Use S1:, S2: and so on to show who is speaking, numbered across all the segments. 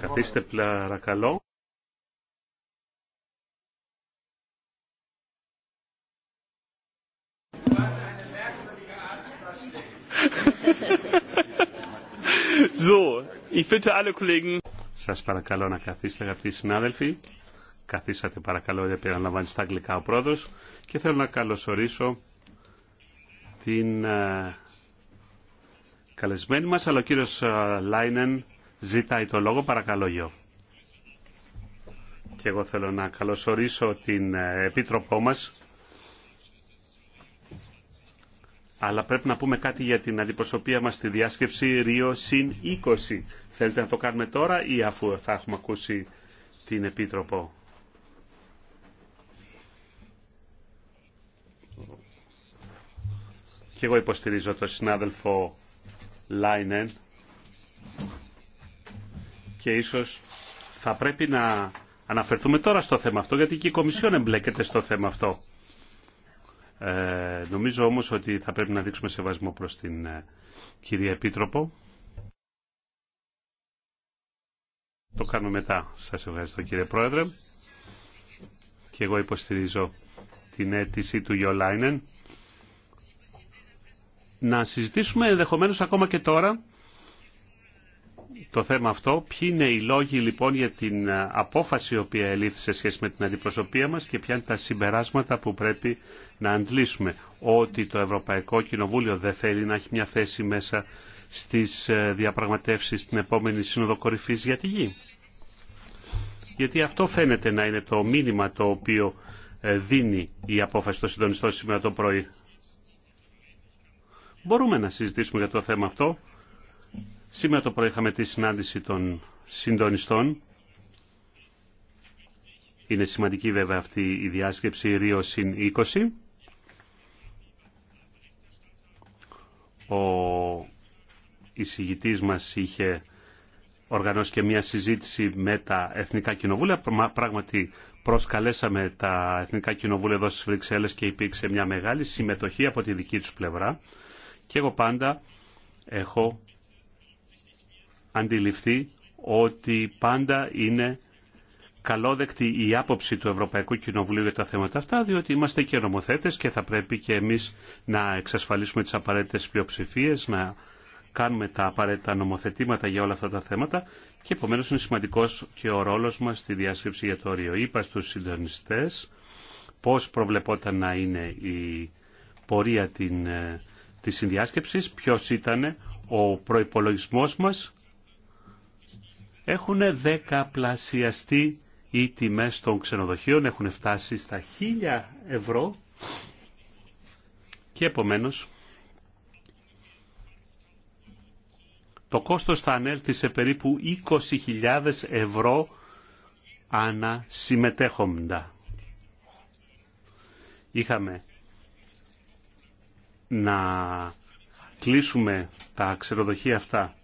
S1: Καθίστε παρακαλώ. so, Σας παρακαλώ να καθίσετε αγαπητοί συνάδελφοι. Καθίσατε παρακαλώ για αναλαμβάνει στα αγγλικά ο πρόεδρος και θέλω να καλωσορίσω την ε, καλεσμένοι μας, αλλά ο κύριος ε, Λάινεν ζητάει το λόγο. Παρακαλώ, γιο. Και εγώ θέλω να καλωσορίσω την ε, Επίτροπό μας. Αλλά πρέπει να πούμε κάτι για την αντιπροσωπεία μας στη διάσκεψη Ρίο συν 20. Θέλετε να το κάνουμε τώρα ή αφού θα έχουμε ακούσει την Επίτροπο. Και εγώ υποστηρίζω τον συνάδελφο Λάινεν και ίσως θα πρέπει να αναφερθούμε τώρα στο θέμα αυτό γιατί και η Κομισιόν εμπλέκεται στο θέμα αυτό. Ε, νομίζω όμως ότι θα πρέπει να δείξουμε σεβασμό προς την ε, κυρία Επίτροπο. Το κάνουμε μετά. Σας ευχαριστώ κύριε Πρόεδρε. Και εγώ υποστηρίζω την αίτηση του Γιολάινεν να συζητήσουμε ενδεχομένω ακόμα και τώρα το θέμα αυτό. Ποιοι είναι οι λόγοι λοιπόν για την απόφαση η οποία ελήφθη σε σχέση με την αντιπροσωπεία μας και ποια είναι τα συμπεράσματα που πρέπει να αντλήσουμε. Ότι το Ευρωπαϊκό Κοινοβούλιο δεν θέλει να έχει μια θέση μέσα στις ε, διαπραγματεύσεις στην επόμενη Σύνοδο Κορυφής για τη Γη. Γιατί αυτό φαίνεται να είναι το μήνυμα το οποίο ε, δίνει η απόφαση των συντονιστών σήμερα το πρωί. Μπορούμε να συζητήσουμε για το θέμα αυτό. Σήμερα το πρωί είχαμε τη συνάντηση των συντονιστών. Είναι σημαντική βέβαια αυτή η διάσκεψη Ρίο συν 20. Ο εισηγητής μας είχε οργανώσει και μια συζήτηση με τα Εθνικά Κοινοβούλια. Πράγματι προσκαλέσαμε τα Εθνικά Κοινοβούλια εδώ στις Βρυξέλλες και υπήρξε μια μεγάλη συμμετοχή από τη δική τους πλευρά. Και εγώ πάντα έχω αντιληφθεί ότι πάντα είναι καλόδεκτη η άποψη του Ευρωπαϊκού Κοινοβουλίου για τα θέματα αυτά, διότι είμαστε και νομοθέτες και θα πρέπει και εμείς να εξασφαλίσουμε τις απαραίτητες πλειοψηφίε, να κάνουμε τα απαραίτητα νομοθετήματα για όλα αυτά τα θέματα και επομένω είναι σημαντικός και ο ρόλος μας στη διάσκεψη για το όριο. Είπα στους συντονιστές πώς προβλεπόταν να είναι η πορεία την ε, της συνδιάσκεψης, ποιος ήταν ο προϋπολογισμός μας, έχουν δεκαπλασιαστεί οι τιμές των ξενοδοχείων, έχουν φτάσει στα 1000 ευρώ και επομένως το κόστος θα ανέλθει σε περίπου 20.000 ευρώ ανά Είχαμε να κλείσουμε τα ξεροδοχεία αυτά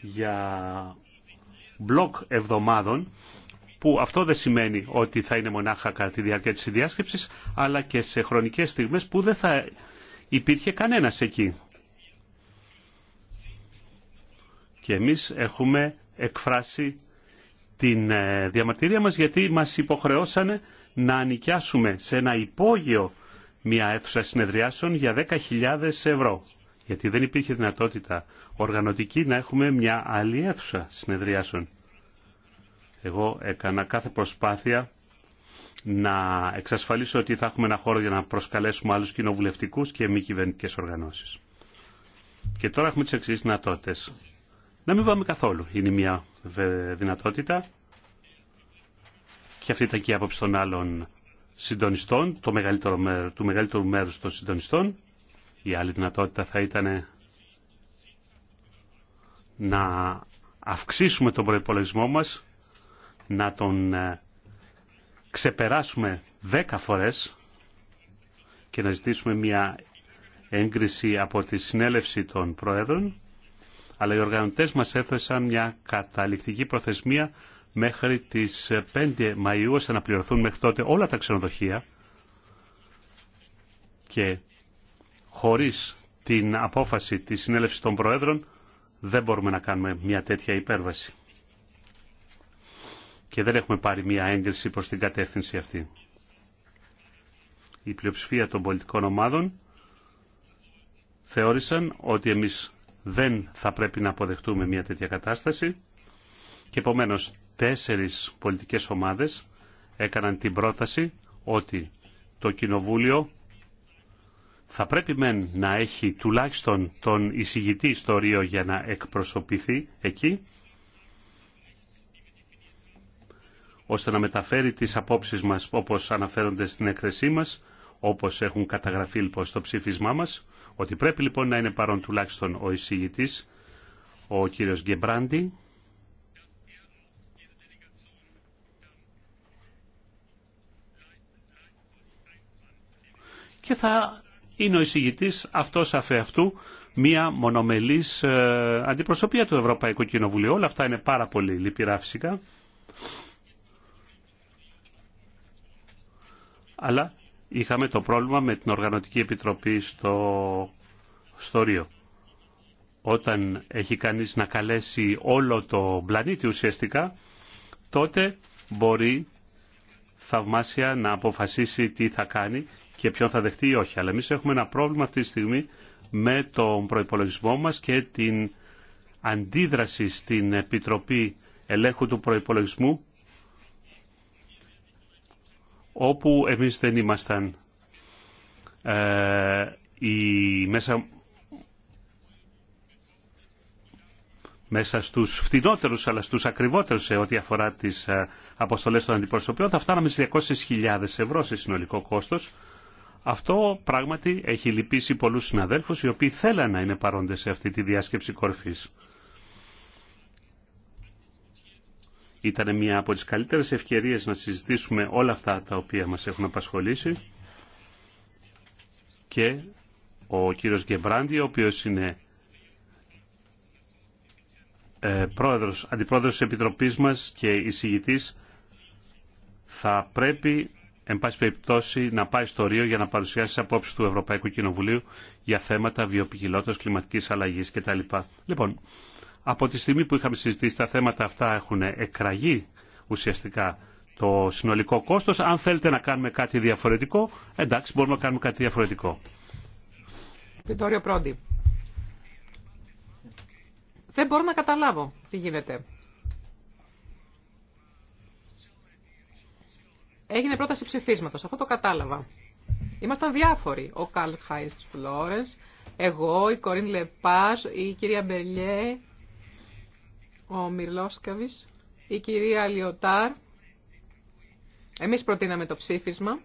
S1: για μπλοκ εβδομάδων που αυτό δεν σημαίνει ότι θα είναι μονάχα κατά τη διάρκεια της συνδιάσκεψης αλλά και σε χρονικές στιγμές που δεν θα υπήρχε κανένας εκεί. Και εμείς έχουμε εκφράσει την ε, διαμαρτυρία μας γιατί μας υποχρεώσανε να νοικιάσουμε σε ένα υπόγειο μια αίθουσα συνεδριάσεων για 10.000 ευρώ. Γιατί δεν υπήρχε δυνατότητα οργανωτική να έχουμε μια άλλη αίθουσα συνεδριάσεων. Εγώ έκανα κάθε προσπάθεια να εξασφαλίσω ότι θα έχουμε ένα χώρο για να προσκαλέσουμε άλλους κοινοβουλευτικούς και μη κυβερνητικέ οργανώσεις. Και τώρα έχουμε τις εξής δυνατότητες. Να μην πάμε καθόλου. Είναι μια δυνατότητα και αυτή ήταν και η άποψη των άλλων συντονιστών, το μεγαλύτερο, του μεγαλύτερου μέρους των συντονιστών. Η άλλη δυνατότητα θα ήταν να αυξήσουμε τον προϋπολογισμό μας, να τον ε, ξεπεράσουμε δέκα φορές και να ζητήσουμε μια έγκριση από τη συνέλευση των Προέδρων, αλλά οι οργανωτές μας έθεσαν μια καταληκτική προθεσμία μέχρι τις 5 Μαΐου ώστε να πληρωθούν μέχρι τότε όλα τα ξενοδοχεία και χωρίς την απόφαση της συνέλευσης των Προέδρων δεν μπορούμε να κάνουμε μια τέτοια υπέρβαση. Και δεν έχουμε πάρει μια έγκριση προς την κατεύθυνση αυτή. Η πλειοψηφία των πολιτικών ομάδων θεώρησαν ότι εμείς δεν θα πρέπει να αποδεχτούμε μια τέτοια κατάσταση και επομένως τέσσερις πολιτικές ομάδες έκαναν την πρόταση ότι το Κοινοβούλιο θα πρέπει μεν να έχει τουλάχιστον τον εισηγητή στο Ρίο για να εκπροσωπηθεί εκεί, ώστε να μεταφέρει τις απόψεις μας όπως αναφέρονται στην έκθεσή μας, όπως έχουν καταγραφεί λοιπόν στο ψήφισμά μας, ότι πρέπει λοιπόν να είναι παρόν τουλάχιστον ο εισηγητής, ο κύριος Γκεμπράντι, και θα είναι ο εισηγητής αυτό αφ' αυτού μία μονομελής ε, αντιπροσωπεία του Ευρωπαϊκού Κοινοβουλίου. Όλα αυτά είναι πάρα πολύ λυπηρά φυσικά. Αλλά είχαμε το πρόβλημα με την Οργανωτική Επιτροπή στο, στο Ρίο. Όταν έχει κανείς να καλέσει όλο το πλανήτη ουσιαστικά, τότε μπορεί θαυμάσια να αποφασίσει τι θα κάνει και ποιον θα δεχτεί ή όχι. Αλλά εμεί έχουμε ένα πρόβλημα αυτή τη στιγμή με τον προπολογισμό μα και την αντίδραση στην Επιτροπή Ελέγχου του Προπολογισμού όπου εμείς δεν ήμασταν ε, μέσα, μέσα στους φτηνότερους αλλά στους ακριβότερους σε ό,τι αφορά τις ε, αποστολές των αντιπροσωπείων θα φτάναμε στις 200.000 ευρώ σε συνολικό κόστος αυτό πράγματι έχει λυπήσει πολλούς συναδέλφους οι οποίοι θέλαν να είναι παρόντες σε αυτή τη διάσκεψη κορφής. Ήταν μια από τις καλύτερες ευκαιρίες να συζητήσουμε όλα αυτά τα οποία μας έχουν απασχολήσει και ο κύριος Γκεμπράντι, ο οποίος είναι ε, πρόεδρος, αντιπρόεδρος της Επιτροπής μας και εισηγητής, θα πρέπει εν πάση περιπτώσει, να πάει στο Ρίο για να παρουσιάσει τι απόψει του Ευρωπαϊκού Κοινοβουλίου για θέματα βιοπικιλότητα, κλιματική αλλαγή κτλ. Λοιπόν, από τη στιγμή που είχαμε συζητήσει τα θέματα αυτά έχουν εκραγεί ουσιαστικά το συνολικό κόστος. Αν θέλετε να κάνουμε κάτι διαφορετικό, εντάξει, μπορούμε να κάνουμε κάτι διαφορετικό.
S2: Δεν μπορώ να καταλάβω τι γίνεται. έγινε πρόταση ψηφίσματο. Αυτό το κατάλαβα. Ήμασταν διάφοροι. Ο Καλ Χάις Φλόρες, εγώ, η Κορίν Λεπά, η κυρία Μπελιέ, ο Μιρλόσκαβη, η κυρία Λιωτάρ. Εμείς προτείναμε το ψήφισμα.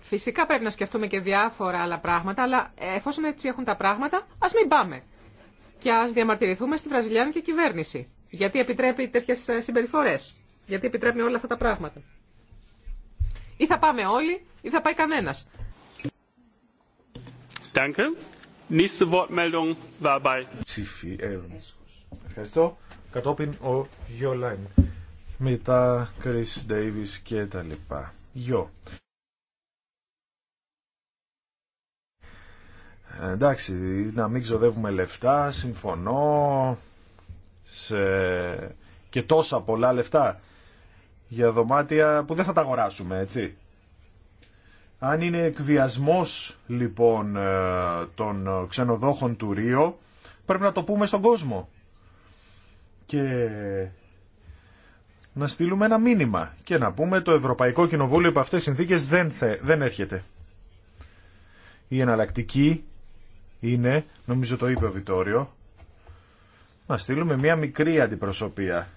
S2: Φυσικά πρέπει να σκεφτούμε και διάφορα άλλα πράγματα, αλλά εφόσον έτσι έχουν τα πράγματα, ας μην πάμε. Και α διαμαρτυρηθούμε στη βραζιλιάνικη κυβέρνηση, γιατί επιτρέπει τέτοιε συμπεριφορέ γιατί επιτρέπουν όλα αυτά τα πράγματα. Ή θα πάμε όλοι ή θα πάει κανένα.
S1: Ε,
S3: ευχαριστώ. Κατόπιν ο Γιώλαν Λάιν. Μετά Κρις Ντέιβις και τα λοιπά. Γιώ. Ε, εντάξει, να μην ξοδεύουμε λεφτά, συμφωνώ, σε... και τόσα πολλά λεφτά για δωμάτια που δεν θα τα αγοράσουμε, έτσι. Αν είναι εκβιασμός λοιπόν ε, των ξενοδόχων του Ρίο, πρέπει να το πούμε στον κόσμο. Και να στείλουμε ένα μήνυμα και να πούμε το Ευρωπαϊκό Κοινοβούλιο που αυτές τις συνθήκες δεν, θε, δεν έρχεται. Η εναλλακτική είναι, νομίζω το είπε ο Βιτόριο, να στείλουμε μια μικρή αντιπροσωπεία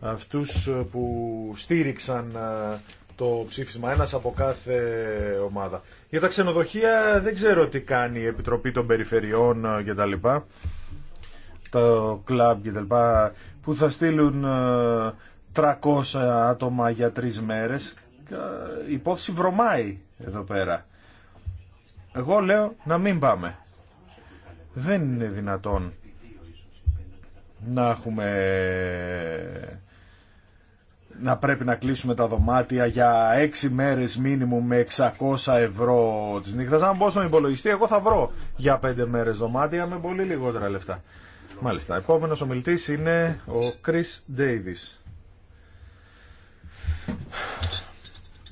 S3: αυτούς ε, που στήριξαν ε, το ψήφισμα, ένας από κάθε ομάδα. Για τα ξενοδοχεία δεν ξέρω τι κάνει η Επιτροπή των Περιφερειών ε, και τα το κλαμπ και τα που θα στείλουν 300 άτομα για τρεις μέρες. Η υπόθεση βρωμάει εδώ πέρα. Εγώ λέω να μην πάμε. Δεν είναι δυνατόν να έχουμε να πρέπει να κλείσουμε τα δωμάτια για 6 μέρες μήνυμου με 600 ευρώ τη. νύχτας. Αν μπω στον υπολογιστή, εγώ θα βρω για 5 μέρες δωμάτια με πολύ λιγότερα λεφτά. Μάλιστα, επόμενος ομιλητής είναι ο Chris Davis.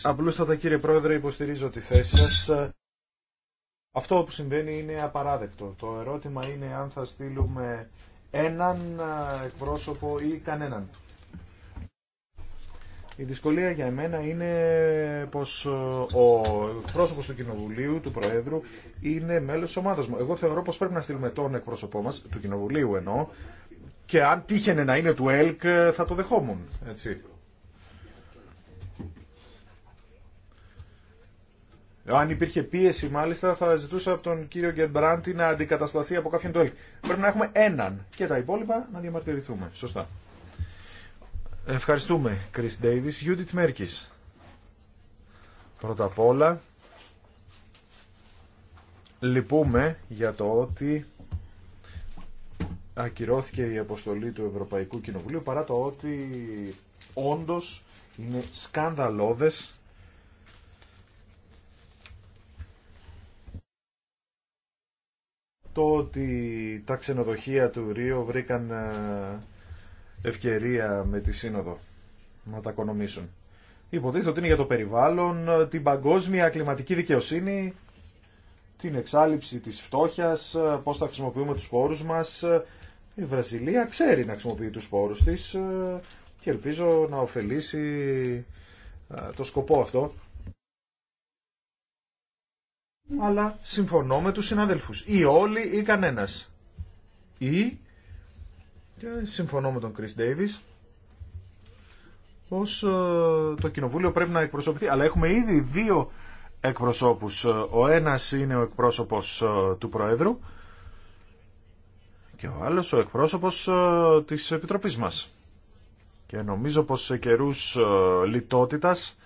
S3: Απλούστατα κύριε Πρόεδρε, υποστηρίζω τη θέση σας. Αυτό που συμβαίνει είναι απαράδεκτο. Το ερώτημα είναι αν θα στείλουμε έναν ε, εκπρόσωπο ή κανέναν. Η δυσκολία για μένα είναι πως ε, ο πρόσωπος του Κοινοβουλίου, του Προέδρου, είναι μέλος της ομάδας μου. Εγώ θεωρώ πως πρέπει να στείλουμε τον εκπρόσωπό μας, του Κοινοβουλίου εννοώ, και αν τύχαινε να είναι του ΕΛΚ ε, θα το δεχόμουν. Έτσι. Αν υπήρχε πίεση μάλιστα θα ζητούσα από τον κύριο Γκερμπράντη να αντικατασταθεί από κάποιον του ΕΛΚ. Πρέπει να έχουμε έναν και τα υπόλοιπα να διαμαρτυρηθούμε. Σωστά. Ευχαριστούμε, Chris Davis. Judith Merkis. Πρώτα απ' όλα, λυπούμε για το ότι ακυρώθηκε η αποστολή του Ευρωπαϊκού Κοινοβουλίου παρά το ότι όντως είναι σκανδαλώδες το ότι τα ξενοδοχεία του Ρίο βρήκαν ε, ευκαιρία με τη Σύνοδο να τα οικονομήσουν. Υποτίθεται ότι είναι για το περιβάλλον, την παγκόσμια κλιματική δικαιοσύνη, την εξάλληψη της φτώχειας, πώς θα χρησιμοποιούμε τους πόρους μας. Η Βραζιλία ξέρει να χρησιμοποιεί τους πόρους της και ελπίζω να ωφελήσει το σκοπό αυτό. Αλλά συμφωνώ με τους συναδέλφους. Ή όλοι ή κανένας. Ή συμφωνώ με τον Chris Davis πως ε, το κοινοβούλιο πρέπει να εκπροσωπηθεί. Αλλά έχουμε ήδη δύο εκπροσώπους. Ε, ο ένας είναι ο εκπρόσωπος ε, του Προέδρου και ο άλλος ο εκπρόσωπος της Επιτροπής μας. Και νομίζω πως σε καιρούς λιτότητας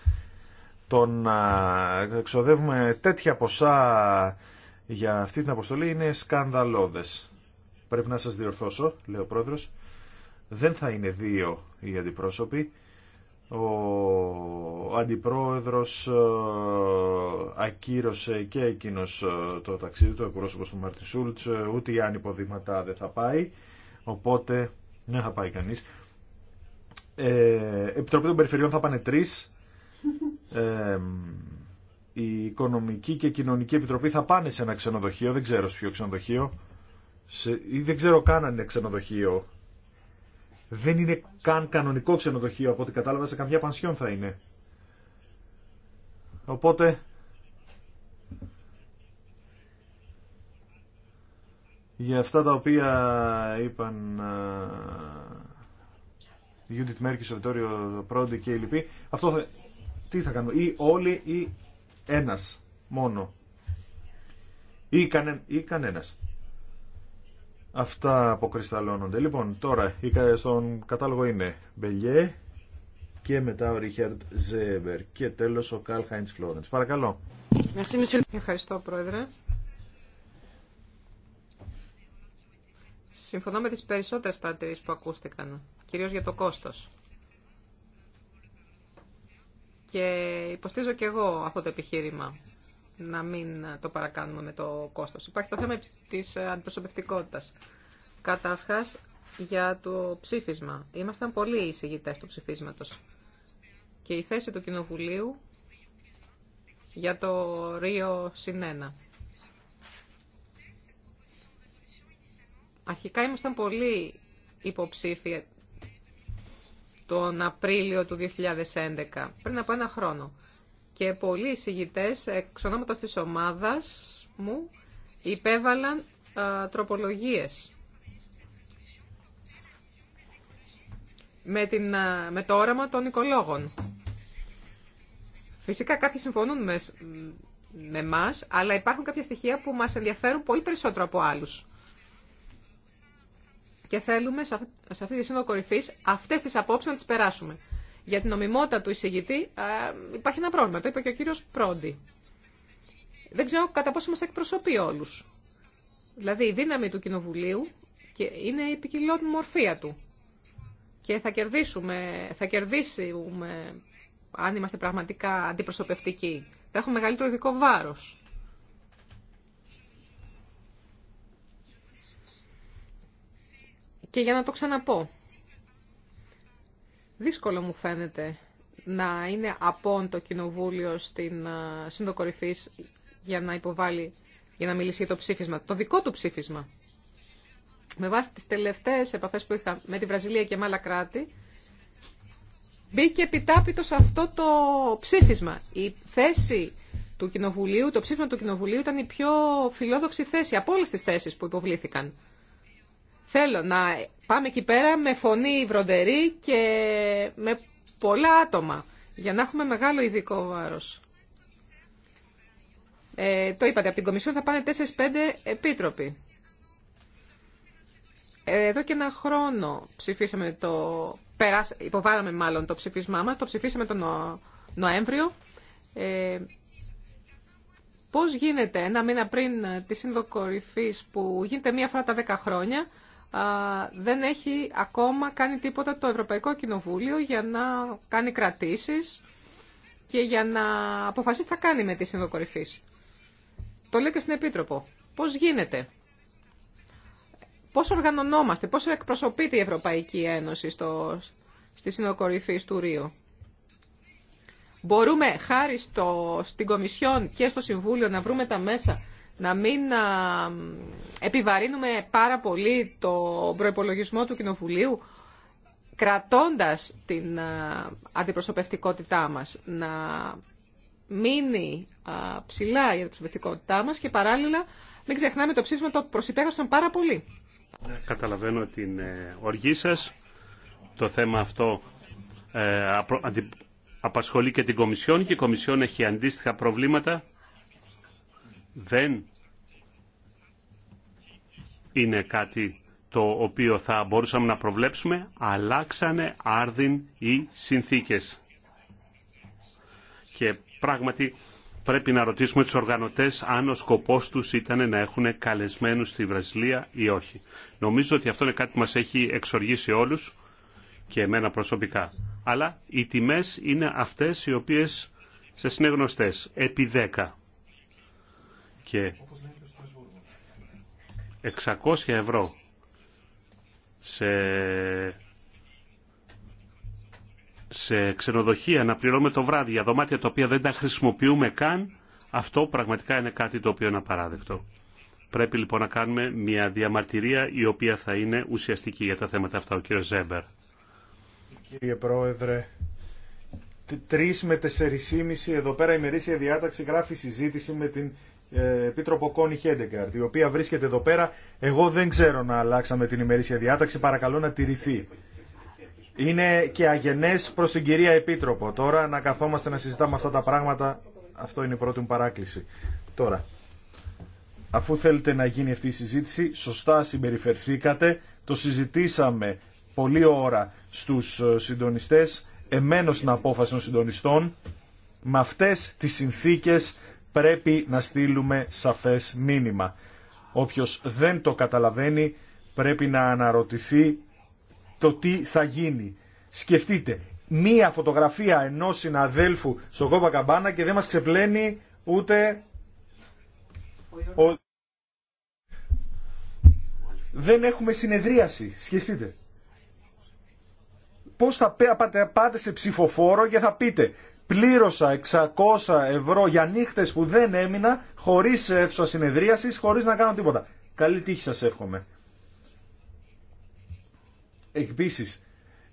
S3: το να εξοδεύουμε τέτοια ποσά για αυτή την αποστολή είναι σκανδαλώδες. Πρέπει να σας διορθώσω, λέει ο πρόεδρος. Δεν θα είναι δύο οι αντιπρόσωποι. Ο αντιπρόεδρος ε, ακύρωσε και εκείνος ε, το ταξίδι του, πρόσωπο του Μάρτιν Σούλτς, ε, ούτε η αν δεν θα πάει, οπότε δεν θα πάει κανείς. Ε, Επιτροπή των Περιφερειών θα πάνε τρεις. Ε, η Οικονομική και Κοινωνική Επιτροπή θα πάνε σε ένα ξενοδοχείο, δεν ξέρω σε ποιο ξενοδοχείο σε, ή δεν ξέρω καν αν είναι ξενοδοχείο. Δεν είναι καν κανονικό ξενοδοχείο, από ό,τι κατάλαβα, σε καμιά πανσιόν θα είναι. Οπότε... Για αυτά τα οποία είπαν η Judith Μέρκη, ο Βιτόριο Πρόντι και η λυπή αυτό θα... τι θα κάνουμε, ή όλοι ή ένας μόνο. Ή, κανένα. ή κανένας. Αυτά αποκρισταλώνονται. Λοιπόν, τώρα στον κατάλογο είναι Μπελιέ και μετά ο Ριχαρτ Ζέμπερ και τέλος ο Καλ Χάιντ Φλόρεντ. Παρακαλώ.
S2: Ευχαριστώ, Πρόεδρε. Συμφωνώ με τις περισσότερες παρατηρήσει που ακούστηκαν, κυρίω για το κόστος. Και υποστήριζω και εγώ αυτό το επιχείρημα να μην το παρακάνουμε με το κόστος. Υπάρχει το θέμα της αντιπροσωπευτικότητας. Κατάρχα για το ψήφισμα. Ήμασταν πολλοί οι συγητές του ψηφίσματος. Και η θέση του Κοινοβουλίου για το Ρίο Συνένα. Αρχικά ήμασταν πολύ υποψήφοι τον Απρίλιο του 2011, πριν από ένα χρόνο και πολλοί εισηγητές εξ ονόματος της μου υπέβαλαν α, τροπολογίες. Με, την, α, με το όραμα των οικολόγων. Φυσικά κάποιοι συμφωνούν με, με μας, αλλά υπάρχουν κάποια στοιχεία που μας ενδιαφέρουν πολύ περισσότερο από άλλους. Και θέλουμε σε αυτή τη σύνοδο κορυφής αυτές τις απόψεις να τις περάσουμε για την νομιμότητα του εισηγητή υπάρχει ένα πρόβλημα. Το είπε και ο κύριο Πρόντι. Δεν ξέρω κατά πόσο μα εκπροσωπεί όλου. Δηλαδή η δύναμη του Κοινοβουλίου και είναι η μορφία του. Και θα κερδίσουμε, θα κερδίσουμε αν είμαστε πραγματικά αντιπροσωπευτικοί. Θα έχουμε μεγαλύτερο ειδικό βάρο. Και για να το ξαναπώ, Δύσκολο μου φαίνεται να είναι απόν το Κοινοβούλιο στην συνδοκορυφή για να υποβάλει, για να μιλήσει για το ψήφισμα, το δικό του ψήφισμα. Με βάση τις τελευταίες επαφές που είχα με τη Βραζιλία και με άλλα κράτη, μπήκε επιτάπητο σε αυτό το ψήφισμα. Η θέση του Κοινοβουλίου, το ψήφισμα του Κοινοβουλίου ήταν η πιο φιλόδοξη θέση από όλες τις θέσεις που υποβλήθηκαν. Θέλω να πάμε εκεί πέρα με φωνή βροντερή και με πολλά άτομα για να έχουμε μεγάλο ειδικό βάρος. Ε, το είπατε, από την Κομισιόν θα πάνε 4-5 επίτροποι. Ε, εδώ και ένα χρόνο ψηφίσαμε το... Περάσ... Υποβάλαμε μάλλον το ψηφίσμά μας, το ψηφίσαμε τον Νοέμβριο. Ε, πώς γίνεται ένα μήνα πριν τη συνδοκορυφής που γίνεται μία φορά τα 10 χρόνια δεν έχει ακόμα κάνει τίποτα το Ευρωπαϊκό Κοινοβούλιο για να κάνει κρατήσεις και για να αποφασίσει τι θα κάνει με τη συνοκορυφή. Το λέω και στην Επίτροπο. Πώς γίνεται, πώς οργανωνόμαστε, πώς εκπροσωπείται η Ευρωπαϊκή Ένωση στο, στη Συνδοκορυφή του Ρίου. Μπορούμε χάρη στο, στην Κομισιόν και στο Συμβούλιο να βρούμε τα μέσα να μην επιβαρύνουμε πάρα πολύ το προπολογισμό του Κοινοβουλίου κρατώντας την αντιπροσωπευτικότητά μας, να μείνει ψηλά η αντιπροσωπευτικότητά μας και παράλληλα μην ξεχνάμε το ψήφισμα το προσυπέγραψαν πάρα πολύ.
S1: Καταλαβαίνω την ε, οργή σας. Το θέμα αυτό ε, απασχολεί και την Κομισιόν και η Κομισιόν έχει αντίστοιχα προβλήματα δεν είναι κάτι το οποίο θα μπορούσαμε να προβλέψουμε, αλλάξανε άρδιν οι συνθήκες. Και πράγματι πρέπει να ρωτήσουμε τους οργανωτές αν ο σκοπός τους ήταν να έχουν καλεσμένους στη Βραζιλία ή όχι. Νομίζω ότι αυτό είναι κάτι που μας έχει εξοργήσει όλους και εμένα προσωπικά. Αλλά οι τιμές είναι αυτές οι οποίες σε είναι γνωστές. Επί 10 και 600 ευρώ σε, σε ξενοδοχεία να πληρώνουμε το βράδυ για δωμάτια τα οποία δεν τα χρησιμοποιούμε καν, αυτό πραγματικά είναι κάτι το οποίο είναι απαράδεκτο. Πρέπει λοιπόν να κάνουμε μια διαμαρτυρία η οποία θα είναι ουσιαστική για τα θέματα αυτά. Ο κύριος Ζέμπερ.
S3: Κύριε Πρόεδρε, τρεις με τεσσερισήμιση εδώ πέρα η μερίσια διάταξη γράφει συζήτηση με την ε, Επίτροπο Κόνι Χέντεγκαρτ, η οποία βρίσκεται εδώ πέρα. Εγώ δεν ξέρω να αλλάξαμε την ημερήσια διάταξη, παρακαλώ να τηρηθεί. Είναι και αγενές προ την κυρία Επίτροπο. Τώρα να καθόμαστε να συζητάμε αυτά τα πράγματα, αυτό είναι η πρώτη μου παράκληση. Τώρα, αφού θέλετε να γίνει αυτή η συζήτηση, σωστά συμπεριφερθήκατε, το συζητήσαμε πολλή ώρα στου ε, συντονιστέ, εμένω στην απόφαση των συντονιστών, με αυτέ τι συνθήκες πρέπει να στείλουμε σαφές μήνυμα. Όποιος δεν το καταλαβαίνει πρέπει να αναρωτηθεί το τι θα γίνει. Σκεφτείτε, μία φωτογραφία ενός συναδέλφου στο Κόμπα Καμπάνα και δεν μας ξεπλένει ούτε... Δεν έχουμε συνεδρίαση, σκεφτείτε. Πώς θα πάτε, πάτε σε ψηφοφόρο και θα πείτε πλήρωσα 600 ευρώ για νύχτε που δεν έμεινα χωρί αίθουσα συνεδρίαση, χωρίς να κάνω τίποτα. Καλή τύχη σας εύχομαι. Επίση,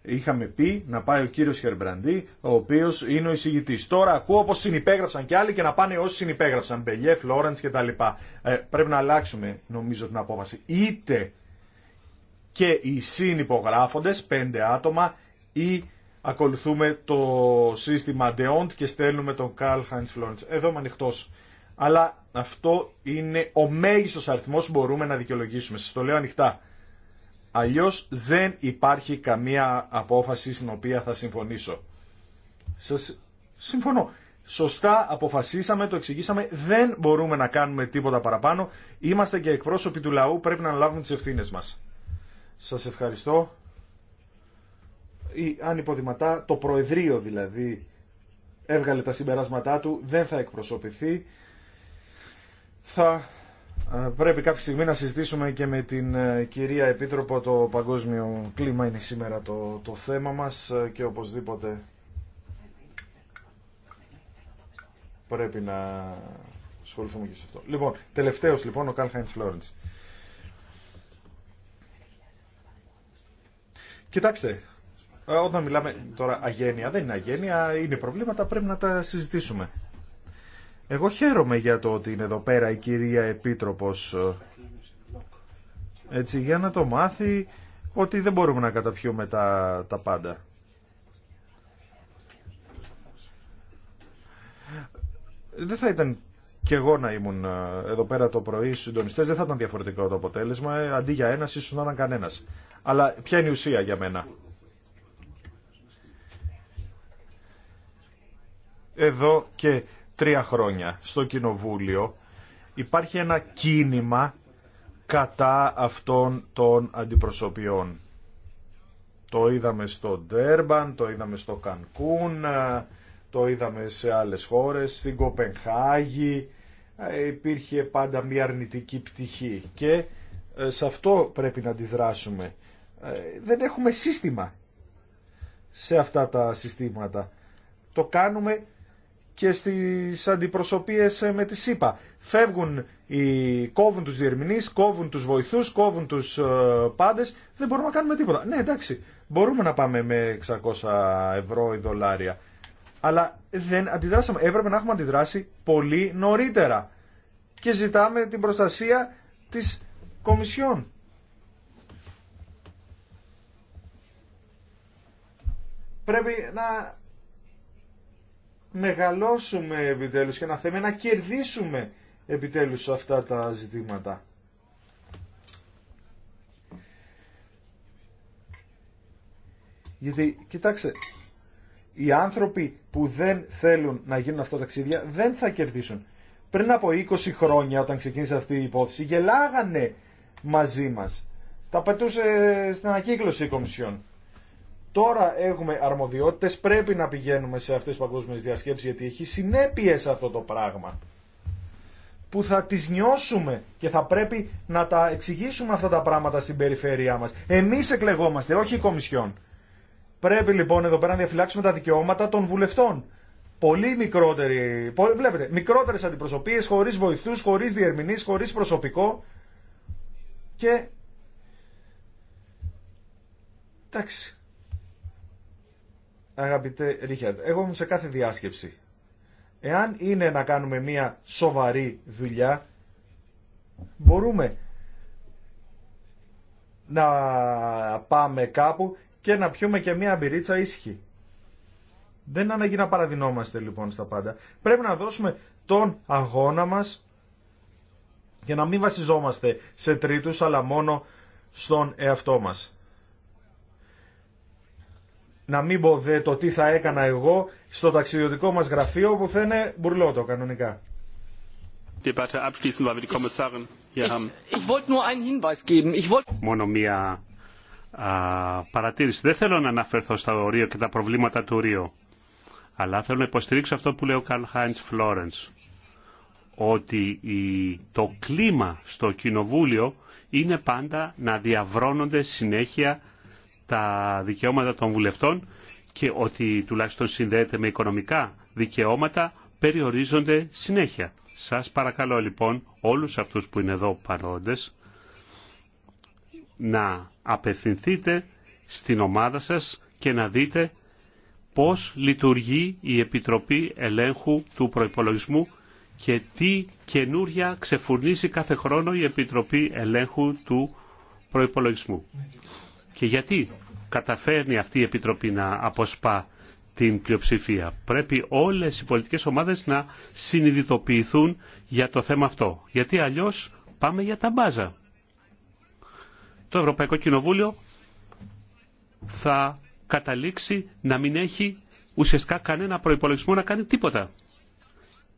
S3: είχαμε πει να πάει ο κύριο Χερμπραντή, ο οποίος είναι ο εισηγητής. Τώρα ακούω πω συνυπέγραψαν κι άλλοι και να πάνε όσοι συνυπέγραψαν, Μπελιέ, Φλόρεντ κτλ. Ε, πρέπει να αλλάξουμε νομίζω την απόφαση. Είτε και οι συνυπογράφοντε πέντε άτομα, ή ακολουθούμε το σύστημα Deont και στέλνουμε τον Carl Heinz Florence. Εδώ είμαι ανοιχτό. Αλλά αυτό είναι ο μέγιστο αριθμό που μπορούμε να δικαιολογήσουμε. Σα το λέω ανοιχτά. Αλλιώ δεν υπάρχει καμία απόφαση στην οποία θα συμφωνήσω. Σα συμφωνώ. Σωστά αποφασίσαμε, το εξηγήσαμε, δεν μπορούμε να κάνουμε τίποτα παραπάνω. Είμαστε και εκπρόσωποι του λαού, πρέπει να λάβουμε τις ευθύνες μας. Σας ευχαριστώ ή αν υποδηματά το Προεδρείο δηλαδή έβγαλε τα συμπεράσματά του, δεν θα εκπροσωπηθεί. Θα ε, πρέπει κάποια στιγμή να συζητήσουμε και με την ε, κυρία Επίτροπο το παγκόσμιο κλίμα είναι σήμερα το, το θέμα μας ε, και οπωσδήποτε πρέπει να ασχοληθούμε και σε αυτό. Λοιπόν, τελευταίος λοιπόν ο Καλ Χάιντς Κοιτάξτε, ε, όταν μιλάμε τώρα αγένεια, δεν είναι αγένεια, είναι προβλήματα, πρέπει να τα συζητήσουμε. Εγώ χαίρομαι για το ότι είναι εδώ πέρα η κυρία Επίτροπος, έτσι, για να το μάθει ότι δεν μπορούμε να καταπιούμε τα, τα πάντα. Δεν θα ήταν και εγώ να ήμουν ε, εδώ πέρα το πρωί συντονιστέ, δεν θα ήταν διαφορετικό το αποτέλεσμα. Ε, αντί για ένας ίσως να ήταν κανένας Αλλά ποια είναι η ουσία για μένα. εδώ και τρία χρόνια στο Κοινοβούλιο υπάρχει ένα κίνημα κατά αυτών των αντιπροσωπιών. Το είδαμε στο Ντέρμπαν, το είδαμε στο Κανκούν, ε, το είδαμε σε άλλες χώρες, στην Κοπενχάγη, ε, υπήρχε πάντα μια αρνητική πτυχή και ε, σε αυτό πρέπει να αντιδράσουμε. Δεν έχουμε σύστημα σε αυτά τα συστήματα. Το κάνουμε και στις αντιπροσωπείες ε, με τη ΣΥΠΑ. Φεύγουν, οι, κόβουν τους διερμηνείς, κόβουν τους βοηθούς, κόβουν τους ε, πάντες, δεν μπορούμε να κάνουμε τίποτα. Ναι εντάξει, μπορούμε να πάμε με 600 ευρώ ή δολάρια, αλλά δεν αντιδράσαμε. Έπρεπε να έχουμε αντιδράσει πολύ νωρίτερα και ζητάμε την προστασία της Κομισιόν. Πρέπει να μεγαλώσουμε επιτέλους και να θέμε να κερδίσουμε επιτέλους αυτά τα ζητήματα. Γιατί, κοιτάξτε, οι άνθρωποι που δεν θέλουν να γίνουν αυτά τα ταξίδια δεν θα κερδίσουν. Πριν από 20 χρόνια όταν ξεκίνησε αυτή η υπόθεση γελάγανε μαζί μας. Τα πετούσε στην ανακύκλωση η Κομισιόν τώρα έχουμε αρμοδιότητες, πρέπει να πηγαίνουμε σε αυτές τι παγκόσμιες διασκέψεις γιατί έχει συνέπειε αυτό το πράγμα που θα τις νιώσουμε και θα πρέπει να τα εξηγήσουμε αυτά τα πράγματα στην περιφέρειά μας. Εμείς εκλεγόμαστε, όχι η Κομισιόν. Πρέπει λοιπόν εδώ πέρα να διαφυλάξουμε τα δικαιώματα των βουλευτών. Πολύ μικρότεροι, βλέπετε, μικρότερες αντιπροσωπείε, χωρίς βοηθούς, χωρίς διερμηνείς, χωρίς προσωπικό και... Εντάξει, αγαπητέ Ρίχαρντ, εγώ είμαι σε κάθε διάσκεψη. Εάν είναι να κάνουμε μια σοβαρή δουλειά, μπορούμε να πάμε κάπου και να πιούμε και μια μπυρίτσα ήσυχη. Δεν ανάγκη να παραδεινόμαστε λοιπόν στα πάντα. Πρέπει να δώσουμε τον αγώνα μας για να μην βασιζόμαστε σε τρίτους αλλά μόνο στον εαυτό μας να μην πω δε το τι θα έκανα εγώ στο ταξιδιωτικό μας γραφείο που θα είναι μπουρλότο κανονικά.
S1: Μόνο μία παρατήρηση. Δεν θέλω να αναφερθώ στα ορίο και τα προβλήματα του ορίο. Αλλά θέλω να υποστηρίξω αυτό που λέει ο Καρλ Χάιντς Φλόρενς. Ότι το κλίμα στο κοινοβούλιο είναι πάντα να διαβρώνονται συνέχεια τα δικαιώματα των βουλευτών και ότι τουλάχιστον συνδέεται με οικονομικά δικαιώματα περιορίζονται συνέχεια. Σας παρακαλώ λοιπόν όλους αυτούς που είναι εδώ παρόντες να απευθυνθείτε στην ομάδα σας και να δείτε πώς λειτουργεί η Επιτροπή Ελέγχου του Προϋπολογισμού και τι καινούρια ξεφουρνίζει κάθε χρόνο η Επιτροπή Ελέγχου του Προϋπολογισμού. Και γιατί καταφέρνει αυτή η Επιτροπή να αποσπά την πλειοψηφία. Πρέπει όλες οι πολιτικές ομάδες να συνειδητοποιηθούν για το θέμα αυτό. Γιατί αλλιώς πάμε για τα μπάζα. Το Ευρωπαϊκό Κοινοβούλιο θα καταλήξει να μην έχει ουσιαστικά κανένα προϋπολογισμό να κάνει τίποτα.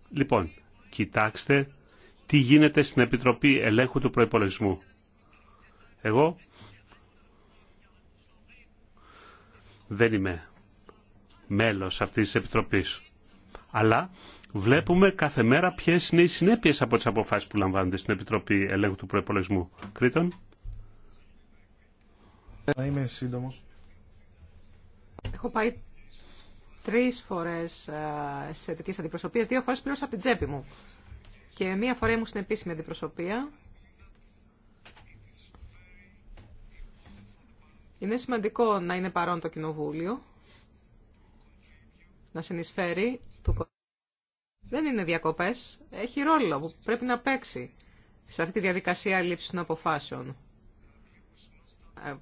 S1: Λοιπόν, κοιτάξτε τι γίνεται στην Επιτροπή Ελέγχου του Προϋπολογισμού. Εγώ δεν είμαι μέλος αυτής της Επιτροπής. Αλλά βλέπουμε κάθε μέρα ποιες είναι οι συνέπειες από τις αποφάσεις που λαμβάνονται στην Επιτροπή Ελέγχου του Προϋπολογισμού. Κρήτον.
S3: είμαι σύντομος.
S2: Έχω πάει τρεις φορές ε, σε τέτοιες αντιπροσωπείες, δύο φορές πλήρωσα από την τσέπη μου. Και μία φορά ήμουν στην επίσημη αντιπροσωπεία Είναι σημαντικό να είναι παρόν το Κοινοβούλιο, να συνεισφέρει. Δεν είναι διακοπές, έχει ρόλο που πρέπει να παίξει σε αυτή τη διαδικασία λήψης των αποφάσεων, ε,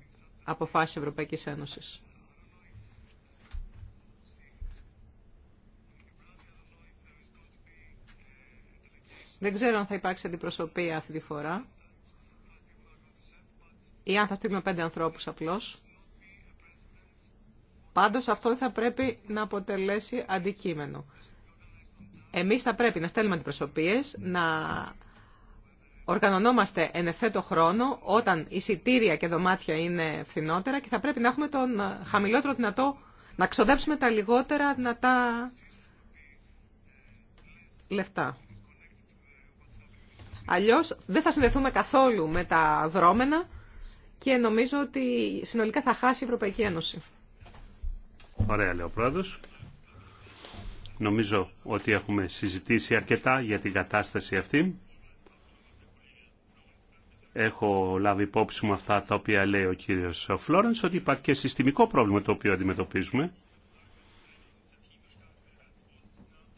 S2: αποφάσεις Ευρωπαϊκής Ένωσης. Δεν ξέρω αν θα υπάρξει αντιπροσωπεία αυτή τη φορά ή αν θα στείλουμε πέντε ανθρώπους απλώς. Πάντως αυτό θα πρέπει να αποτελέσει αντικείμενο. Εμείς θα πρέπει να στέλνουμε αντιπροσωπείες, να οργανωνόμαστε εν ευθέτω χρόνο όταν εισιτήρια και δωμάτια είναι φθηνότερα και θα πρέπει να έχουμε τον χαμηλότερο δυνατό, να ξοδέψουμε τα λιγότερα δυνατά λεφτά. Αλλιώς δεν θα συνδεθούμε καθόλου με τα δρόμενα και νομίζω ότι συνολικά θα χάσει η Ευρωπαϊκή Ένωση.
S1: Ωραία, λέει ο Νομίζω ότι έχουμε συζητήσει αρκετά για την κατάσταση αυτή. Έχω λάβει υπόψη μου αυτά τα οποία λέει ο κύριος Φλόρενς, ότι υπάρχει και συστημικό πρόβλημα το οποίο αντιμετωπίζουμε.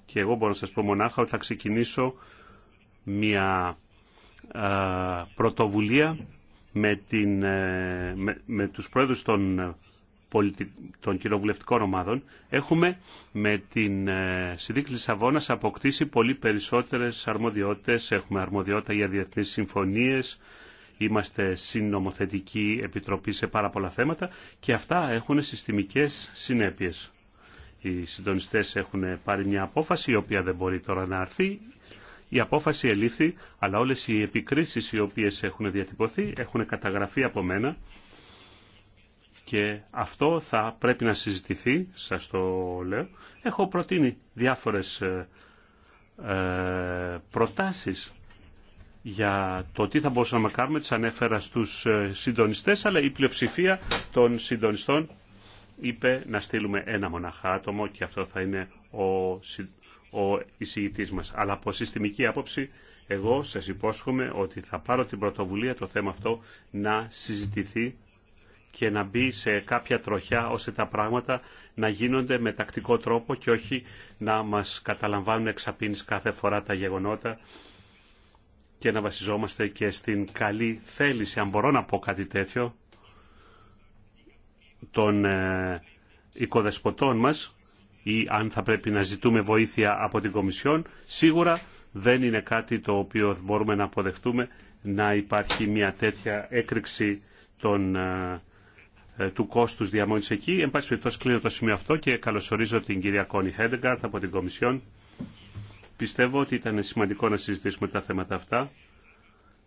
S1: Και εγώ μπορώ να σας πω μονάχα ότι θα ξεκινήσω μια ε, πρωτοβουλία με, την, ε, με, τους πρόεδρους των, ε, των κοινοβουλευτικών ομάδων, έχουμε με την ε, συνδίκη Λισαβόνα αποκτήσει πολύ περισσότερες αρμοδιότητες. Έχουμε αρμοδιότητα για διεθνείς συμφωνίες, είμαστε συνομοθετική επιτροπή σε πάρα πολλά θέματα και αυτά έχουν συστημικές συνέπειες. Οι συντονιστές έχουν πάρει μια απόφαση η οποία δεν μπορεί τώρα να έρθει. Η απόφαση ελήφθη, αλλά όλες οι επικρίσεις οι οποίες έχουν διατυπωθεί έχουν καταγραφεί από μένα και αυτό θα πρέπει να συζητηθεί, σας το λέω. Έχω προτείνει διάφορες ε, ε, προτάσεις για το τι θα μπορούσαμε να κάνουμε, τις ανέφερα στους ε, συντονιστές, αλλά η πλειοψηφία των συντονιστών είπε να στείλουμε ένα μοναχά άτομο και αυτό θα είναι ο, ο εισηγητής μας. Αλλά από συστημική άποψη εγώ σας υπόσχομαι ότι θα πάρω την πρωτοβουλία το θέμα αυτό να συζητηθεί και να μπει σε κάποια τροχιά ώστε τα πράγματα να γίνονται με τακτικό τρόπο και όχι να μας καταλαμβάνουν εξαπίνης κάθε φορά τα γεγονότα και να βασιζόμαστε και στην καλή θέληση, αν μπορώ να πω κάτι τέτοιο, των ε, οικοδεσποτών μας ή αν θα πρέπει να ζητούμε βοήθεια από την Κομισιόν, σίγουρα δεν είναι κάτι το οποίο μπορούμε να αποδεχτούμε να υπάρχει μια τέτοια έκρηξη των, ε, ε, του κόστους διαμόνης εκεί. Εν πάση περιπτώσει κλείνω το σημείο αυτό και καλωσορίζω την κυρία Κόνη Χέντεγκαρτ από την Κομισιόν. Πιστεύω ότι ήταν σημαντικό να συζητήσουμε τα θέματα αυτά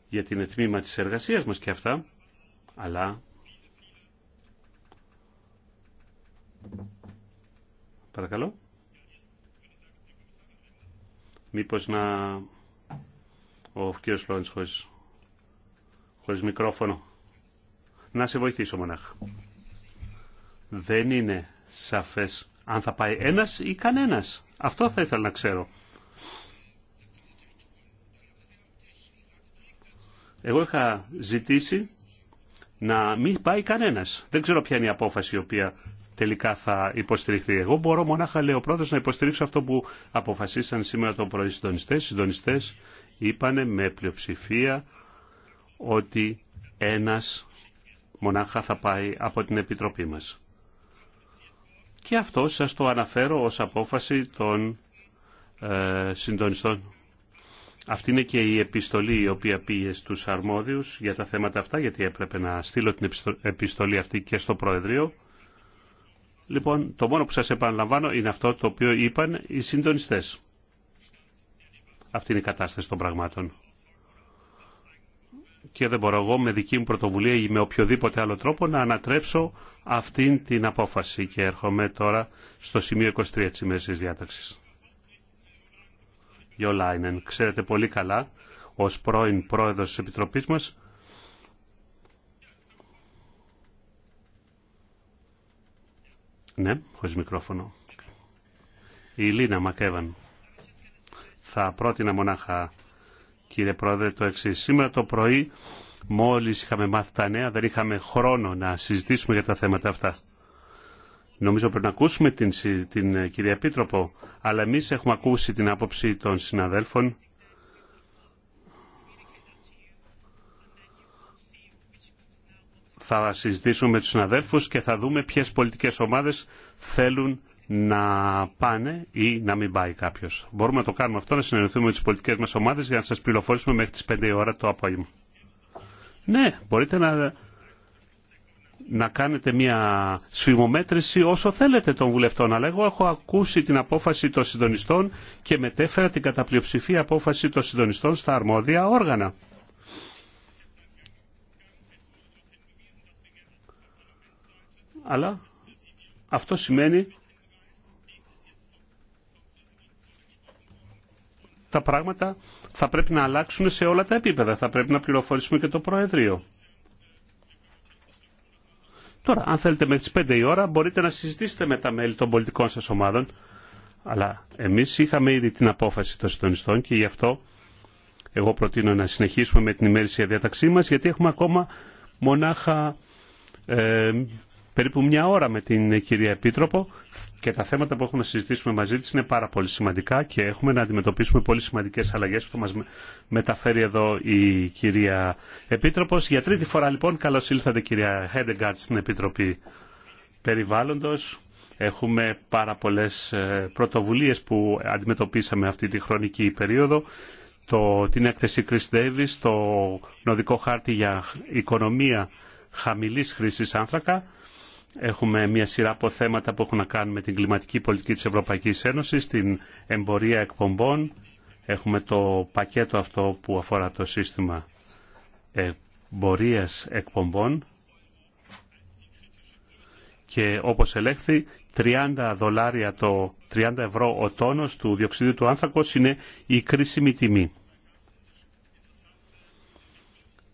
S1: για την τμήμα της εργασίας μας και αυτά, αλλά Παρακαλώ. Μήπως να... Ο κύριος Φλόρινς χωρίς... χωρίς μικρόφωνο. Να σε βοηθήσω μονάχα. Δεν είναι σαφές αν θα πάει ένας ή κανένας. Αυτό θα ήθελα να ξέρω. Εγώ είχα ζητήσει να μην πάει κανένας. Δεν ξέρω ποια είναι η απόφαση η οποία τελικά θα υποστηριχθεί. Εγώ μπορώ μονάχα, λέει ο πρόεδρο, να υποστηρίξω αυτό που αποφασίσαν σήμερα το πρωί οι συντονιστέ Οι συντονιστέ είπαν με πλειοψηφία ότι ένας μονάχα θα πάει από την Επιτροπή μας. Και αυτό σας το αναφέρω ως απόφαση των ε, συντονιστών. Αυτή είναι και η επιστολή η οποία πήγε στους αρμόδιους για τα θέματα αυτά, γιατί έπρεπε να στείλω την επιστολή αυτή και στο Προεδρείο. Λοιπόν, το μόνο που σας επαναλαμβάνω είναι αυτό το οποίο είπαν οι συντονιστές. Αυτή είναι η κατάσταση των πραγμάτων. Και δεν μπορώ εγώ με δική μου πρωτοβουλία ή με οποιοδήποτε άλλο τρόπο να ανατρέψω αυτήν την απόφαση. Και έρχομαι τώρα στο σημείο 23 της ημέρας διάταξης. Γιολάινεν, ξέρετε πολύ καλά, ως πρώην πρόεδρος της Επιτροπής μας, Ναι, χωρίς μικρόφωνο. Η Λίνα Μακέβαν. Θα πρότεινα μονάχα, κύριε Πρόεδρε, το εξή. Σήμερα το πρωί, μόλις είχαμε μάθει τα νέα, δεν είχαμε χρόνο να συζητήσουμε για τα θέματα αυτά. Νομίζω πρέπει να ακούσουμε την, την ε, κυρία Επίτροπο, αλλά εμείς έχουμε ακούσει την άποψη των συναδέλφων θα συζητήσουμε με τους συναδέλφους και θα δούμε ποιες πολιτικές ομάδες θέλουν να πάνε ή να μην πάει κάποιο. Μπορούμε να το κάνουμε αυτό, να συνεργαστούμε με τι πολιτικέ μα ομάδε για να σα πληροφορήσουμε μέχρι τι 5 η ώρα το απόγευμα. Ναι, μπορείτε να, να κάνετε μια σφιγμομέτρηση όσο θέλετε των βουλευτών. Αλλά εγώ έχω ακούσει την απόφαση των συντονιστών και μετέφερα την καταπλειοψηφία απόφαση των συντονιστών στα αρμόδια όργανα. αλλά αυτό σημαίνει τα πράγματα θα πρέπει να αλλάξουν σε όλα τα επίπεδα. Θα πρέπει να πληροφορήσουμε και το Προεδρείο. Τώρα, αν θέλετε με τις 5 η ώρα, μπορείτε να συζητήσετε με τα μέλη των πολιτικών σας ομάδων. Αλλά εμείς είχαμε ήδη την απόφαση των συντονιστών και γι' αυτό εγώ προτείνω να συνεχίσουμε με την ημέρησια διάταξή μας, γιατί έχουμε ακόμα μονάχα ε, περίπου μια ώρα με την κυρία Επίτροπο και τα θέματα που έχουμε να συζητήσουμε μαζί της είναι πάρα πολύ σημαντικά και έχουμε να αντιμετωπίσουμε πολύ σημαντικές αλλαγές που θα μας μεταφέρει εδώ η κυρία Επίτροπος. Για τρίτη φορά λοιπόν καλώς ήλθατε κυρία Χέντεγκάρτ στην Επιτροπή Περιβάλλοντος. Έχουμε πάρα πολλές ε, πρωτοβουλίες που αντιμετωπίσαμε αυτή τη χρονική περίοδο το, την έκθεση Chris Davis, το νοδικό χάρτη για οικονομία χαμηλής χρήσης άνθρακα, Έχουμε μια σειρά από θέματα που έχουν να κάνουν με την κλιματική πολιτική της Ευρωπαϊκής Ένωσης, την εμπορία εκπομπών. Έχουμε το πακέτο αυτό που αφορά το σύστημα εμπορίας εκπομπών. Και όπως ελέγχθη, 30 δολάρια το 30 ευρώ ο τόνος του διοξιδίου του άνθρακος είναι η κρίσιμη τιμή.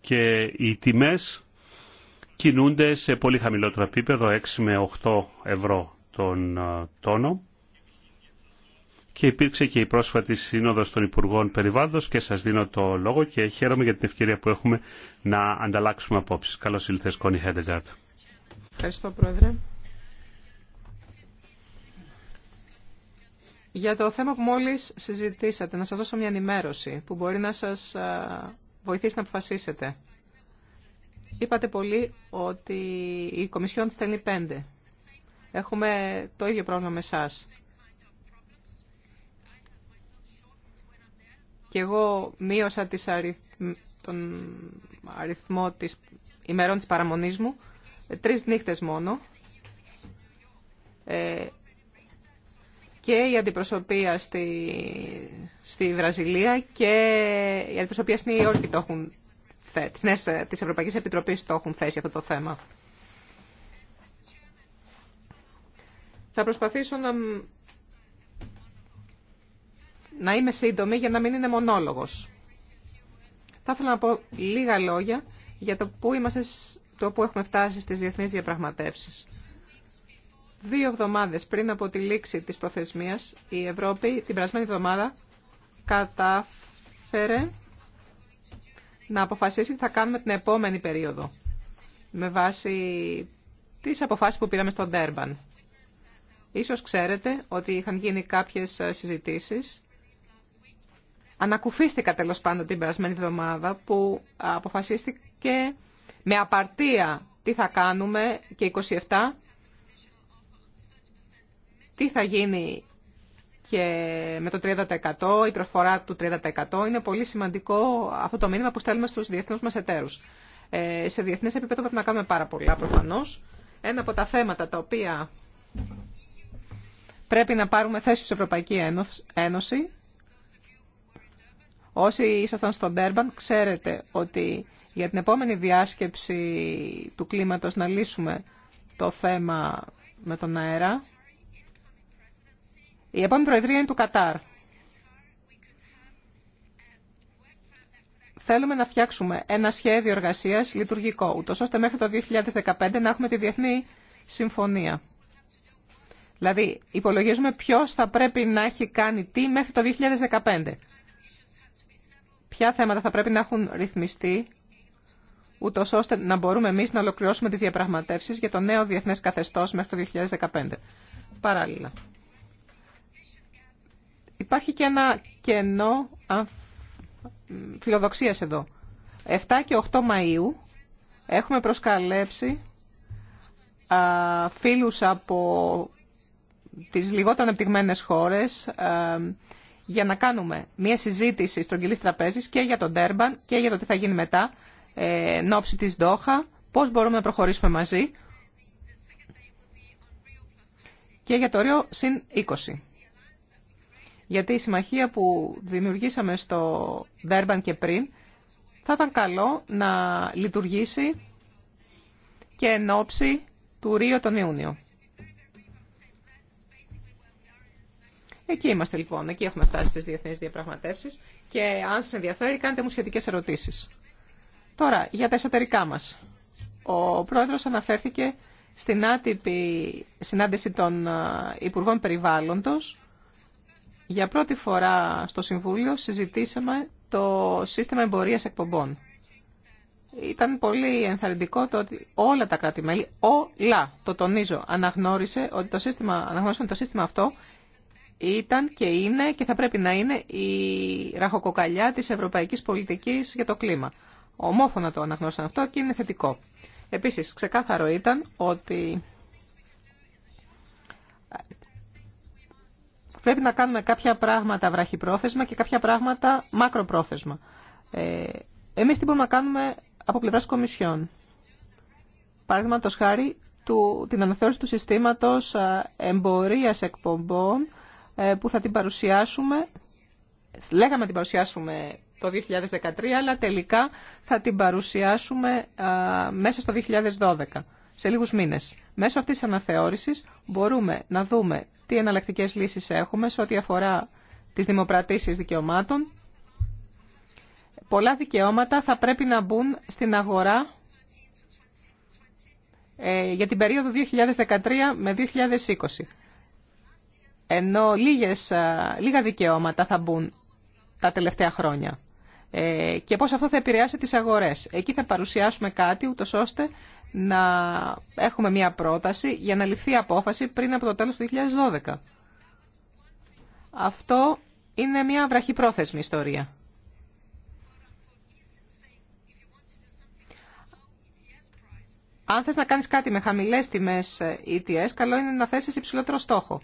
S1: Και οι τιμές κινούνται σε πολύ χαμηλότερο επίπεδο, 6 με 8 ευρώ τον ε, τόνο. Και υπήρξε και η πρόσφατη σύνοδος των Υπουργών Περιβάλλοντος και σας δίνω το λόγο και χαίρομαι για την ευκαιρία που έχουμε να ανταλλάξουμε απόψεις. Καλώς ήλθες, Κόνι Χέντεγκάρτ.
S2: Ευχαριστώ, Πρόεδρε. Για το θέμα που μόλις συζητήσατε, να σας δώσω μια ενημέρωση που μπορεί να σας ε, βοηθήσει να αποφασίσετε. Είπατε πολύ ότι η Κομισιόν στέλνει πέντε. Έχουμε το ίδιο πρόβλημα με εσά. Και εγώ μείωσα τις αριθ... τον αριθμό της ημερών της παραμονής μου, ε, τρεις νύχτες μόνο. Ε... και η αντιπροσωπεία στη, στη Βραζιλία και η αντιπροσωπεία στην Υόρκη το έχουν Τη τις νέες ε, της Ευρωπαϊκής Επιτροπής το έχουν θέσει αυτό το θέμα. Θα προσπαθήσω να, να είμαι σύντομη για να μην είναι μονόλογος. Θα ήθελα να πω λίγα λόγια για το που, είμαστε, το που έχουμε φτάσει στις διεθνείς διαπραγματεύσεις. Δύο εβδομάδες πριν από τη λήξη της προθεσμίας, η Ευρώπη την περασμένη εβδομάδα κατάφερε να αποφασίσει τι θα κάνουμε την επόμενη περίοδο με βάση τις αποφάσεις που πήραμε στον Τέρμπαν. Ίσως ξέρετε ότι είχαν γίνει κάποιες συζητήσεις. Ανακουφίστηκα τέλο πάντων την περασμένη εβδομάδα που αποφασίστηκε με απαρτία τι θα κάνουμε και 27 τι θα γίνει και με το 30%, η προσφορά του 30% είναι πολύ σημαντικό αυτό το μήνυμα που στέλνουμε στους διεθνούς μας εταίρους. Ε, σε διεθνές επίπεδο πρέπει να κάνουμε πάρα πολλά προφανώς. Ένα από τα θέματα τα οποία πρέπει να πάρουμε θέση στην Ευρωπαϊκή Ένωση. Όσοι ήσασταν στον Τέρμπαν, ξέρετε ότι για την επόμενη διάσκεψη του κλίματος να λύσουμε το θέμα με τον αέρα η επόμενη προεδρία είναι του Κατάρ. Θέλουμε να φτιάξουμε ένα σχέδιο εργασία λειτουργικό, ούτω ώστε μέχρι το 2015 να έχουμε τη Διεθνή Συμφωνία. Δηλαδή, υπολογίζουμε ποιο θα πρέπει να έχει κάνει τι μέχρι το 2015. Ποια θέματα θα πρέπει να έχουν ρυθμιστεί, ούτω ώστε να μπορούμε εμεί να ολοκληρώσουμε τι διαπραγματεύσει για το νέο διεθνέ καθεστώ μέχρι το 2015. Παράλληλα. Υπάρχει και ένα κενό φιλοδοξία εδώ. 7 και 8 Μαΐου έχουμε προσκαλέψει φίλους από τις λιγότερο ανεπτυγμένες χώρες για να κάνουμε μια συζήτηση στρογγυλής τραπέζης και για τον Τέρμπαν και για το τι θα γίνει μετά, ε, νόψη της Ντόχα, πώς μπορούμε να προχωρήσουμε μαζί και για το Ρίο συν 20. Γιατί η συμμαχία που δημιουργήσαμε στο Δέρμπαν και πριν θα ήταν καλό να λειτουργήσει και εν ώψη του Ρίο τον Ιούνιο. Εκεί είμαστε λοιπόν, εκεί έχουμε φτάσει στις διεθνείς διαπραγματεύσεις και αν σας ενδιαφέρει κάντε μου σχετικές ερωτήσεις. Τώρα, για τα εσωτερικά μας. Ο πρόεδρος αναφέρθηκε στην άτυπη συνάντηση των ε, Υπουργών Περιβάλλοντος για πρώτη φορά στο Συμβούλιο συζητήσαμε το σύστημα εμπορίας εκπομπών. Ήταν πολύ ενθαρρυντικό το ότι όλα τα κράτη-μέλη, όλα, το τονίζω, αναγνώρισε ότι το σύστημα, αναγνώρισε το σύστημα αυτό ήταν και είναι και θα πρέπει να είναι η ραχοκοκαλιά της ευρωπαϊκής πολιτικής για το κλίμα. Ομόφωνα το αναγνώρισαν αυτό και είναι θετικό. Επίσης, ξεκάθαρο ήταν ότι πρέπει να κάνουμε κάποια πράγματα βραχυπρόθεσμα και κάποια πράγματα μακροπρόθεσμα. Ε, εμείς τι μπορούμε να κάνουμε από πλευράς κομισιών. Παράδειγμα χάρη, του, την αναθεώρηση του συστήματος ε, εμπορία εκπομπών ε, που θα την παρουσιάσουμε. Λέγαμε την παρουσιάσουμε το 2013, αλλά τελικά θα την παρουσιάσουμε ε, μέσα στο 2012 σε λίγους μήνες. Μέσω αυτής της αναθεώρησης μπορούμε να δούμε τι εναλλακτικέ λύσεις έχουμε σε ό,τι αφορά τις δημοπρατήσεις δικαιωμάτων. Πολλά δικαιώματα θα πρέπει να μπουν στην αγορά ε, για την περίοδο 2013 με 2020. Ενώ λίγες, λίγα δικαιώματα θα μπουν τα τελευταία χρόνια. Ε, και πώς αυτό θα επηρεάσει τις αγορές. Εκεί θα παρουσιάσουμε κάτι ούτως ώστε να έχουμε μια πρόταση για να ληφθεί απόφαση πριν από το τέλος του 2012. Αυτό είναι μια βραχυπρόθεσμη ιστορία. Αν θες να κάνεις κάτι με χαμηλές τιμές ETS, ε καλό είναι να θέσεις υψηλότερο στόχο.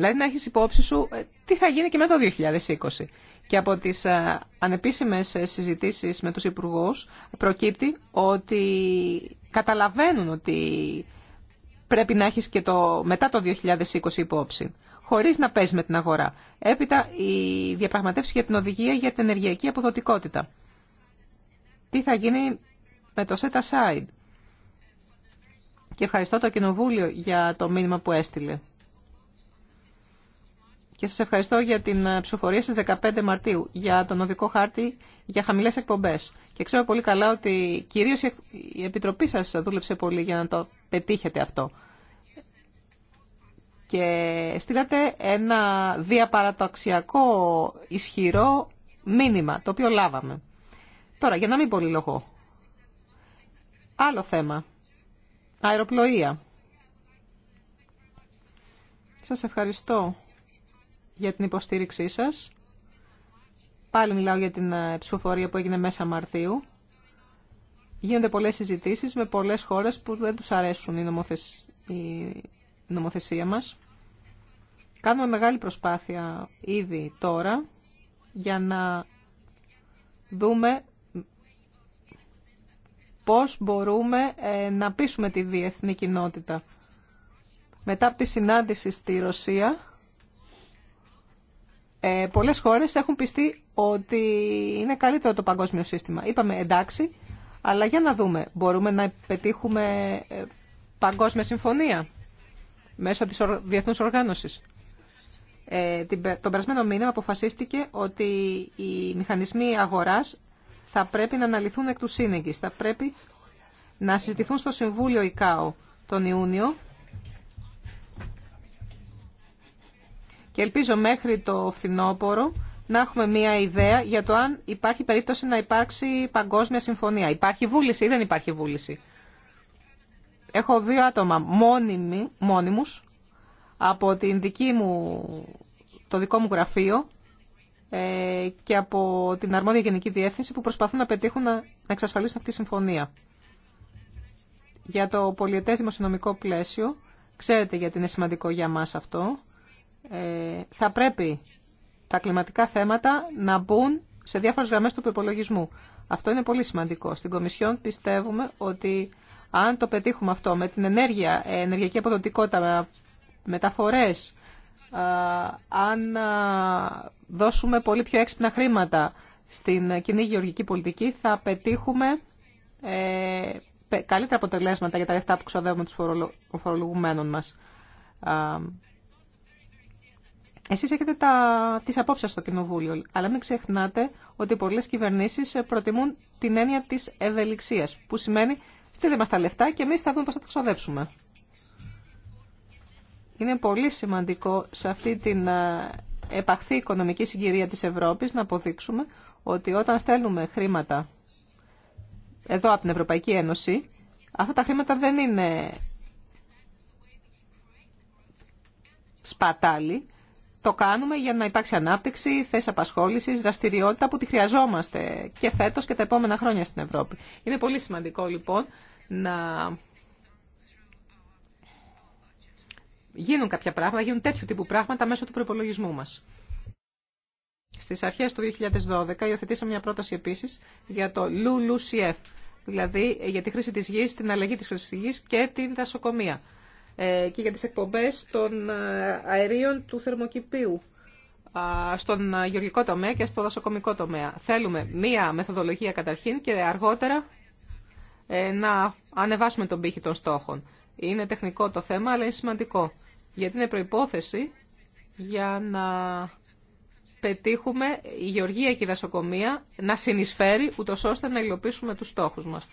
S2: Δηλαδή να έχεις υπόψη σου ε, τι θα γίνει και μετά το 2020. Και από τις ε, ανεπίσημες ε, συζητήσεις με τους υπουργούς προκύπτει ότι καταλαβαίνουν ότι πρέπει να έχεις και το μετά το 2020 υπόψη, χωρίς να παίζει με την αγορά. Έπειτα η διαπραγματεύση για την οδηγία για την ενεργειακή αποδοτικότητα. Τι θα γίνει με το set aside. Και ευχαριστώ το Κοινοβούλιο για το μήνυμα που έστειλε και σας ευχαριστώ για την ε, ψηφοφορία στις 15 Μαρτίου για τον οδικό χάρτη για χαμηλές εκπομπές. Και ξέρω πολύ καλά ότι κυρίως η Επιτροπή σας δούλεψε πολύ για να το πετύχετε αυτό. Και στείλατε ένα διαπαραταξιακό ισχυρό μήνυμα, το οποίο λάβαμε. Τώρα, για να μην πολυλογώ. Άλλο θέμα. Αεροπλοεία. Σας ευχαριστώ για την υποστήριξή σας. Πάλι μιλάω για την ε, ψηφοφορία που έγινε μέσα Μαρτίου. Γίνονται πολλές συζητήσεις με πολλές χώρες που δεν τους αρέσουν η, νομοθεσία μας. Κάνουμε μεγάλη προσπάθεια ήδη τώρα για να δούμε πώς μπορούμε ε, να πείσουμε τη διεθνή κοινότητα. Μετά από τη συνάντηση στη Ρωσία, ε, πολλές χώρες έχουν πιστεί ότι είναι καλύτερο το παγκόσμιο σύστημα. Είπαμε εντάξει, αλλά για να δούμε, μπορούμε να πετύχουμε ε, παγκόσμια συμφωνία μέσω της Διεθνού οργάνωσης. Ε, τον περασμένο μήνα αποφασίστηκε ότι οι μηχανισμοί αγοράς θα πρέπει να αναλυθούν εκ του σύνεγκης, Θα πρέπει να συζητηθούν στο Συμβούλιο ΙΚΑΟ τον Ιούνιο και ελπίζω μέχρι το φθινόπωρο να έχουμε μία ιδέα για το αν υπάρχει περίπτωση να υπάρξει παγκόσμια συμφωνία. Υπάρχει βούληση ή δεν υπάρχει βούληση. Έχω δύο άτομα μόνιμοι, μόνιμους από την δική μου, το δικό μου γραφείο ε, και από την αρμόδια γενική διεύθυνση που προσπαθούν να πετύχουν να, να εξασφαλίσουν αυτή τη συμφωνία. Για το πολιετές δημοσιονομικό πλαίσιο, ξέρετε γιατί είναι σημαντικό για μας αυτό, ε, θα πρέπει τα κλιματικά θέματα να μπουν σε διάφορες γραμμές του προπολογισμού. Αυτό είναι πολύ σημαντικό. Στην Κομισιόν πιστεύουμε ότι αν το πετύχουμε αυτό με την ενέργεια, ε, ενεργειακή αποδοτικότητα, μεταφορές, αν δώσουμε πολύ πιο έξυπνα χρήματα στην κοινή γεωργική πολιτική, θα πετύχουμε ε, καλύτερα αποτελέσματα για τα λεφτά που ξοδεύουμε τους φορολογουμένων μας. Εσείς έχετε τα, τις απόψεις στο Κοινοβούλιο, αλλά μην ξεχνάτε ότι πολλές κυβερνήσεις προτιμούν την έννοια της ευελιξίας, που σημαίνει στείλε μας τα λεφτά και εμείς θα δούμε πώς θα τα ξοδέψουμε. Είναι πολύ σημαντικό σε αυτή την ε, επαχθή οικονομική συγκυρία της Ευρώπης να αποδείξουμε ότι όταν στέλνουμε χρήματα εδώ από την Ευρωπαϊκή Ένωση, αυτά τα χρήματα δεν είναι σπατάλη, το κάνουμε για να υπάρξει ανάπτυξη, θέση απασχόληση, δραστηριότητα που τη χρειαζόμαστε και φέτο και τα επόμενα χρόνια στην Ευρώπη. Είναι πολύ σημαντικό λοιπόν να γίνουν κάποια πράγματα, γίνουν τέτοιου τύπου πράγματα μέσω του προπολογισμού μα. Στι αρχέ του 2012 υιοθετήσαμε μια πρόταση επίση για το LULUCF, δηλαδή για τη χρήση τη γη, την αλλαγή τη χρήση τη γη και την δασοκομεία. Ε, και για τις εκπομπές των ε, αερίων του θερμοκηπίου στον ε, γεωργικό τομέα και στο δασοκομικό τομέα. Θέλουμε μία μεθοδολογία καταρχήν και αργότερα να ανεβάσουμε τον πύχη των στόχων. Είναι τεχνικό το θέμα, αλλά είναι σημαντικό, γιατί είναι προϋπόθεση για να πετύχουμε η γεωργία και η δασοκομεία να συνεισφέρει, ούτω ώστε να υλοποιήσουμε τους στόχους μας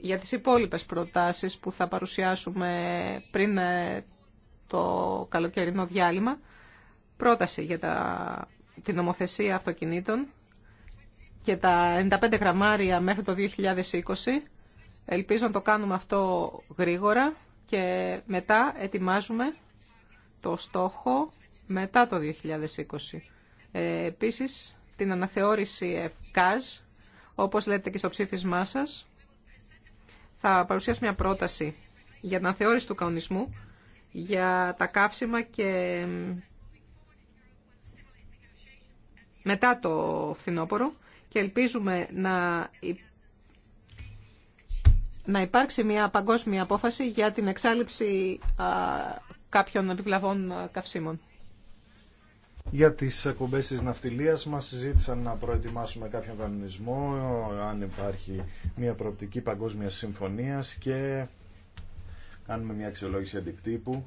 S2: για τις υπόλοιπες προτάσεις που θα παρουσιάσουμε πριν ε, το καλοκαιρινό διάλειμμα. Πρόταση για τα, την νομοθεσία αυτοκινήτων και τα 95 γραμμάρια μέχρι το 2020. Ελπίζω να το κάνουμε αυτό γρήγορα και μετά ετοιμάζουμε το στόχο μετά το 2020. Ε, επίσης, την αναθεώρηση ΕΦΚΑΖ, όπως λέτε και στο ψήφισμά σας, θα παρουσιάσω μια πρόταση για την αναθεώρηση του κανονισμού για τα καύσιμα και μετά το φθινόπωρο και ελπίζουμε να, να υπάρξει μια παγκόσμια απόφαση για την εξάλληψη κάποιων επιβλαβών καυσίμων.
S3: Για τις εκπομπές της ναυτιλίας μας συζήτησαν να προετοιμάσουμε κάποιον κανονισμό αν υπάρχει μια προοπτική παγκόσμια συμφωνίας και κάνουμε μια αξιολόγηση αντικτύπου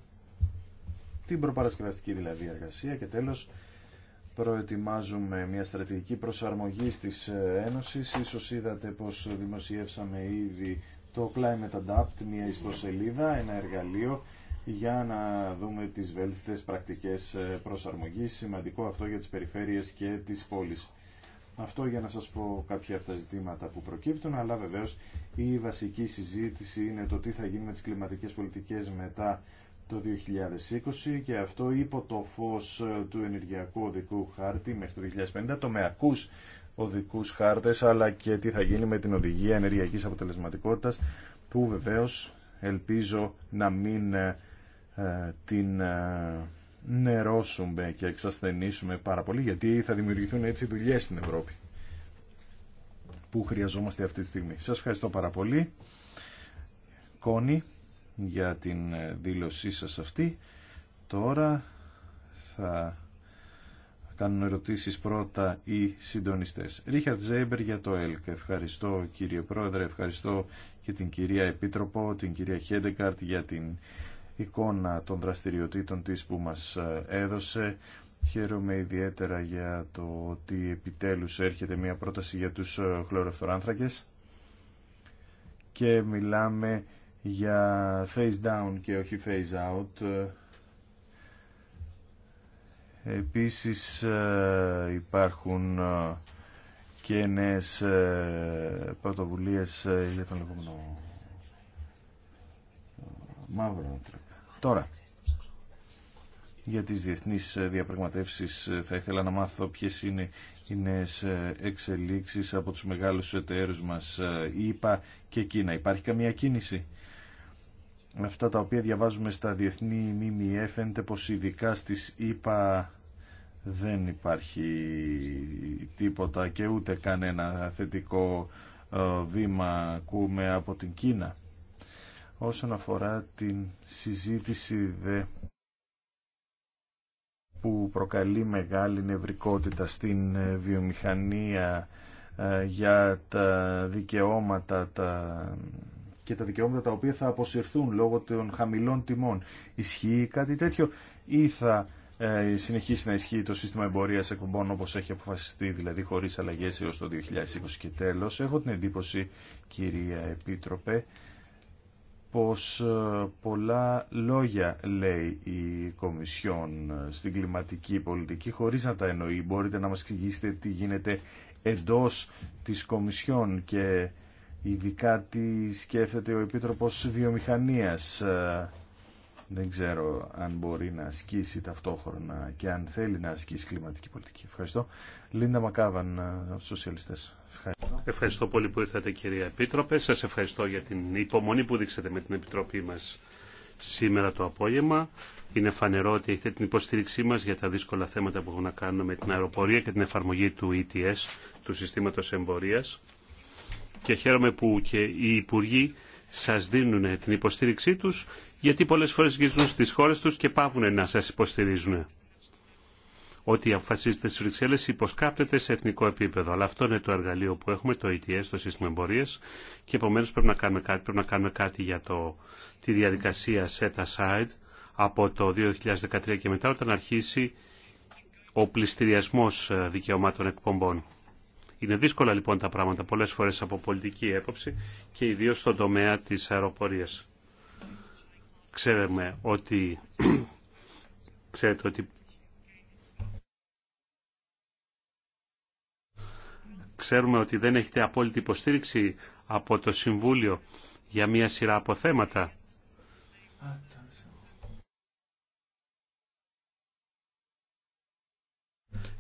S3: την προπαρασκευαστική δηλαδή εργασία και τέλος προετοιμάζουμε μια στρατηγική προσαρμογή της Ένωσης. Ίσως είδατε πως δημοσιεύσαμε ήδη το Climate Adapt, μια ιστοσελίδα, ένα εργαλείο για να δούμε τις βέλτιστες πρακτικές ε, προσαρμογής. Σημαντικό αυτό για τις περιφέρειες και τις πόλεις. Αυτό για να σας πω κάποια από τα ζητήματα που προκύπτουν, αλλά βεβαίως η βασική συζήτηση είναι το τι θα γίνει με τις κλιματικές πολιτικές μετά το 2020 και αυτό υπό το φως ε, του ενεργειακού οδικού χάρτη μέχρι το 2050, το ακούς οδικούς χάρτες, αλλά και τι θα γίνει με την οδηγία ενεργειακής αποτελεσματικότητας, που βεβαίως ελπίζω να μην ε, ε, την ε, νερώσουμε και εξασθενήσουμε πάρα πολύ γιατί θα δημιουργηθούν έτσι δουλειέ στην Ευρώπη που χρειαζόμαστε αυτή τη στιγμή. Σας ευχαριστώ πάρα πολύ Κόνη για την ε, δήλωσή σας αυτή. Τώρα θα κάνουν ερωτήσεις πρώτα οι συντονιστές. Ρίχαρτ Ζέιμπερ για το ΕΛΚ. Ευχαριστώ κύριε Πρόεδρε, ευχαριστώ και την κυρία Επίτροπο, την κυρία Χέντεκαρτ για την εικόνα των δραστηριοτήτων της που μας ε, έδωσε. Χαίρομαι ιδιαίτερα για το ότι επιτέλους έρχεται μια πρόταση για τους ε, χλωροφθοράνθρακες και μιλάμε για face down και όχι face out. Επίσης ε, υπάρχουν και νέες πρωτοβουλίες για τον λεγόμενο Τώρα, για τις διεθνείς ε, διαπραγματεύσεις ε, θα ήθελα να μάθω ποιες είναι οι νέες ε, εξελίξεις από τους μεγάλους εταίρους μας, η και Κίνα. Υπάρχει καμία κίνηση. Αυτά τα οποία διαβάζουμε στα διεθνή μήμη φαίνεται πως ειδικά στις ΙΠΑ δεν υπάρχει τίποτα και ούτε κανένα θετικό βήμα ακούμε από την Κίνα όσον αφορά την συζήτηση που προκαλεί μεγάλη νευρικότητα στην ε, βιομηχανία ε, για τα δικαιώματα τα... και τα δικαιώματα τα οποία θα αποσυρθούν λόγω των χαμηλών τιμών. Ισχύει κάτι τέτοιο ή θα ε, συνεχίσει να ισχύει το σύστημα εμπορίας εκπομπών όπως έχει αποφασιστεί, δηλαδή χωρίς αλλαγές έως το 2020 και τέλος. Έχω την εντύπωση, κυρία Επίτροπε, πως ε, πολλά λόγια λέει η Κομισιόν ε, στην κλιματική πολιτική χωρίς να τα εννοεί. Μπορείτε να μας εξηγήσετε τι γίνεται εντός της Κομισιόν και ειδικά τι σκέφτεται ο Επίτροπος Βιομηχανίας ε, δεν ξέρω αν μπορεί να ασκήσει ταυτόχρονα και αν θέλει να ασκήσει κλιματική πολιτική. Ευχαριστώ. Λίντα Μακάβαν, σοσιαλιστές. Ευχαριστώ.
S1: ευχαριστώ πολύ που ήρθατε κυρία Επίτροπε. Σα ευχαριστώ για την υπομονή που δείξατε με την Επιτροπή μα σήμερα το απόγευμα. Είναι φανερό ότι έχετε την υποστήριξή μα για τα δύσκολα θέματα που έχουν να κάνουν με την αεροπορία και την εφαρμογή του ETS, του συστήματο εμπορία. Και χαίρομαι που και οι Υπουργοί σας δίνουν την υποστήριξή τους γιατί πολλές φορές γυρίζουν στις χώρες τους και πάβουν να σας υποστηρίζουν. Ό,τι αποφασίζεται στις Βρυξέλλες υποσκάπτεται σε εθνικό επίπεδο. Αλλά αυτό είναι το εργαλείο που έχουμε, το ETS, ε το σύστημα εμπορίας και επομένως πρέπει να κάνουμε κάτι, πρέπει να κάνουμε κάτι για το, τη διαδικασία set aside από το 2013 και μετά όταν αρχίσει ο πληστηριασμός ε, δικαιωμάτων εκπομπών. Είναι δύσκολα λοιπόν τα πράγματα πολλές φορές από πολιτική έποψη και ιδίως στον τομέα της αεροπορίας. Ξέρουμε ότι, ξέρετε ότι ξέρουμε ότι δεν έχετε απόλυτη υποστήριξη από το Συμβούλιο για μία σειρά από θέματα.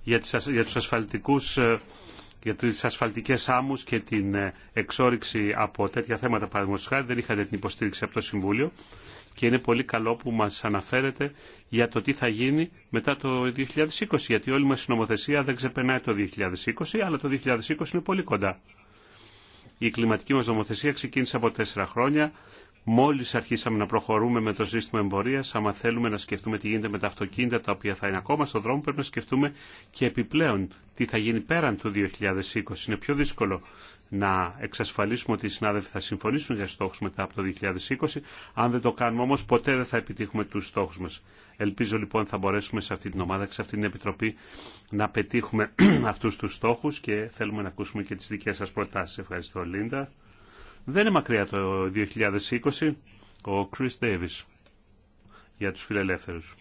S1: Για, τις, για τους ασφαλτικούς ε, για τις ασφαλτικές άμμους και την ε, εξόριξη από τέτοια θέματα παραδείγματος χάρη δεν είχατε την υποστήριξη από το Συμβούλιο και είναι πολύ καλό που μας αναφέρετε για το τι θα γίνει μετά το 2020, γιατί όλη μας η νομοθεσία δεν ξεπερνάει το 2020, αλλά το 2020 είναι πολύ κοντά. Η κλιματική μας νομοθεσία ξεκίνησε από τέσσερα χρόνια. Μόλις αρχίσαμε να προχωρούμε με το σύστημα εμπορίας, άμα θέλουμε να σκεφτούμε τι γίνεται με τα αυτοκίνητα τα οποία θα είναι ακόμα στον δρόμο, πρέπει να σκεφτούμε και επιπλέον τι θα γίνει πέραν του 2020. Είναι πιο δύσκολο να εξασφαλίσουμε ότι οι συνάδελφοι θα συμφωνήσουν για στόχους μετά από το 2020. Αν δεν το κάνουμε όμως ποτέ δεν θα επιτύχουμε τους στόχους μας. Ελπίζω λοιπόν θα μπορέσουμε σε αυτή την ομάδα και σε αυτή την Επιτροπή να πετύχουμε αυτούς τους στόχους και θέλουμε να ακούσουμε και τις δικές σας προτάσεις. Ευχαριστώ Λίντα. Δεν είναι μακριά το 2020 ο Chris Davis για τους φιλελεύθερους.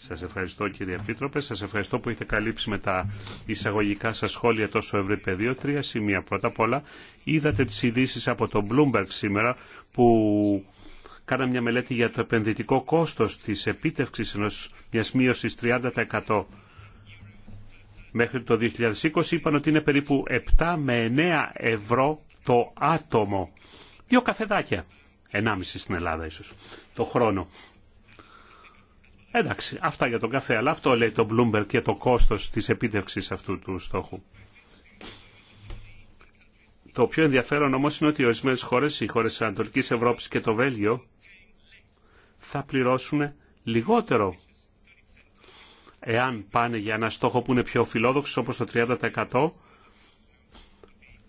S1: Σα ευχαριστώ κύριε Επίτροπε, σα ευχαριστώ που έχετε καλύψει με τα εισαγωγικά σα σχόλια τόσο ευρύ πεδίο. Τρία σημεία πρώτα απ' όλα. Είδατε τι ειδήσει από το Bloomberg σήμερα που κάνα μια μελέτη για το επενδυτικό κόστο τη επίτευξη μια μείωση 30% μέχρι το 2020 είπαν ότι είναι περίπου 7 με 9 ευρώ το άτομο. Δύο καφεδάκια. 1,5 στην Ελλάδα ίσως. Το χρόνο. Εντάξει, αυτά για τον καφέ, αλλά αυτό λέει το Bloomberg και το κόστος της επίτευξης αυτού του στόχου. Το πιο ενδιαφέρον όμως είναι ότι οι ορισμένες χώρες, οι χώρες της Ανατολικής Ευρώπης και το Βέλγιο, θα πληρώσουν λιγότερο εάν πάνε για ένα στόχο που είναι πιο φιλόδοξο όπως το 30%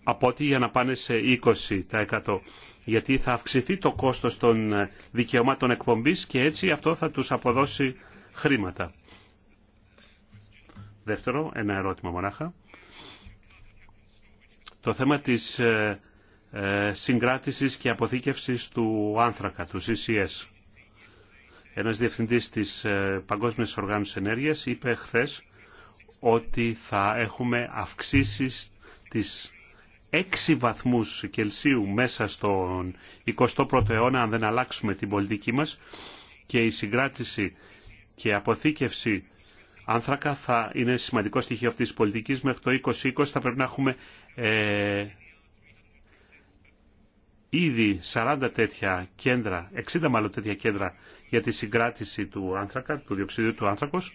S1: από ότι για να πάνε σε 20% γιατί θα αυξηθεί το κόστος των ε, δικαιωμάτων εκπομπής και έτσι αυτό θα τους αποδώσει χρήματα. Δεύτερο, ένα ερώτημα μονάχα. Το θέμα της ε, ε, συγκράτησης και αποθήκευσης του άνθρακα, του CCS. Ένας διευθυντής της Παγκόσμιας Οργάνωσης Ενέργειας είπε χθες ότι θα έχουμε αυξήσεις της 6 βαθμούς Κελσίου μέσα στον 21ο αιώνα αν δεν αλλάξουμε την πολιτική μας και η συγκράτηση και αποθήκευση άνθρακα θα είναι σημαντικό στοιχείο αυτής της πολιτικής. Μέχρι το 2020 θα πρέπει να έχουμε ε, ήδη 40 τέτοια κέντρα, 60 μάλλον τέτοια κέντρα για τη συγκράτηση του άνθρακα, του διοξιδίου του άνθρακος.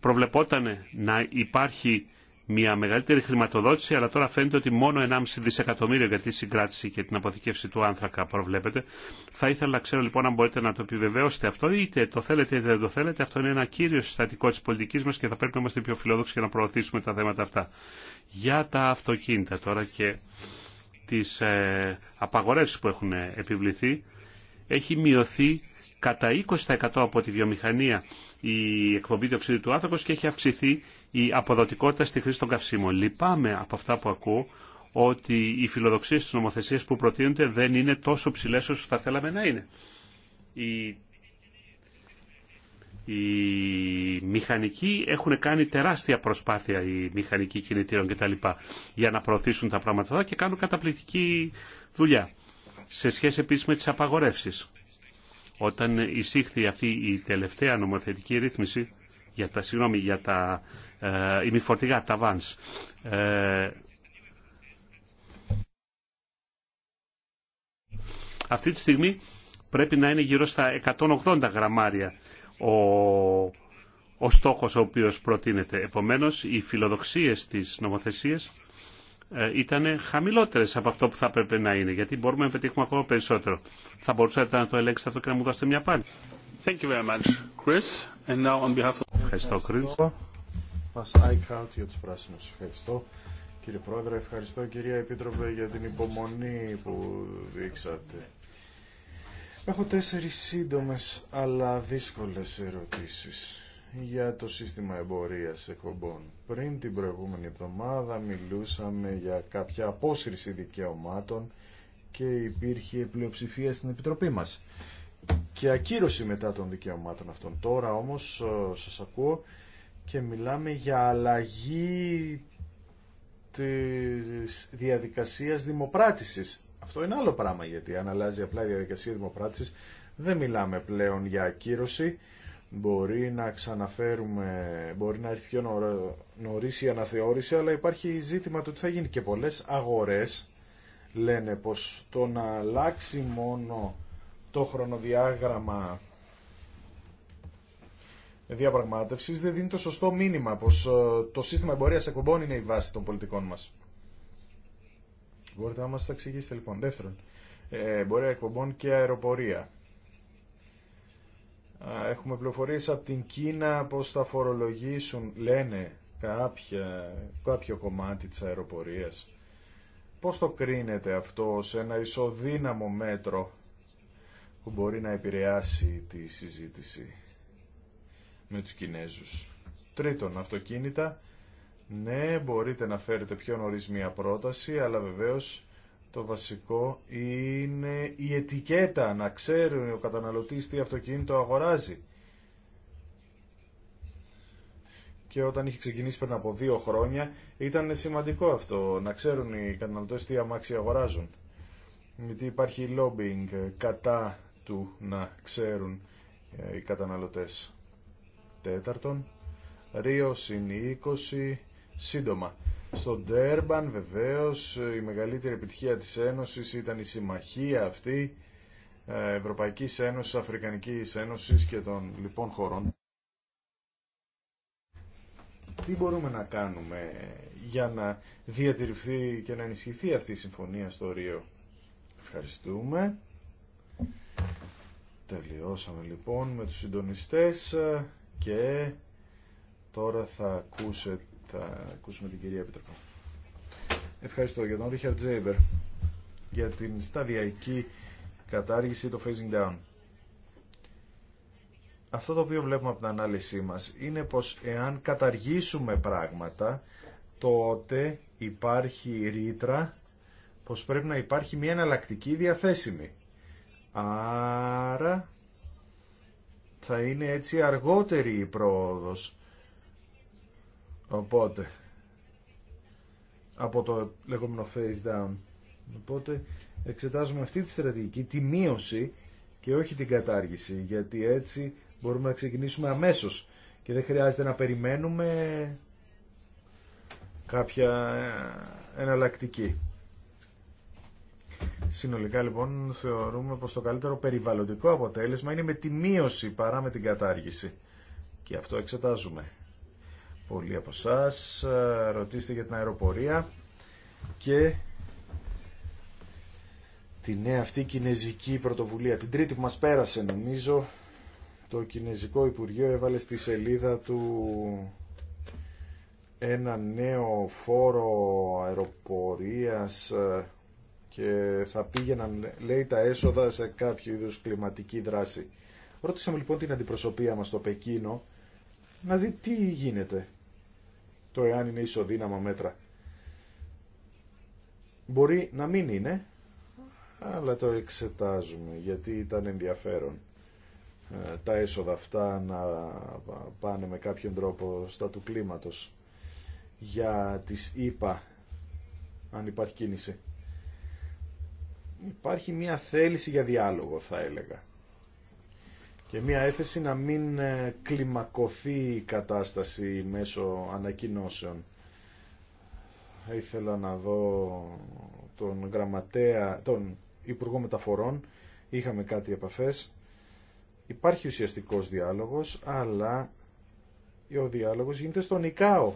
S1: Προβλεπόταν να υπάρχει μια μεγαλύτερη χρηματοδότηση, αλλά τώρα φαίνεται ότι μόνο 1,5 δισεκατομμύριο για τη συγκράτηση και την αποθηκεύση του άνθρακα προβλέπεται. Θα ήθελα να ξέρω λοιπόν αν μπορείτε να το επιβεβαιώσετε αυτό, είτε το θέλετε είτε δεν το θέλετε. Αυτό είναι ένα κύριο συστατικό τη πολιτική μα και θα πρέπει να είμαστε πιο φιλόδοξοι για να προωθήσουμε τα θέματα αυτά. Για τα αυτοκίνητα τώρα και τι ε, απαγορεύσει που έχουν επιβληθεί, έχει μειωθεί κατά 20% από τη βιομηχανία η εκπομπή διοξιδίου του άνθρακος και έχει αυξηθεί η αποδοτικότητα στη χρήση των καυσίμων. Λυπάμαι από αυτά που ακούω ότι οι φιλοδοξίε τη νομοθεσία που προτείνονται δεν είναι τόσο ψηλέ όσο θα θέλαμε να είναι. Οι... μηχανικοί έχουν κάνει τεράστια προσπάθεια, οι μηχανικοί κινητήρων κτλ. για να προωθήσουν τα πράγματα εδώ και κάνουν καταπληκτική δουλειά. Σε σχέση επίση με τι απαγορεύσει. Όταν εισήχθη αυτή η τελευταία νομοθετική ρύθμιση, για τα, για τα ε, ημιφορτηγά, τα ε, αυτή τη στιγμή πρέπει να είναι γύρω στα 180 γραμμάρια ο, ο στόχος ο οποίος προτείνεται. Επομένως, οι φιλοδοξίες της νομοθεσίας ε, ήταν χαμηλότερες από αυτό που θα έπρεπε να είναι, γιατί μπορούμε να πετύχουμε ακόμα περισσότερο. Θα μπορούσατε να το ελέγξετε αυτό και να μου δώσετε μια απάντηση. Thank you Ευχαριστώ, Chris.
S3: Μας Ευχαριστώ. Κύριε Πρόεδρε, ευχαριστώ κυρία Επίτροπε για την υπομονή που δείξατε. Έχω τέσσερις σύντομες αλλά δύσκολες ερωτήσεις για το σύστημα εμπορίας εκπομπών. Πριν την προηγούμενη εβδομάδα μιλούσαμε για κάποια απόσυρση δικαιωμάτων και υπήρχε πλειοψηφία στην Επιτροπή μας και ακύρωση μετά των δικαιωμάτων αυτών. Τώρα όμως ε, σας ακούω και μιλάμε για αλλαγή της διαδικασίας δημοπράτησης. Αυτό είναι άλλο πράγμα γιατί αν αλλάζει απλά η διαδικασία δημοπράτησης δεν μιλάμε πλέον για ακύρωση. Μπορεί να ξαναφέρουμε, μπορεί να έρθει πιο νωρίς η αναθεώρηση, αλλά υπάρχει ζήτημα του ότι θα γίνει και πολλές αγορές λένε πως το να αλλάξει μόνο το χρονοδιάγραμμα διαπραγμάτευσης δεν δίνει το σωστό μήνυμα πως ε, το σύστημα εμπορίας εκπομπών είναι η βάση των πολιτικών μας. Μπορείτε να μας τα εξηγήσετε λοιπόν. Δεύτερον, ε, εμπορία εκπομπών και αεροπορία. Έχουμε πληροφορίες από την Κίνα πως θα φορολογήσουν, λένε, κάποια, κάποιο κομμάτι της αεροπορίας. Πώς το κρίνεται αυτό σε ένα ισοδύναμο μέτρο που μπορεί να επηρεάσει τη συζήτηση με τους Κινέζους. Τρίτον, αυτοκίνητα. Ναι, μπορείτε να φέρετε πιο νωρίς μία πρόταση, αλλά βεβαίως το βασικό είναι η ετικέτα, να ξέρουν ο καταναλωτής τι αυτοκίνητο αγοράζει. Και όταν είχε ξεκινήσει πριν από δύο χρόνια ήταν σημαντικό αυτό, να ξέρουν οι καταναλωτές τι αμάξι αγοράζουν. Γιατί υπάρχει lobbying κατά του να ξέρουν ε, οι καταναλωτές. Τέταρτον, Ρίο είναι 20 σύντομα. Στο Τέρμπαν βεβαίως η μεγαλύτερη επιτυχία της Ένωσης ήταν η συμμαχία αυτή ε, Ευρωπαϊκής Ένωσης, Αφρικανικής Ένωσης και των λοιπών χωρών. Τι μπορούμε να κάνουμε ε, για να διατηρηθεί και να ενισχυθεί αυτή η συμφωνία στο Ρίο. Ευχαριστούμε. Τελειώσαμε λοιπόν με τους συντονιστές και τώρα θα, ακούσε, ακούσουμε την κυρία Επιτροπή. Ευχαριστώ για τον Ρίχαρτ Τζέιμπερ για την σταδιακή κατάργηση, το phasing down. Αυτό το οποίο βλέπουμε από την ανάλυση μας είναι πως εάν καταργήσουμε πράγματα, τότε υπάρχει ρήτρα πως πρέπει να υπάρχει μια εναλλακτική διαθέσιμη. Άρα θα είναι έτσι αργότερη η πρόοδος. Οπότε, από το λεγόμενο face down. Οπότε, εξετάζουμε αυτή τη στρατηγική, τη μείωση και όχι την κατάργηση, γιατί έτσι μπορούμε να ξεκινήσουμε αμέσως και δεν χρειάζεται να περιμένουμε κάποια ε, εναλλακτική. Συνολικά λοιπόν θεωρούμε πως το καλύτερο περιβαλλοντικό αποτέλεσμα είναι με τη μείωση παρά με την κατάργηση. Και αυτό εξετάζουμε. Πολλοί από εσά ε, ρωτήστε για την αεροπορία και τη νέα αυτή κινέζικη πρωτοβουλία. Την τρίτη που μας πέρασε νομίζω το Κινέζικο Υπουργείο έβαλε στη σελίδα του ένα νέο φόρο αεροπορίας ε, και θα πήγαιναν, λέει, τα έσοδα σε κάποιο είδους κλιματική δράση. Ρώτησαμε λοιπόν την αντιπροσωπεία μας στο Πεκίνο να δει τι γίνεται το εάν είναι ισοδύναμα μέτρα. Μπορεί να μην είναι, αλλά το εξετάζουμε γιατί ήταν ενδιαφέρον ε, τα έσοδα αυτά να πάνε με κάποιον τρόπο στα του κλίματος για τις ΙΠΑ αν υπάρχει κίνηση υπάρχει μια θέληση για διάλογο θα έλεγα και μια έθεση να μην ε, κλιμακωθεί η κατάσταση μέσω ανακοινώσεων. Θα ήθελα να δω τον γραμματέα, τον Υπουργό Μεταφορών, είχαμε κάτι επαφές. Υπάρχει ουσιαστικός διάλογος, αλλά ο διάλογος γίνεται στον ΙΚΑΟ.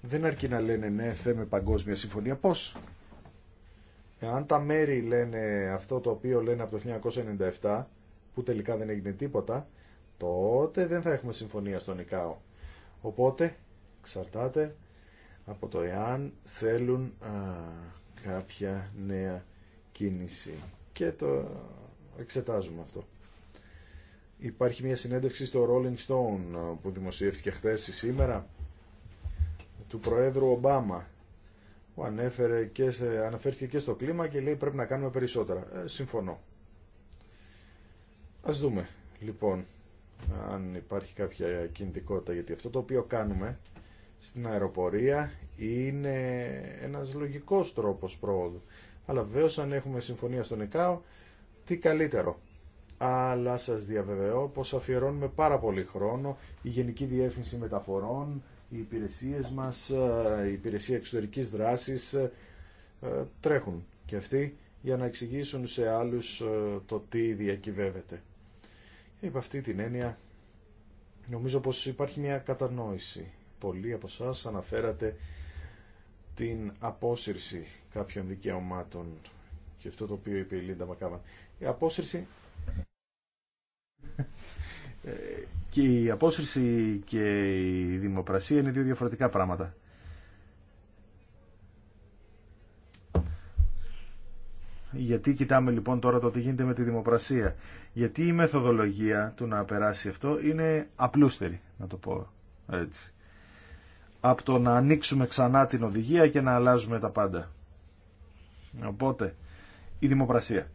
S3: Δεν αρκεί να λένε ναι, θέμε παγκόσμια συμφωνία. Πώς αν τα μέρη λένε αυτό το οποίο λένε από το 1997, που τελικά δεν έγινε τίποτα, τότε δεν θα έχουμε συμφωνία στον ΙΚΑΟ. Οπότε, εξαρτάται από το εάν θέλουν α, κάποια νέα κίνηση. Και το εξετάζουμε αυτό. Υπάρχει μια συνέντευξη στο Rolling Stone που δημοσιεύτηκε χθες ή σήμερα του Προέδρου Ομπάμα που ανέφερε και σε, αναφέρθηκε και στο κλίμα και λέει πρέπει να κάνουμε περισσότερα. Ε, συμφωνώ. Ας δούμε λοιπόν αν υπάρχει κάποια κινητικότητα γιατί αυτό το οποίο κάνουμε στην αεροπορία είναι ένας λογικός τρόπος πρόοδου. Αλλά βεβαίω αν έχουμε συμφωνία στον ΕΚΑΟ τι καλύτερο. Αλλά σας διαβεβαιώ πως αφιερώνουμε πάρα πολύ χρόνο η Γενική Διεύθυνση Μεταφορών οι υπηρεσίες μας, ε, η υπηρεσία εξωτερικής δράσης ε, ε, τρέχουν και αυτοί για να εξηγήσουν σε άλλους το τι διακυβεύεται. Υπ' αυτή την έννοια νομίζω πως υπάρχει μια κατανόηση. Πολλοί από εσά αναφέρατε την απόσυρση κάποιων δικαιωμάτων και αυτό το οποίο είπε η Λίντα Μακάβαν. Η απόσυρση και η απόσυρση και η δημοπρασία είναι δύο διαφορετικά πράγματα. Γιατί κοιτάμε λοιπόν τώρα το τι γίνεται με τη δημοπρασία. Γιατί η μεθοδολογία του να περάσει αυτό είναι απλούστερη, να το πω έτσι. Από το να ανοίξουμε ξανά την οδηγία και να αλλάζουμε τα πάντα. Οπότε, η δημοπρασία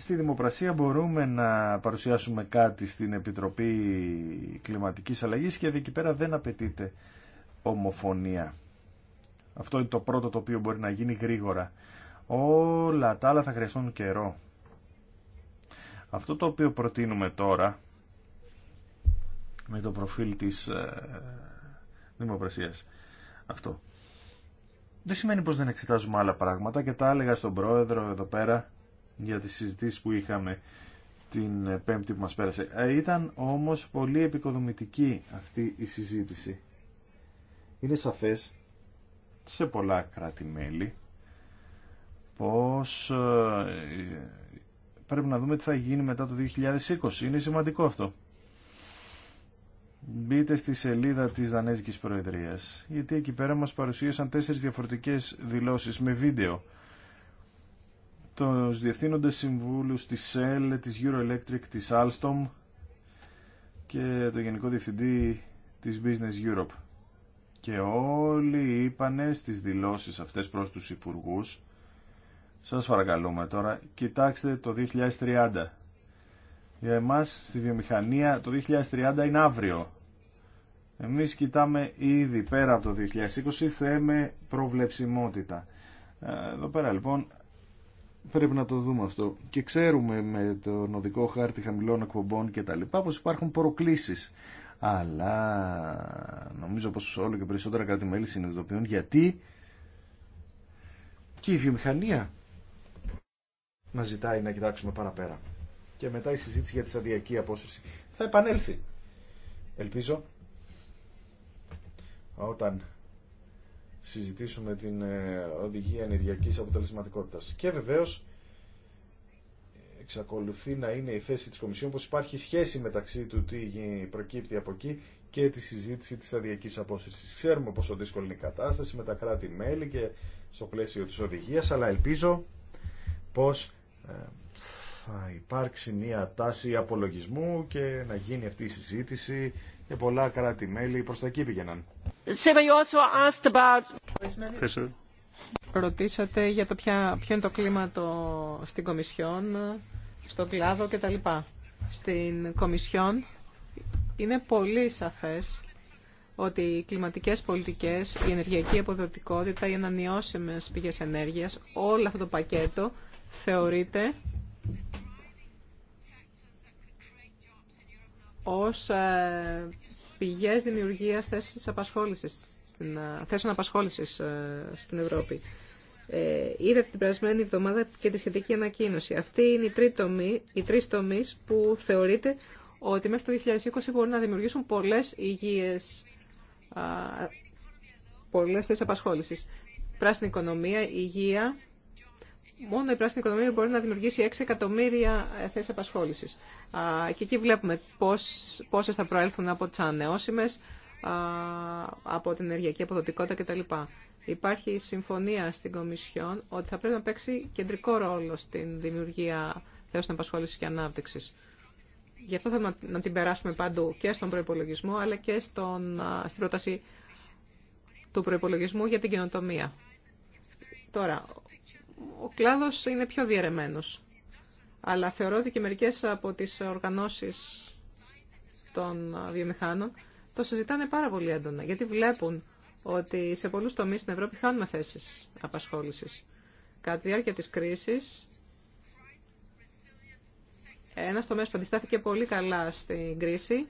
S3: στη δημοπρασία μπορούμε να παρουσιάσουμε κάτι στην Επιτροπή Κλιματικής Αλλαγής και εκεί πέρα δεν απαιτείται ομοφωνία. Αυτό είναι το πρώτο το οποίο μπορεί να γίνει γρήγορα. Όλα τα άλλα θα χρειαστούν καιρό. Αυτό το οποίο προτείνουμε τώρα με το προφίλ της ε, δημοπρασίας αυτό δεν σημαίνει πως δεν εξετάζουμε άλλα πράγματα και τα έλεγα στον πρόεδρο εδώ πέρα για τις συζητήσεις που είχαμε την πέμπτη που μας πέρασε. Ε, ήταν όμως πολύ επικοδομητική αυτή η συζήτηση. Είναι σαφές σε πολλά κράτη-μέλη πως ε, πρέπει να δούμε τι θα γίνει μετά το 2020. Είναι σημαντικό αυτό. Μπείτε στη σελίδα της Δανέζικης Προεδρίας, γιατί εκεί πέρα μας παρουσίασαν τέσσερις διαφορετικές δηλώσεις με βίντεο τους διευθύνοντες συμβούλους της ΣΕΛ, της Euroelectric, της Alstom και το Γενικό Διευθυντή της Business Europe. Και όλοι είπανε στις δηλώσεις αυτές προς τους υπουργούς σας παρακαλούμε τώρα, κοιτάξτε το 2030. Για εμάς στη βιομηχανία το 2030 είναι αύριο. Εμείς κοιτάμε ήδη πέρα από το 2020 θέμε προβλεψιμότητα. Ε, εδώ πέρα λοιπόν Πρέπει να το δούμε αυτό. Και ξέρουμε με τον οδικό χάρτη χαμηλών εκπομπών και τα λοιπά πως υπάρχουν προκλήσεις. Αλλά νομίζω πως όλο και περισσότερα κράτη-μέλη συνειδητοποιούν γιατί και η βιομηχανία μας ζητάει να κοιτάξουμε παραπέρα. Και μετά η συζήτηση για τη σταδιακή απόσυρση θα επανέλθει. Ελπίζω όταν συζητήσουμε την ε, οδηγία ενεργειακής αποτελεσματικότητας. Και βεβαίως εξακολουθεί να είναι η θέση της Κομισιόν πως υπάρχει σχέση μεταξύ του τι προκύπτει από εκεί και τη συζήτηση της αδιακής απόσυρσης. Ξέρουμε πόσο δύσκολη είναι η κατάσταση με τα κράτη-μέλη και στο πλαίσιο της οδηγίας, αλλά ελπίζω πως ε, θα υπάρξει μια τάση απολογισμού και να γίνει αυτή η συζήτηση και πολλά κράτη-μέλη προς τα εκεί
S2: πήγαιναν. Ρωτήσατε για το ποιο είναι το κλίμα το, στην Κομισιόν, στον κλάδο κτλ. Στην Κομισιόν είναι πολύ σαφές ότι οι κλιματικές πολιτικές, η ενεργειακή αποδοτικότητα, οι ανανεώσιμες πηγές ενέργειας, όλο αυτό το πακέτο θεωρείται ως ε, Πηγέ δημιουργίας θέσεων απασχόλησης στην, ε, στην Ευρώπη. Ε, είδατε την περασμένη εβδομάδα και τη σχετική ανακοίνωση. Αυτή είναι οι, τρει τρεις που θεωρείται ότι μέχρι το 2020 μπορούν να δημιουργήσουν πολλές υγείες, πολλές θέσεις απασχόλησης. Πράσινη οικονομία, υγεία, μόνο η πράσινη οικονομία μπορεί να δημιουργήσει 6 εκατομμύρια θέσει απασχόληση. Και εκεί βλέπουμε πόσε θα προέλθουν από τι ανανεώσιμε, από την ενεργειακή αποδοτικότητα κτλ. Υπάρχει συμφωνία στην Κομισιόν ότι θα πρέπει να παίξει κεντρικό ρόλο στην δημιουργία θέσεων απασχόληση και ανάπτυξη. Γι' αυτό θέλουμε να την περάσουμε παντού και στον προπολογισμό, αλλά και στον, στην πρόταση του προπολογισμού για την καινοτομία. Τώρα, ο κλάδος είναι πιο διαιρεμένος. Αλλά θεωρώ ότι και μερικές από τις οργανώσεις των βιομηχάνων το συζητάνε πάρα πολύ έντονα, γιατί βλέπουν ότι σε πολλούς τομείς στην Ευρώπη χάνουμε θέσεις απασχόλησης. Κατά τη διάρκεια της κρίσης, ένας τομέας που αντιστάθηκε πολύ καλά στην κρίση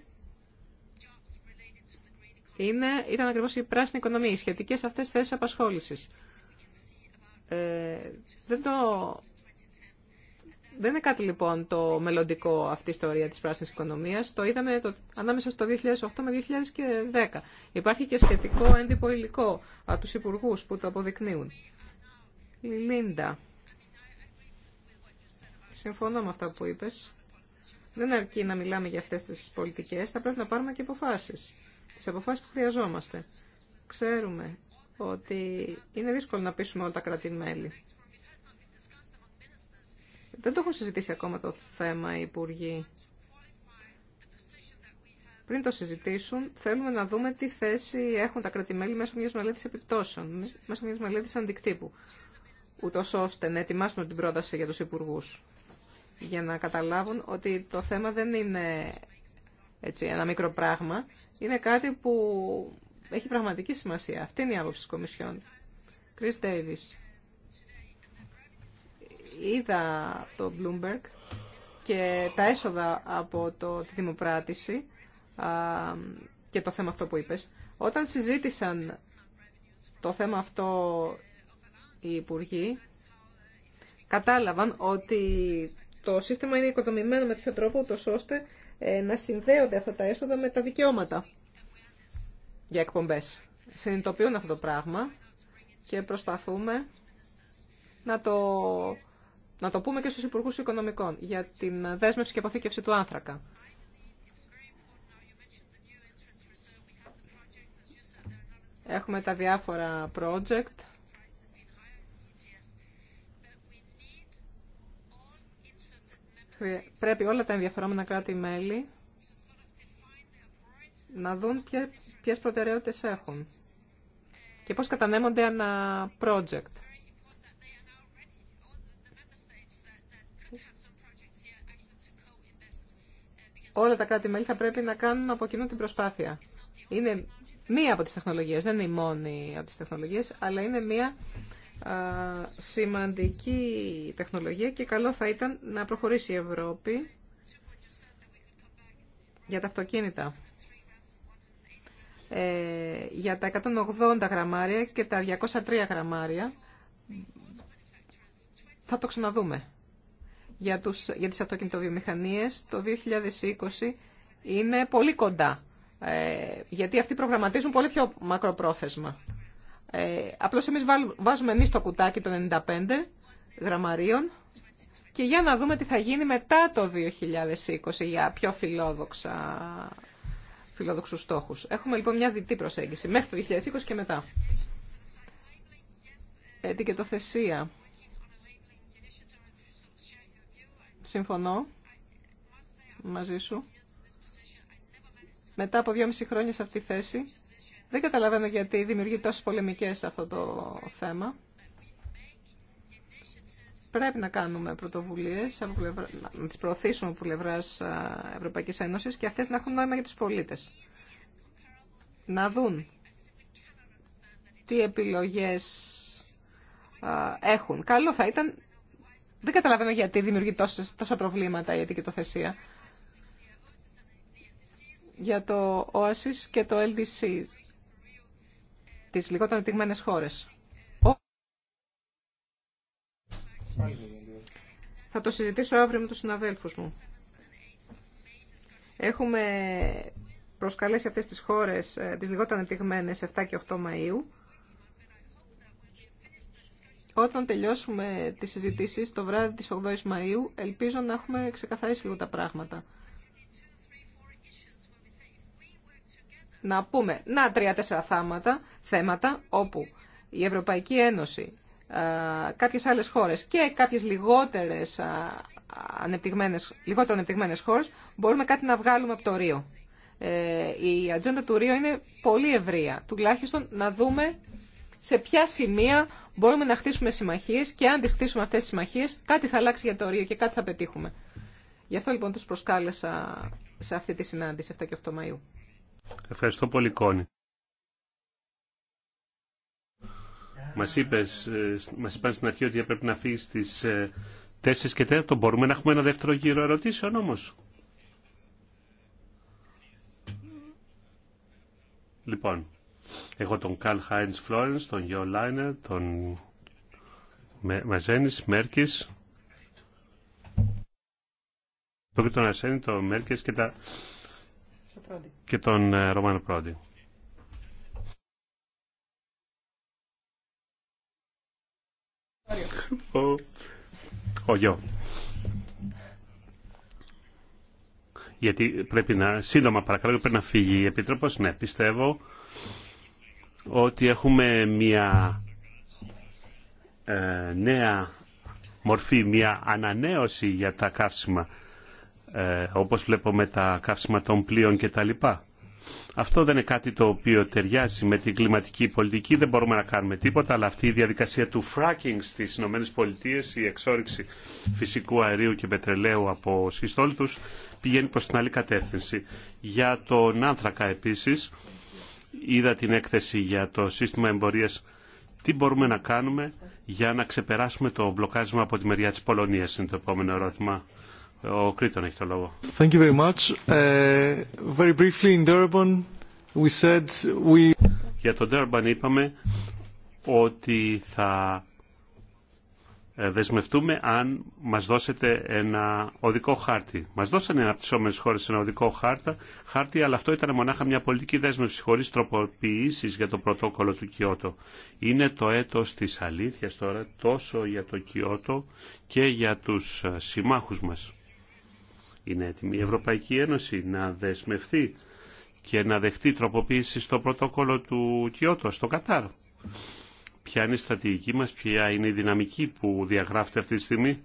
S2: είναι, ήταν ακριβώς η πράσινη οικονομία, οι σχετικές αυτές θέσεις απασχόλησης. Ε, δεν, είναι κάτι λοιπόν το μελλοντικό αυτή η ιστορία της πράσινης οικονομίας. Το είδαμε το... ανάμεσα στο 2008 με 2010. Υπάρχει και σχετικό έντυπο υλικό από τους υπουργούς που το αποδεικνύουν. Λίντα. Συμφωνώ με αυτά που είπες. Δεν αρκεί να μιλάμε για αυτές τις πολιτικές, θα πρέπει να πάρουμε και αποφάσεις. Τις αποφάσεις που χρειαζόμαστε. Ξέρουμε ότι είναι δύσκολο να πείσουμε όλα τα κράτη-μέλη. Δεν το έχουν συζητήσει ακόμα το θέμα οι Υπουργοί. Πριν το συζητήσουν, θέλουμε να δούμε τι θέση έχουν τα κρατημέλη μέσω μιας μελέτης επιπτώσεων, μέσω μιας μελέτης αντικτύπου, ούτω ώστε να ετοιμάσουμε την πρόταση για τους Υπουργούς, για να καταλάβουν ότι το θέμα δεν είναι έτσι, ένα μικρό πράγμα, είναι κάτι που έχει πραγματική σημασία. Αυτή είναι η άποψη της Κομισιόν. Chris Davis. Είδα το Bloomberg και τα έσοδα από το, τη δημοπράτηση α, και το θέμα αυτό που είπες. Όταν συζήτησαν το θέμα αυτό οι υπουργοί, κατάλαβαν ότι το σύστημα είναι οικοδομημένο με τέτοιο τρόπο, ώστε ε, να συνδέονται αυτά τα έσοδα με τα δικαιώματα για εκπομπέ. Συνειδητοποιούν αυτό το πράγμα και προσπαθούμε να το, να το πούμε και στους Υπουργούς Οικονομικών για την δέσμευση και αποθήκευση του άνθρακα. Έχουμε τα διάφορα project. Πρέπει όλα τα ενδιαφερόμενα κράτη-μέλη να δουν ποιε προτεραιότητε έχουν και πώς κατανέμονται ένα project. Όλα τα κράτη-μέλη θα πρέπει να κάνουν από κοινού την προσπάθεια. Είναι μία από τις τεχνολογίες, δεν είναι η μόνη από τις τεχνολογίες, αλλά είναι μία σημαντική τεχνολογία και καλό θα ήταν να προχωρήσει η Ευρώπη για τα αυτοκίνητα. Ε, για τα 180 γραμμάρια και τα 203 γραμμάρια. Θα το ξαναδούμε. Για, τους, για τις αυτοκινητοβιομηχανίες το 2020 είναι πολύ κοντά. Ε, γιατί αυτοί προγραμματίζουν πολύ πιο μακροπρόθεσμα. Ε, απλώς εμείς βάζουμε εμείς το κουτάκι των 95 γραμμαρίων και για να δούμε τι θα γίνει μετά το 2020 για πιο φιλόδοξα φιλόδοξου στόχους. Έχουμε λοιπόν μια διτή προσέγγιση μέχρι το 2020 και μετά. Ετικετοθεσία. Συμφωνώ μαζί σου. Μετά από δυόμιση χρόνια σε αυτή τη θέση, δεν καταλαβαίνω γιατί δημιουργεί τόσες πολεμικές αυτό το θέμα πρέπει να κάνουμε πρωτοβουλίες, να τι προωθήσουμε από πλευρά Ευρωπαϊκή Ένωση και αυτές να έχουν νόημα για του πολίτες. Να δουν τι επιλογές έχουν. Καλό θα ήταν. Δεν καταλαβαίνω γιατί δημιουργεί τόσες, τόσα προβλήματα η ετικετοθεσία. Για το ΟΑΣΙΣ και το LDC, τις λιγότερο ανεπτυγμένες χώρες. Θα το συζητήσω αύριο με τους συναδέλφους μου. Έχουμε προσκαλέσει αυτές τις χώρες, ε, τις λιγότερο ανεπτυγμένες, 7 και 8 Μαΐου. Όταν τελειώσουμε τις συζητήσεις το βράδυ της 8 Μαΐου, ελπίζω να έχουμε ξεκαθαρίσει λίγο τα πράγματα. Να πούμε, να τρία-τέσσερα θέματα, θέματα όπου η Ευρωπαϊκή Ένωση ε, κάποιες άλλες χώρες και κάποιες λιγότερες ε, ανεπτυγμένες, λιγότερο ανεπτυγμένες χώρες, μπορούμε κάτι να βγάλουμε από το Ρίο. Ε, η ατζέντα του Ρίο είναι πολύ ευρεία. Τουλάχιστον να δούμε σε ποια σημεία μπορούμε να χτίσουμε συμμαχίες και αν τις χτίσουμε αυτές τις συμμαχίες κάτι θα αλλάξει για το Ρίο και κάτι θα πετύχουμε. Γι' αυτό λοιπόν τους προσκάλεσα σε αυτή τη συνάντηση 7 και 8 Μαΐου.
S1: Ευχαριστώ πολύ Κόνη. Μας, είπες, ε, είπαν στην αρχή ότι έπρεπε να φύγει στις 4 ε, και 4. Μπορούμε να έχουμε ένα δεύτερο γύρο ερωτήσεων όμως. Λοιπόν, έχω τον Καλ Χάιντς Φλόρενς, τον Γιώ Λάινερ, τον Μαζένης, Μέρκης, τον Αρσένη, τον Μέρκης και, τα... και τον ε, Ρωμάνο Πρόντι. Ο, ο γιο. Γιατί πρέπει να, σύντομα παρακαλώ, πρέπει να φύγει η Επιτρόπος. Ναι, πιστεύω ότι έχουμε μια ε, νέα μορφή, μια ανανέωση για τα καύσιμα, ε, όπως βλέπουμε τα καύσιμα των πλοίων κτλ. Αυτό δεν είναι κάτι το οποίο ταιριάζει με την κλιματική πολιτική, δεν μπορούμε να κάνουμε τίποτα, αλλά αυτή η διαδικασία του fracking στις ΗΠΑ, η εξόριξη φυσικού αερίου και πετρελαίου από σύστολτους πηγαίνει προς την άλλη κατεύθυνση. Για τον άνθρακα επίσης, είδα την έκθεση για το σύστημα εμπορίας τι μπορούμε να κάνουμε για να ξεπεράσουμε το μπλοκάρισμα από τη μεριά της Πολωνίας είναι το επόμενο ερώτημα. Ο Κρήτον έχει το λόγο.
S3: Thank you very much. Uh, very briefly in Durban we said we...
S1: Για τον Durban είπαμε ότι θα ε, δεσμευτούμε αν μας δώσετε ένα οδικό χάρτη. Μας δώσανε αναπτυσσόμενες χώρες ένα οδικό χάρτα, χάρτη, αλλά αυτό ήταν μονάχα μια πολιτική δέσμευση χωρίς τροποποιήσεις για το πρωτόκολλο του Κιώτο. Είναι το έτος της αλήθειας τώρα τόσο για το Κιώτο και για τους ε, συμμάχους μας. Είναι έτοιμη η Ευρωπαϊκή Ένωση να δεσμευτεί και να δεχτεί τροποποίηση στο πρωτόκολλο του Κιώτο, στο Κατάρ. Ποια είναι η στρατηγική μας, ποια είναι η δυναμική που διαγράφεται αυτή τη στιγμή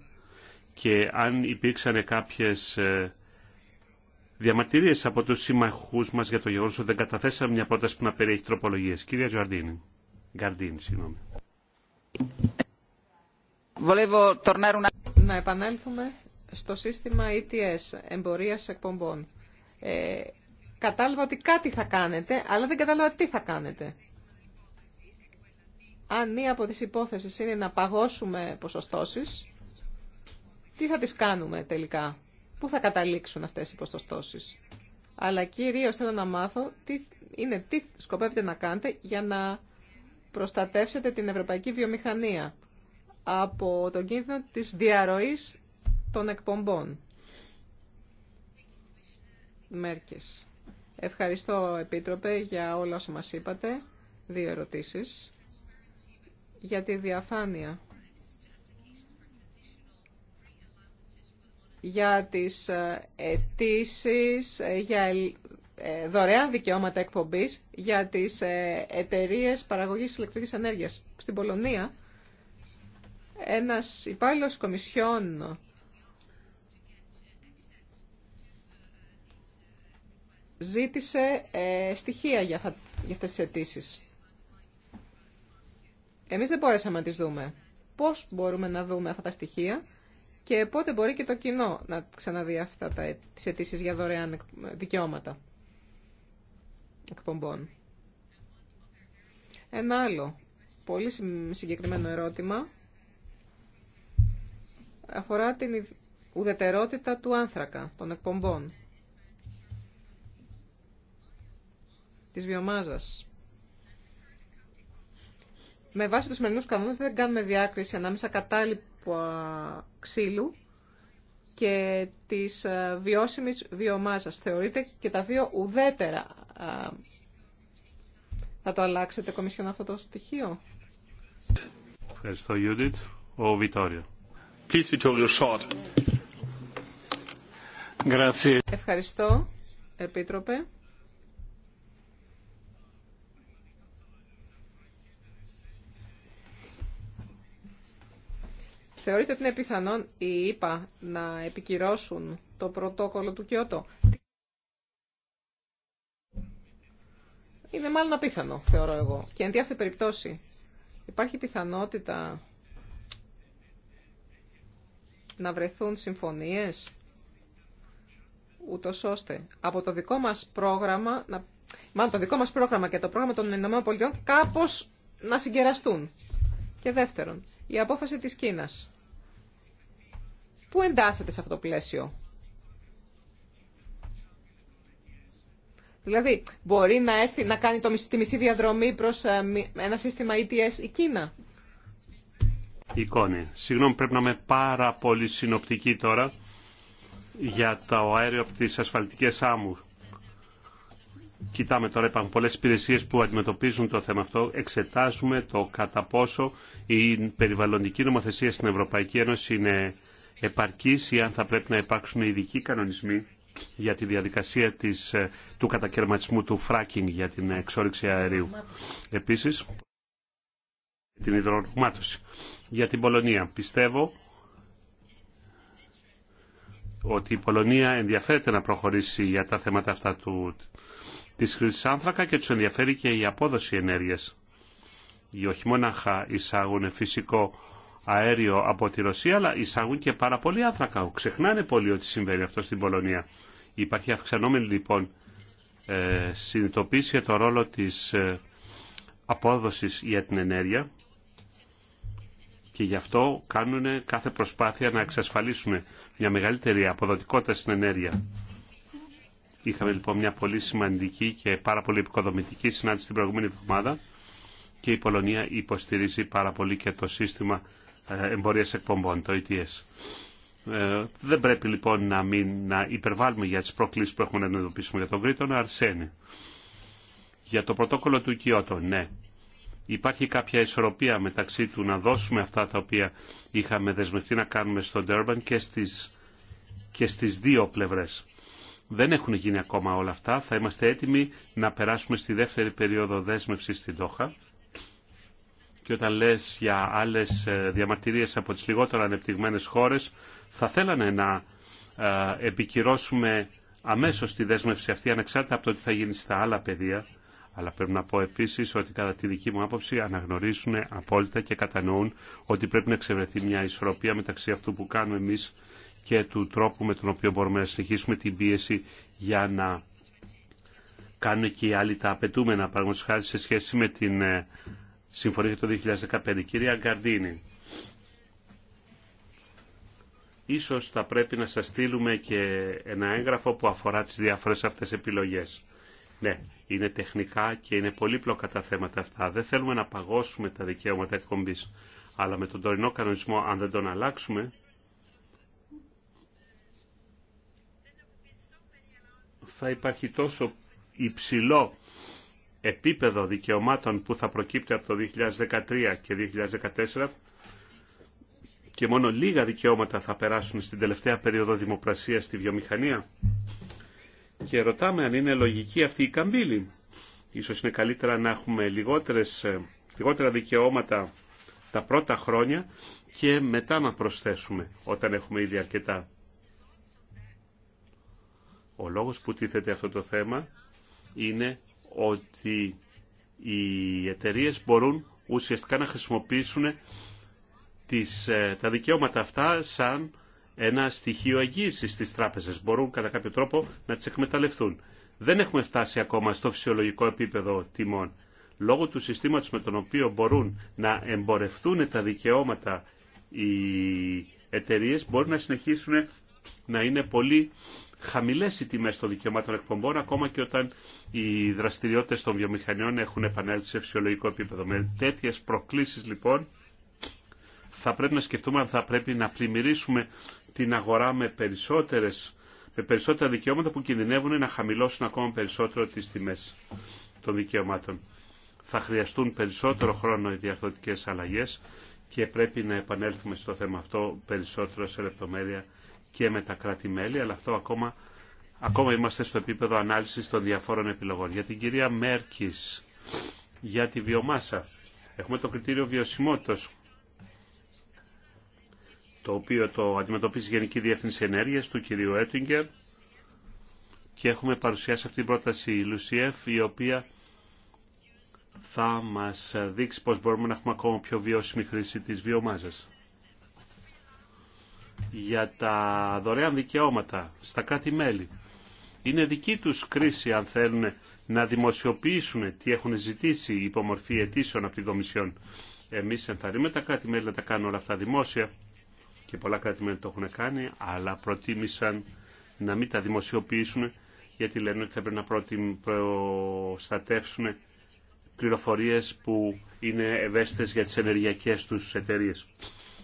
S1: και αν υπήρξαν κάποιες ε, διαμαρτυρίες από τους συμμαχούς μας για το γεγονός ότι δεν καταθέσαμε μια πρόταση που να περιέχει τροπολογίες. Κυρία Γκαρντίνη, συγγνώμη.
S2: Να επανέλθουμε στο σύστημα ETS, εμπορίας εκπομπών. Ε, κατάλαβα ότι κάτι θα κάνετε, αλλά δεν κατάλαβα τι θα κάνετε. Αν μία από τις υπόθεσεις είναι να παγώσουμε ποσοστώσεις, τι θα τις κάνουμε τελικά, πού θα καταλήξουν αυτές οι ποσοστώσεις. Αλλά κυρίως θέλω να μάθω τι, είναι, τι σκοπεύετε να κάνετε για να προστατεύσετε την ευρωπαϊκή βιομηχανία από τον κίνδυνο της διαρροής των εκπομπών. Μέρκες. Ευχαριστώ, Επίτροπε, για όλα όσα μας είπατε. Δύο ερωτήσεις. Για τη διαφάνεια. Για τις ε, αιτήσει, ε, για ε, δωρεάν δικαιώματα εκπομπής, για τις εταιρείε παραγωγής ηλεκτρικής ενέργειας. Στην Πολωνία, ένας υπάλληλος κομισιόν ζήτησε ε, στοιχεία για, θα, για αυτές τις αιτήσει. Εμείς δεν μπορέσαμε να τις δούμε. Πώς μπορούμε να δούμε αυτά τα στοιχεία και πότε μπορεί και το κοινό να ξαναδεί αυτά τα, τις αιτήσει για δωρεάν δικαιώματα εκπομπών. Ένα άλλο πολύ συγκεκριμένο ερώτημα αφορά την ουδετερότητα του άνθρακα των εκπομπών. της βιομάζας. Με βάση τους σημερινούς κανόνες δεν κάνουμε διάκριση ανάμεσα κατάλοιπα ξύλου και της βιώσιμης βιομάζας. Θεωρείται και τα δύο ουδέτερα. Θα το αλλάξετε, Κομισιόν, αυτό το στοιχείο.
S1: Ευχαριστώ, Ο Βιτόριο. Please, Vittorio, short.
S2: Ευχαριστώ, Επίτροπε. θεωρείτε ότι είναι πιθανόν οι ΙΠΑ να επικυρώσουν το πρωτόκολλο του Κιώτο. Είναι μάλλον απίθανο, θεωρώ εγώ. Και εν αυτή περιπτώσει υπάρχει πιθανότητα να βρεθούν συμφωνίες ούτως ώστε από το δικό μας πρόγραμμα, να, μάλλον το δικό μας πρόγραμμα και το πρόγραμμα των Ηνωμένων κάπως να συγκεραστούν. Και δεύτερον, η απόφαση της Κίνας Πού εντάσσεται σε αυτό το πλαίσιο. Δηλαδή, μπορεί να έρθει να κάνει το, τη μισή διαδρομή προς ε, ένα σύστημα ETS η Κίνα.
S1: Εικόνη. Συγγνώμη, πρέπει να είμαι πάρα πολύ συνοπτική τώρα για το αέριο από τις ασφαλτικές άμμου. Κοιτάμε τώρα, υπάρχουν πολλές υπηρεσίες που αντιμετωπίζουν το θέμα αυτό. Εξετάζουμε το κατά πόσο η περιβαλλοντική νομοθεσία στην Ευρωπαϊκή Ένωση είναι επαρκής ή αν θα πρέπει να υπάρξουν ειδικοί κανονισμοί για τη διαδικασία της, ε, του κατακαιρματισμού του φράκινγκ για την εξόριξη αερίου. Επίσης, την υδρορογμάτωση. Για την Πολωνία. Πιστεύω ότι η Πολωνία ενδιαφέρεται να προχωρήσει για τα θέματα αυτά του, της χρήσης άνθρακα και τους ενδιαφέρει και η απόδοση ενέργειας. Οι όχι μόναχα εισάγουν φυσικό αέριο από τη Ρωσία, αλλά εισάγουν και πάρα πολύ άνθρακα. Ξεχνάνε πολύ ότι συμβαίνει αυτό στην Πολωνία. Υπάρχει αυξανόμενη λοιπόν ε, συνειδητοποίηση για το ρόλο της ε, απόδοσης για την ενέργεια και γι' αυτό κάνουν κάθε προσπάθεια να εξασφαλίσουν μια μεγαλύτερη αποδοτικότητα στην ενέργεια. Είχαμε λοιπόν μια πολύ σημαντική και πάρα πολύ επικοδομητική συνάντηση την προηγούμενη εβδομάδα και η Πολωνία υποστηρίζει πάρα πολύ και το σύστημα ε, εμπορία εκπομπών, το ETS. Ε, δεν πρέπει λοιπόν να, μην, να υπερβάλλουμε για τις προκλήσεις που έχουμε να αντιμετωπίσουμε για τον Κρήτονα, Αρσένη. Για το πρωτόκολλο του Κιώτο, ναι. Υπάρχει κάποια ισορροπία μεταξύ του να δώσουμε αυτά τα οποία είχαμε δεσμευτεί να κάνουμε στον Durban και στις, και στις δύο πλευρές. Δεν έχουν γίνει ακόμα όλα αυτά. Θα είμαστε έτοιμοι να περάσουμε στη δεύτερη περίοδο δέσμευση στην Τόχα και όταν λες για άλλες ε, διαμαρτυρίες από τις λιγότερο ανεπτυγμένες χώρες, θα θέλανε να ε, επικυρώσουμε αμέσως τη δέσμευση αυτή, ανεξάρτητα από το τι θα γίνει στα άλλα πεδία. Αλλά πρέπει να πω επίσης ότι κατά τη δική μου άποψη αναγνωρίσουν απόλυτα και κατανοούν ότι πρέπει να εξευρεθεί μια ισορροπία μεταξύ αυτού που κάνουμε εμείς και του τρόπου με τον οποίο μπορούμε να συνεχίσουμε την πίεση για να κάνουν και οι άλλοι τα απαιτούμενα, χάρη σε σχέση με την ε, συμφωνία το 2015. Κυρία Γκαρντίνη, ίσως θα πρέπει να σας στείλουμε και ένα έγγραφο που αφορά τις διάφορες αυτές επιλογές. Ναι, είναι τεχνικά και είναι πολύπλοκα τα θέματα αυτά. Δεν θέλουμε να παγώσουμε τα δικαιώματα εκπομπή. Αλλά με τον τωρινό κανονισμό, αν δεν τον αλλάξουμε, θα υπάρχει τόσο υψηλό επίπεδο δικαιωμάτων που θα προκύπτει από το 2013 και 2014 και μόνο λίγα δικαιώματα θα περάσουν στην τελευταία περίοδο δημοπρασίας στη βιομηχανία. Και ρωτάμε αν είναι λογική αυτή η καμπύλη. Ίσως είναι καλύτερα να έχουμε λιγότερες, ε, λιγότερα δικαιώματα τα πρώτα χρόνια και μετά να προσθέσουμε όταν έχουμε ήδη αρκετά. Ο λόγος που τίθεται αυτό το θέμα είναι ότι οι εταιρείε μπορούν ουσιαστικά να χρησιμοποιήσουν τις, ε, τα δικαιώματα αυτά σαν ένα στοιχείο εγγύησης στις τράπεζες. Μπορούν κατά κάποιο τρόπο να τις εκμεταλλευτούν. Δεν έχουμε φτάσει ακόμα στο φυσιολογικό επίπεδο τιμών. Λόγω του συστήματος με τον οποίο μπορούν να εμπορευτούν τα δικαιώματα οι εταιρείε μπορούν να συνεχίσουν να είναι πολύ Χαμηλέ οι τιμέ των δικαιωμάτων εκπομπών ακόμα και όταν οι δραστηριότητε των βιομηχανιών έχουν επανέλθει σε φυσιολογικό επίπεδο. Με τέτοιε προκλήσει, λοιπόν θα πρέπει να σκεφτούμε αν θα πρέπει να πλημμυρίσουμε την αγορά με με περισσότερα δικαιώματα που κινδυνεύουν να χαμηλώσουν ακόμα περισσότερο τις τιμές των δικαιωμάτων. Θα χρειαστούν περισσότερο χρόνο οι διαφορετικές αλλαγές και πρέπει να επανέλθουμε στο θέμα αυτό περισσότερο σε λεπτομέρεια και με τα κράτη-μέλη, αλλά αυτό ακόμα, ακόμα είμαστε στο επίπεδο ανάλυσης των διαφόρων επιλογών. Για την κυρία Μέρκης, για τη βιομάσα, έχουμε το κριτήριο βιωσιμότητας, το οποίο το αντιμετωπίζει η Γενική Διεύθυνση Ενέργειας του κυρίου Έττιγκερ, και έχουμε παρουσιάσει αυτή την πρόταση η Λουσιεφ, η οποία θα μας δείξει πώς μπορούμε να έχουμε ακόμα πιο βιώσιμη χρήση της βιομάζας για τα δωρεάν δικαιώματα στα κάτι μέλη. Είναι δική τους κρίση αν θέλουν να δημοσιοποιήσουν τι έχουν ζητήσει μορφή αιτήσεων από την Κομισιόν. Εμείς ενθαρρύνουμε τα κάτι μέλη να τα κάνουν όλα αυτά δημόσια και πολλά κάτι μέλη το έχουν κάνει, αλλά προτίμησαν να μην τα δημοσιοποιήσουν γιατί λένε ότι θα πρέπει να προστατεύσουν πληροφορίες που είναι ευαίσθητες για τις ενεργειακές τους εταιρείες.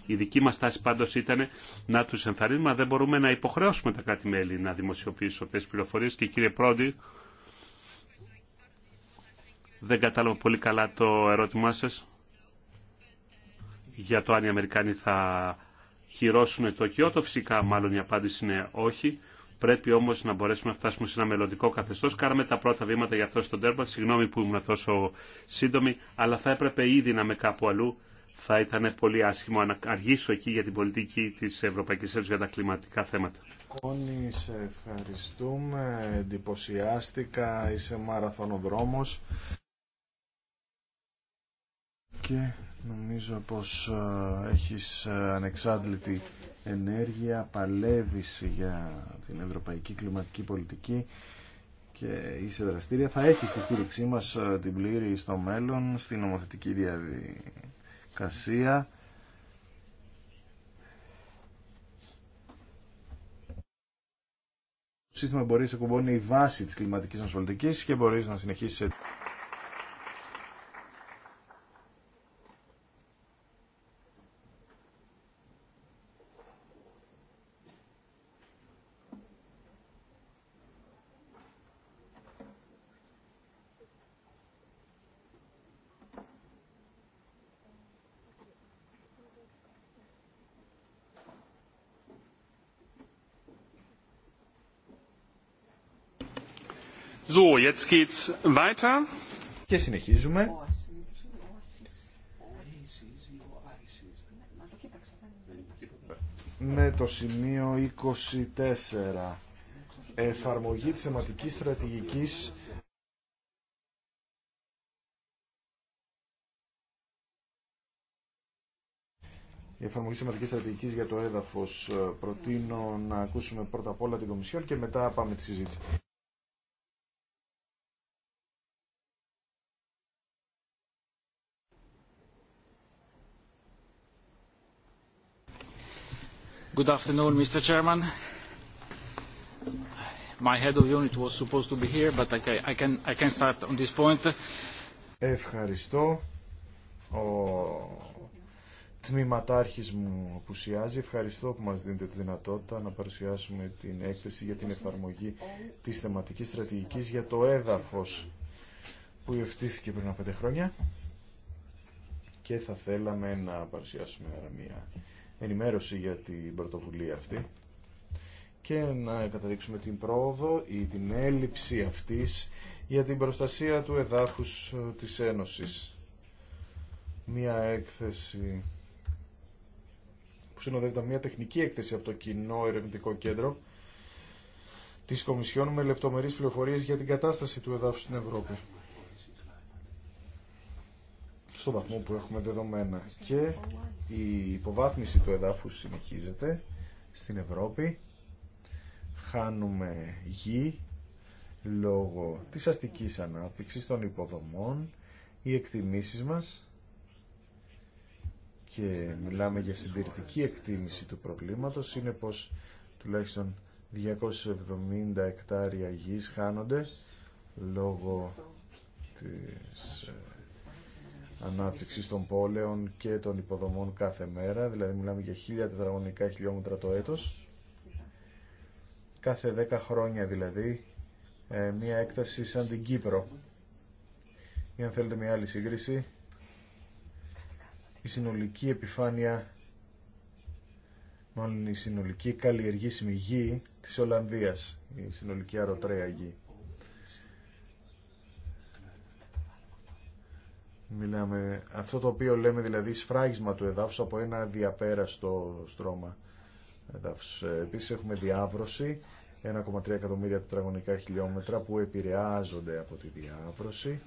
S1: Η δική μα τάση πάντω ήταν να του ενθαρρύνουμε, αλλά δεν μπορούμε να υποχρεώσουμε τα κράτη-μέλη να δημοσιοποιήσουν αυτέ τι πληροφορίες. Και κύριε Πρόντι, δεν κατάλαβα πολύ καλά το ερώτημά σα. για το αν οι Αμερικάνοι θα χειρώσουν το Κιώτο. Φυσικά μάλλον η απάντηση είναι όχι. Πρέπει όμω να μπορέσουμε να φτάσουμε σε ένα μελλοντικό καθεστώ. Κάναμε τα πρώτα βήματα για αυτό στον Τέρμπαν. Συγγνώμη που ήμουν τόσο σύντομη, αλλά θα έπρεπε ήδη να είμαι κάπου αλλού θα ήταν πολύ άσχημο να αργήσω εκεί για την πολιτική της Ευρωπαϊκής Ένωσης για τα κλιματικά θέματα.
S3: Κόνη, σε ευχαριστούμε. Εντυπωσιάστηκα. Είσαι μαραθωνοδρόμος. Και νομίζω πως ε, έχεις ε, ανεξάντλητη ενέργεια, παλεύεις για την ευρωπαϊκή κλιματική πολιτική και είσαι δραστήρια. Θα έχει τη στήριξή μας ε, την πλήρη στο μέλλον, στην νομοθετική διαδικασία Κασία, Το σύστημα μπορεί να κουμπώνει η βάση της κλιματικής μα πολιτική και μπορείς να συνεχίσει.
S1: So, jetzt geht's weiter.
S3: Και συνεχίζουμε. Με το σημείο 24. Εφαρμογή τη θεματικής στρατηγικής Η εφαρμογή θεματική στρατηγική για το έδαφο. Προτείνω να ακούσουμε πρώτα απ' όλα την Κομισιόν και μετά πάμε τη συζήτηση.
S1: Good afternoon, Mr. Chairman. My head of unit was supposed to be here, but I can, I can start on this point.
S3: Ευχαριστώ. Ο τμήματάρχης μου απουσιάζει. Ευχαριστώ που μας δίνετε τη δυνατότητα να παρουσιάσουμε την έκθεση για την εφαρμογή της θεματικής στρατηγικής για το έδαφος που ευθύθηκε πριν από πέντε χρόνια και θα θέλαμε να παρουσιάσουμε άρα μια ενημέρωση για την πρωτοβουλία αυτή και να καταδείξουμε την πρόοδο ή την έλλειψη αυτής για την προστασία του εδάφους ε, της Ένωσης. Μία έκθεση που συνοδεύεται μια τεχνική έκθεση από το Κοινό Ερευνητικό Κέντρο της Κομισιόν με λεπτομερείς πληροφορίες για την κατάσταση του εδάφους στην Ευρώπη στον βαθμό που έχουμε δεδομένα. Και η υποβάθμιση του εδάφους συνεχίζεται στην Ευρώπη. Χάνουμε γη λόγω της αστικής ανάπτυξης των υποδομών, οι εκτιμήσεις μας και μιλάμε για συντηρητική εκτίμηση του προβλήματος είναι πως τουλάχιστον 270 εκτάρια γης χάνονται λόγω της ε, Ανάπτυξη των πόλεων και των υποδομών κάθε μέρα, δηλαδή μιλάμε για χίλια τετραγωνικά χιλιόμετρα το έτος. Κάθε 10 χρόνια δηλαδή ε, μία έκταση σαν την Κύπρο. Ή αν θέλετε μια άλλη σύγκριση, η συνολική επιφάνεια, μάλλον η συνολική καλλιεργήσιμη γη της Ολλανδίας, η συνολική αρωτρέα γη. Μιλάμε, αυτό το οποίο λέμε δηλαδή σφράγισμα του εδάφους από ένα διαπέραστο στρώμα εδάφους. Ε, επίσης έχουμε διάβρωση, 1,3 εκατομμύρια τετραγωνικά χιλιόμετρα που επηρεάζονται από τη διάβρωση.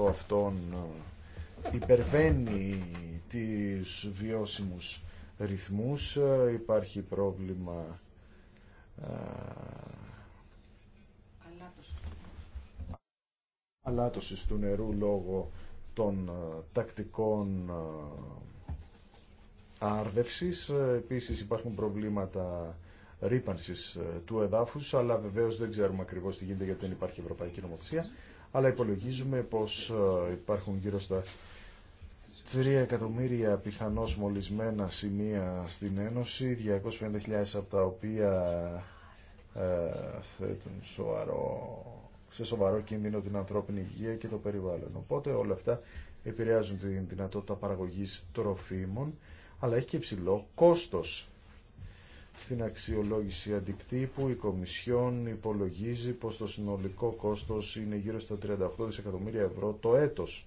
S3: 20% αυτών ε, υπερβαίνει τις βιώσιμους ρυθμούς. Ε, υπάρχει πρόβλημα αλάτωσης του νερού λόγω των ε, τακτικών ε, άρδευσης. Ε, επίσης υπάρχουν προβλήματα ρήπανσης του εδάφους, αλλά βεβαίως δεν ξέρουμε ακριβώς τι γίνεται γιατί δεν υπάρχει ευρωπαϊκή νομοθεσία. Αλλά υπολογίζουμε πως υπάρχουν γύρω στα 3 εκατομμύρια πιθανώς μολυσμένα σημεία στην Ένωση, 250.000 από τα οποία ε, θέτουν σοβαρό σε σοβαρό κίνδυνο την ανθρώπινη υγεία και το περιβάλλον. Οπότε όλα αυτά επηρεάζουν την δυνατότητα παραγωγής τροφίμων, αλλά έχει και υψηλό κόστος. Στην αξιολόγηση αντικτύπου η Κομισιόν υπολογίζει πως το συνολικό κόστος είναι γύρω στα 38 δισεκατομμύρια ευρώ το έτος.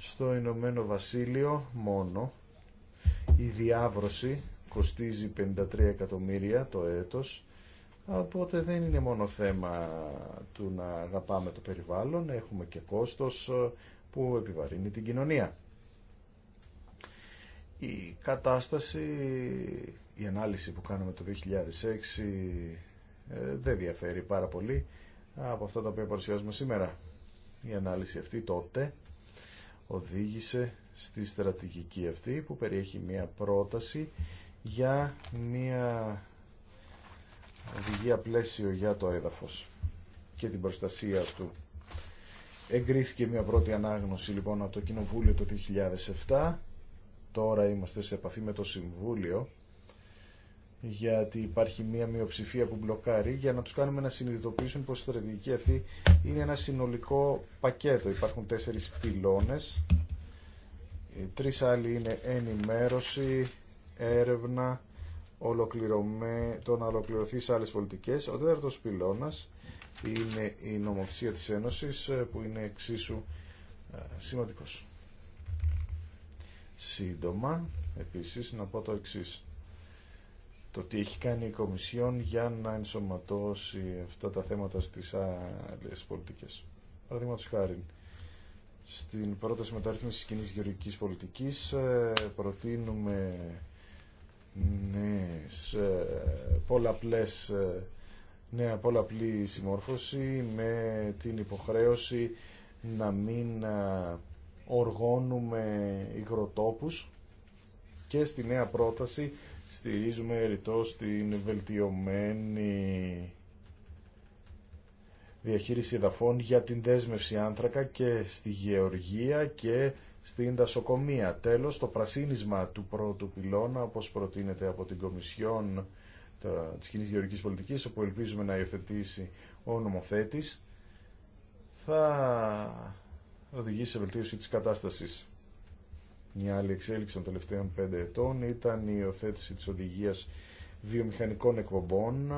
S3: Στο Ηνωμένο Βασίλειο μόνο η διάβρωση κοστίζει 53 εκατομμύρια το έτος Οπότε δεν είναι μόνο θέμα του να αγαπάμε το περιβάλλον, έχουμε και κόστος ε, που επιβαρύνει την κοινωνία. Η κατάσταση, η ανάλυση που κάναμε το 2006 ε, δεν διαφέρει πάρα πολύ από αυτά τα οποία παρουσιάζουμε σήμερα. Η ανάλυση αυτή τότε οδήγησε στη στρατηγική αυτή που περιέχει μια πρόταση για μια οδηγία πλαίσιο για το έδαφος και την προστασία του. Εγκρίθηκε μια πρώτη ανάγνωση λοιπόν από το Κοινοβούλιο το 2007. Τώρα είμαστε σε επαφή με το Συμβούλιο γιατί υπάρχει μια μειοψηφία που μπλοκάρει για να τους κάνουμε να συνειδητοποιήσουν πως η στρατηγική αυτή είναι ένα συνολικό πακέτο. Υπάρχουν τέσσερις πυλώνες. Οι τρεις άλλοι είναι ενημέρωση, έρευνα το να ολοκληρωθεί σε άλλες πολιτικές. Ο τέταρτος πυλώνας είναι η νομοθεσία της Ένωσης ε, που είναι εξίσου ε, σημαντικός. Σύντομα, επίσης, να πω το εξής. Το τι έχει κάνει η Κομισιόν για να ενσωματώσει αυτά τα θέματα στις άλλες πολιτικές. Παραδείγματο χάρη, στην πρόταση μεταρρύθμισης κοινή γεωργικής πολιτικής ε, προτείνουμε σε πολλαπλές, ε, νέα πολλαπλή συμμόρφωση με την υποχρέωση να μην ε, οργώνουμε υγροτόπους και στη νέα πρόταση στηρίζουμε ρητό στην βελτιωμένη διαχείριση εδαφών για την δέσμευση άνθρακα και στη γεωργία και στην δασοκομεία. Τέλος, το πρασίνισμα του πρώτου πυλώνα, όπως προτείνεται από την Κομισιόν της Κοινής Γεωργικής Πολιτικής, όπου ελπίζουμε να υιοθετήσει ο νομοθέτης, θα οδηγήσει σε βελτίωση της κατάστασης. Μια άλλη εξέλιξη των τελευταίων πέντε ετών ήταν η υιοθέτηση της οδηγίας βιομηχανικών εκπομπών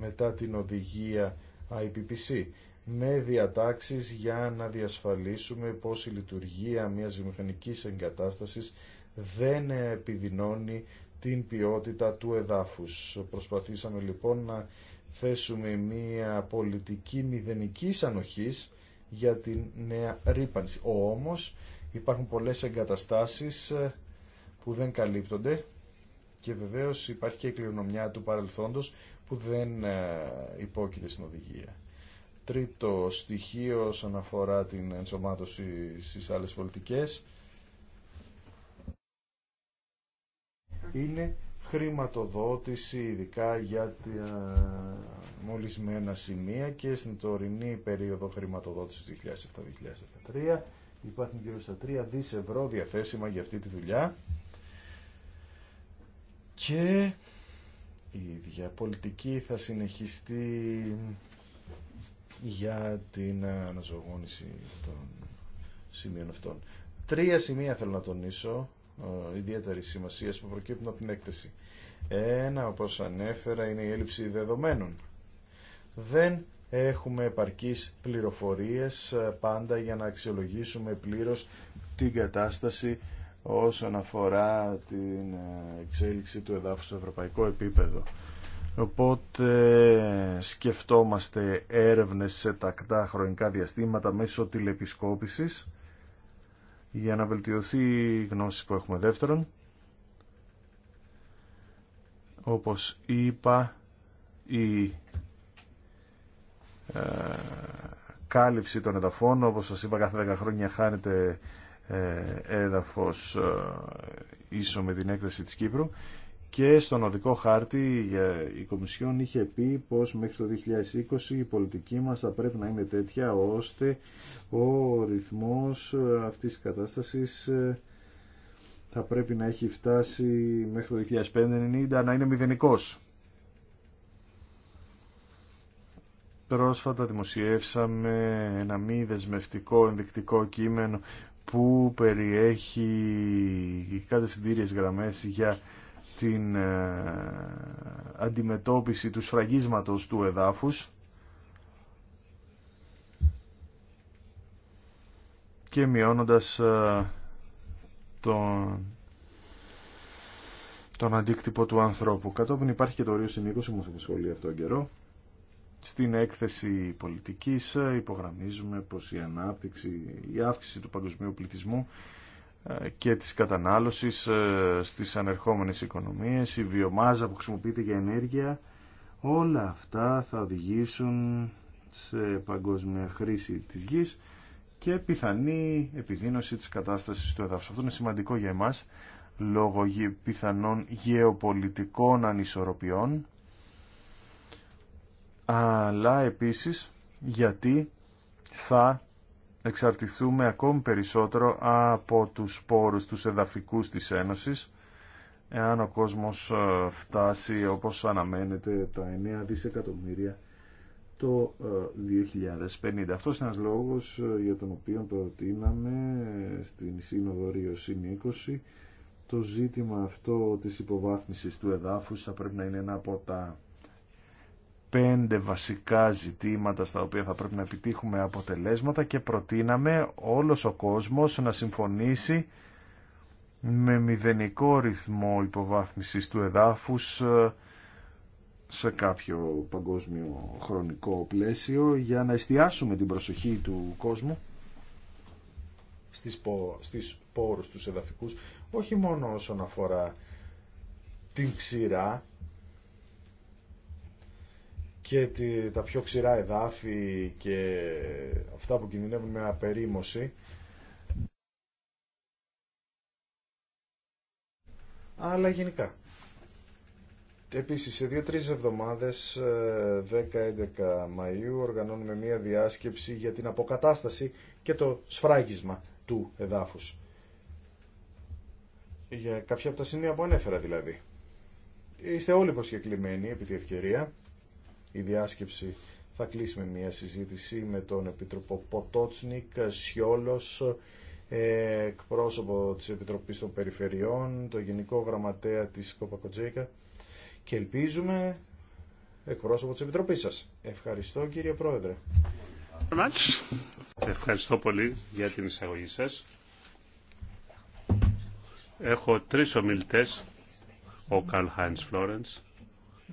S3: μετά την οδηγία IPPC με διατάξεις για να διασφαλίσουμε πως η λειτουργία μιας βιομηχανικής εγκατάστασης δεν επιδεινώνει την ποιότητα του εδάφους. Προσπαθήσαμε λοιπόν να θέσουμε μια πολιτική μηδενικής ανοχής για την νέα ρήπανση. Όμως υπάρχουν πολλές εγκαταστάσεις ε, που δεν καλύπτονται και βεβαίως υπάρχει και η κληρονομιά του παρελθόντος που δεν ε, υπόκειται στην οδηγία τρίτο στοιχείο όσον αφορά την ενσωμάτωση στις άλλες πολιτικές είναι χρηματοδότηση ειδικά για τα μολυσμένα σημεία και στην τωρινή περίοδο χρηματοδότησης 2007-2013 υπάρχουν γύρω στα 3 δις ευρώ διαθέσιμα για αυτή τη δουλειά και η διαπολιτική πολιτική θα συνεχιστεί για την αναζωογόνηση των σημείων αυτών. Τρία σημεία θέλω να τονίσω, ε, ιδιαίτερη σημασία που προκύπτουν από την έκθεση. Ένα, όπως ανέφερα, είναι η έλλειψη δεδομένων. Δεν έχουμε επαρκείς πληροφορίες ε, πάντα για να αξιολογήσουμε πλήρως την κατάσταση όσον αφορά την ε, εξέλιξη του εδάφους στο ευρωπαϊκό επίπεδο. Οπότε σκεφτόμαστε έρευνες σε τακτά χρονικά διαστήματα μέσω τηλεπισκόπησης για να βελτιωθεί η γνώση που έχουμε δεύτερον. Όπως είπα, η ε, κάλυψη των εδαφών, όπως σας είπα κάθε 10 χρόνια χάνεται ε, έδαφος ε, ίσο με την έκθεση της Κύπρου και στον οδικό χάρτη η Κομισιόν είχε πει πως μέχρι το 2020 η πολιτική μας θα πρέπει να είναι τέτοια ώστε ο ρυθμός ε, αυτής της κατάστασης ε, θα πρέπει να έχει φτάσει μέχρι το 2050 να είναι μηδενικός. Πρόσφατα δημοσιεύσαμε ένα μη δεσμευτικό ενδεικτικό κείμενο που περιέχει κατευθυντήριες γραμμές για την ε, αντιμετώπιση του σφραγίσματος του εδάφους και μειώνοντας ε, τον, τον αντίκτυπο του ανθρώπου. Κατόπιν υπάρχει και το όριο συνήκωση, μου απασχολεί αυτόν τον καιρό. Στην έκθεση πολιτικής ε, υπογραμμίζουμε πως η ανάπτυξη, η αύξηση του παγκοσμίου πληθυσμού και της κατανάλωσης ε, στις ανερχόμενες οικονομίες, η βιομάζα που χρησιμοποιείται για ενέργεια, όλα αυτά θα οδηγήσουν σε παγκόσμια χρήση της γης και πιθανή επιδείνωση της κατάστασης του εδάφους. Αυτό είναι σημαντικό για εμάς λόγω πιθανών γεωπολιτικών ανισορροπιών αλλά επίσης γιατί θα εξαρτηθούμε ακόμη περισσότερο από τους σπόρους, τους εδαφικούς της Ένωσης, εάν ο κόσμος ε, φτάσει όπως αναμένεται τα 9 δισεκατομμύρια το 2050. Ε, Αυτός είναι ένας λόγος ε, για τον οποίο προτείναμε στην Σύνοδο Ρίο 20 το ζήτημα αυτό της υποβάθμισης του εδάφους θα πρέπει να είναι ένα από τα πέντε βασικά ζητήματα στα οποία θα πρέπει να επιτύχουμε αποτελέσματα και προτείναμε όλος ο κόσμος να συμφωνήσει με μηδενικό ρυθμό υποβάθμισης του εδάφους ε, σε κάποιο παγκόσμιο χρονικό πλαίσιο για να εστιάσουμε την προσοχή του κόσμου στις, πόρους τους εδαφικούς όχι μόνο όσον αφορά την ξηρά και τα πιο ξηρά εδάφη και αυτά που κινδυνεύουν με απερίμωση. Αλλά γενικά. Επίσης, σε δυο 3 εβδομάδες, 10-11 ε, Μαΐου, οργανώνουμε μία διάσκεψη για την αποκατάσταση και το σφράγισμα του εδάφους. Για κάποια από τα σημεία που ανέφερα δηλαδή. Είστε όλοι προσκεκλημένοι επί τη ευκαιρία η διάσκεψη θα κλείσει με μια συζήτηση με τον Επίτροπο Ποτότσνικ, Σιόλος, ε, εκπρόσωπο της Επιτροπής των Περιφερειών, το Γενικό Γραμματέα της Κοπακοτζέικα και ελπίζουμε εκπρόσωπο της Επιτροπής σας. Ευχαριστώ κύριε Πρόεδρε.
S1: Ευχαριστώ πολύ για την εισαγωγή σας. Έχω τρεις ομιλητές, ο Καρλ Χάινς Φλόρενς,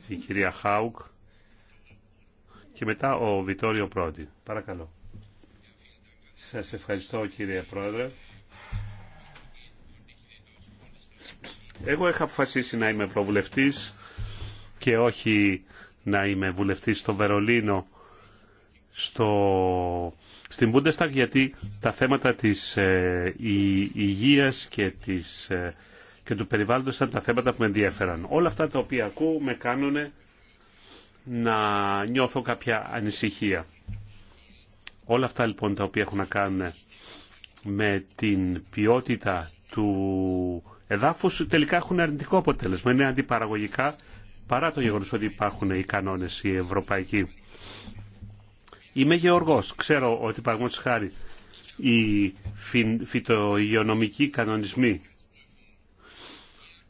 S1: η κυρία Χάουκ, και μετά ο Βιτόριο Πρόντι. Παρακαλώ. Σας ευχαριστώ κύριε Πρόεδρε. Εγώ είχα αποφασίσει να είμαι ευρωβουλευτής και όχι να είμαι βουλευτής στο Βερολίνο στο, στην Bundestag γιατί τα θέματα της ε, υγείας και, της, ε, και του περιβάλλοντος ήταν τα θέματα που με ενδιαφέραν. Όλα αυτά τα οποία ακούω με κάνουνε να νιώθω κάποια ανησυχία. Όλα αυτά λοιπόν τα οποία έχουν να κάνουν με την ποιότητα του εδάφους τελικά έχουν αρνητικό αποτέλεσμα. Είναι αντιπαραγωγικά παρά το γεγονός ότι υπάρχουν οι κανόνες οι ευρωπαϊκοί. Είμαι γεωργός. Ξέρω ότι παραγωγός χάρη οι φυτογειονομικοί κανονισμοί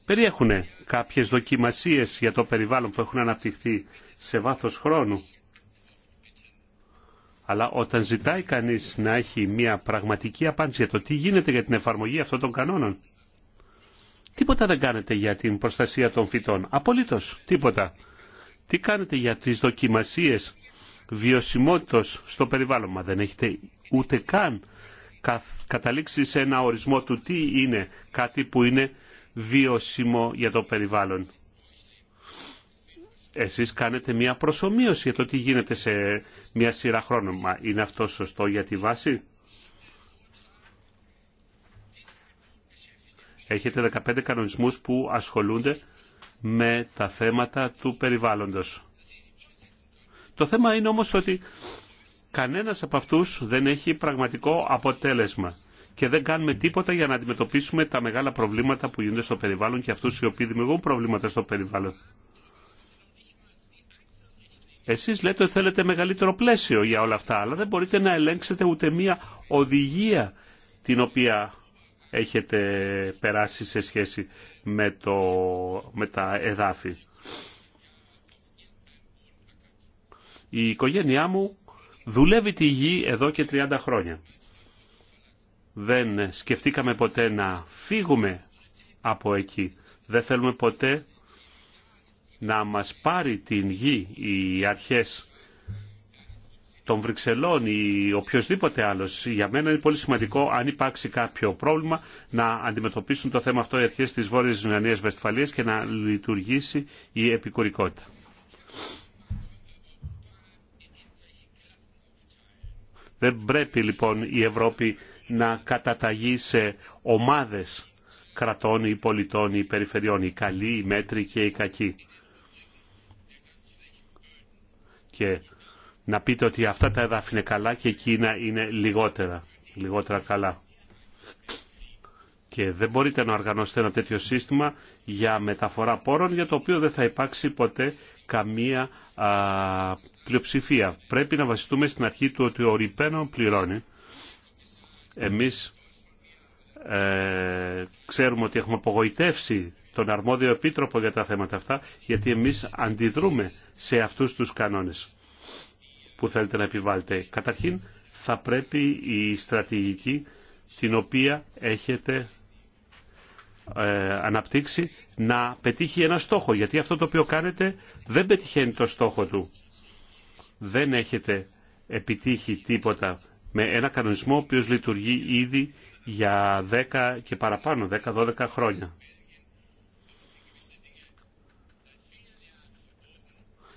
S1: περιέχουν κάποιες δοκιμασίες για το περιβάλλον που έχουν αναπτυχθεί σε βάθος χρόνου. Αλλά όταν ζητάει κανείς να έχει μια πραγματική απάντηση για το τι γίνεται για την εφαρμογή αυτών των κανόνων, τίποτα δεν κάνετε για την προστασία των φυτών. Απολύτως τίποτα. Τι κάνετε για τις δοκιμασίες βιωσιμότητος στο περιβάλλον. Μα δεν έχετε ούτε καν καταλήξει σε ένα ορισμό του τι είναι κάτι που είναι βιώσιμο για το περιβάλλον εσείς κάνετε μια προσωμείωση για το τι γίνεται σε μια σειρά χρόνων. Μα είναι αυτό σωστό για τη βάση. Έχετε 15 κανονισμούς που ασχολούνται με τα θέματα του περιβάλλοντος. Το θέμα είναι όμως ότι κανένας από αυτούς δεν έχει πραγματικό αποτέλεσμα και δεν κάνουμε τίποτα για να αντιμετωπίσουμε τα μεγάλα προβλήματα που γίνονται στο περιβάλλον και αυτούς οι οποίοι δημιουργούν προβλήματα στο περιβάλλον. Εσείς λέτε ότι θέλετε μεγαλύτερο πλαίσιο για όλα αυτά, αλλά δεν μπορείτε να ελέγξετε ούτε μία οδηγία την οποία έχετε περάσει σε σχέση με, το, με τα εδάφη. Η οικογένειά μου δουλεύει τη γη εδώ και 30 χρόνια. Δεν σκεφτήκαμε ποτέ να φύγουμε από εκεί. Δεν θέλουμε ποτέ να μας πάρει την γη οι αρχές των Βρυξελών ή οποιοδήποτε άλλος. Για μένα είναι πολύ σημαντικό αν υπάρξει κάποιο πρόβλημα να αντιμετωπίσουν το θέμα αυτό οι αρχές της Βόρειας Ιουνανίας Βεσφαλία και να λειτουργήσει η επικουρικότητα. Δεν πρέπει λοιπόν η Ευρώπη να καταταγεί σε ομάδες κρατών ή πολιτών ή περιφερειών, οι καλοί, οι μέτροι και οι κακοί και να πείτε ότι αυτά τα εδάφη είναι καλά και εκείνα είναι λιγότερα, λιγότερα καλά. Και δεν μπορείτε να οργανώσετε ένα τέτοιο σύστημα για μεταφορά πόρων για το οποίο δεν θα υπάρξει ποτέ καμία α, πλειοψηφία. Πρέπει να βασιστούμε στην αρχή του ότι ο ρηπαίνων πληρώνει. Εμείς ε, ξέρουμε ότι έχουμε απογοητεύσει τον αρμόδιο επίτροπο για τα θέματα αυτά, γιατί εμείς αντιδρούμε σε αυτούς τους κανόνες που θέλετε να επιβάλλετε. Καταρχήν, θα πρέπει η στρατηγική την οποία έχετε ε, αναπτύξει να πετύχει ένα στόχο, γιατί αυτό το οποίο κάνετε δεν πετυχαίνει το στόχο του. Δεν έχετε επιτύχει τίποτα με ένα κανονισμό ο οποίος λειτουργεί ήδη για 10 και παραπάνω, 10-12 χρόνια.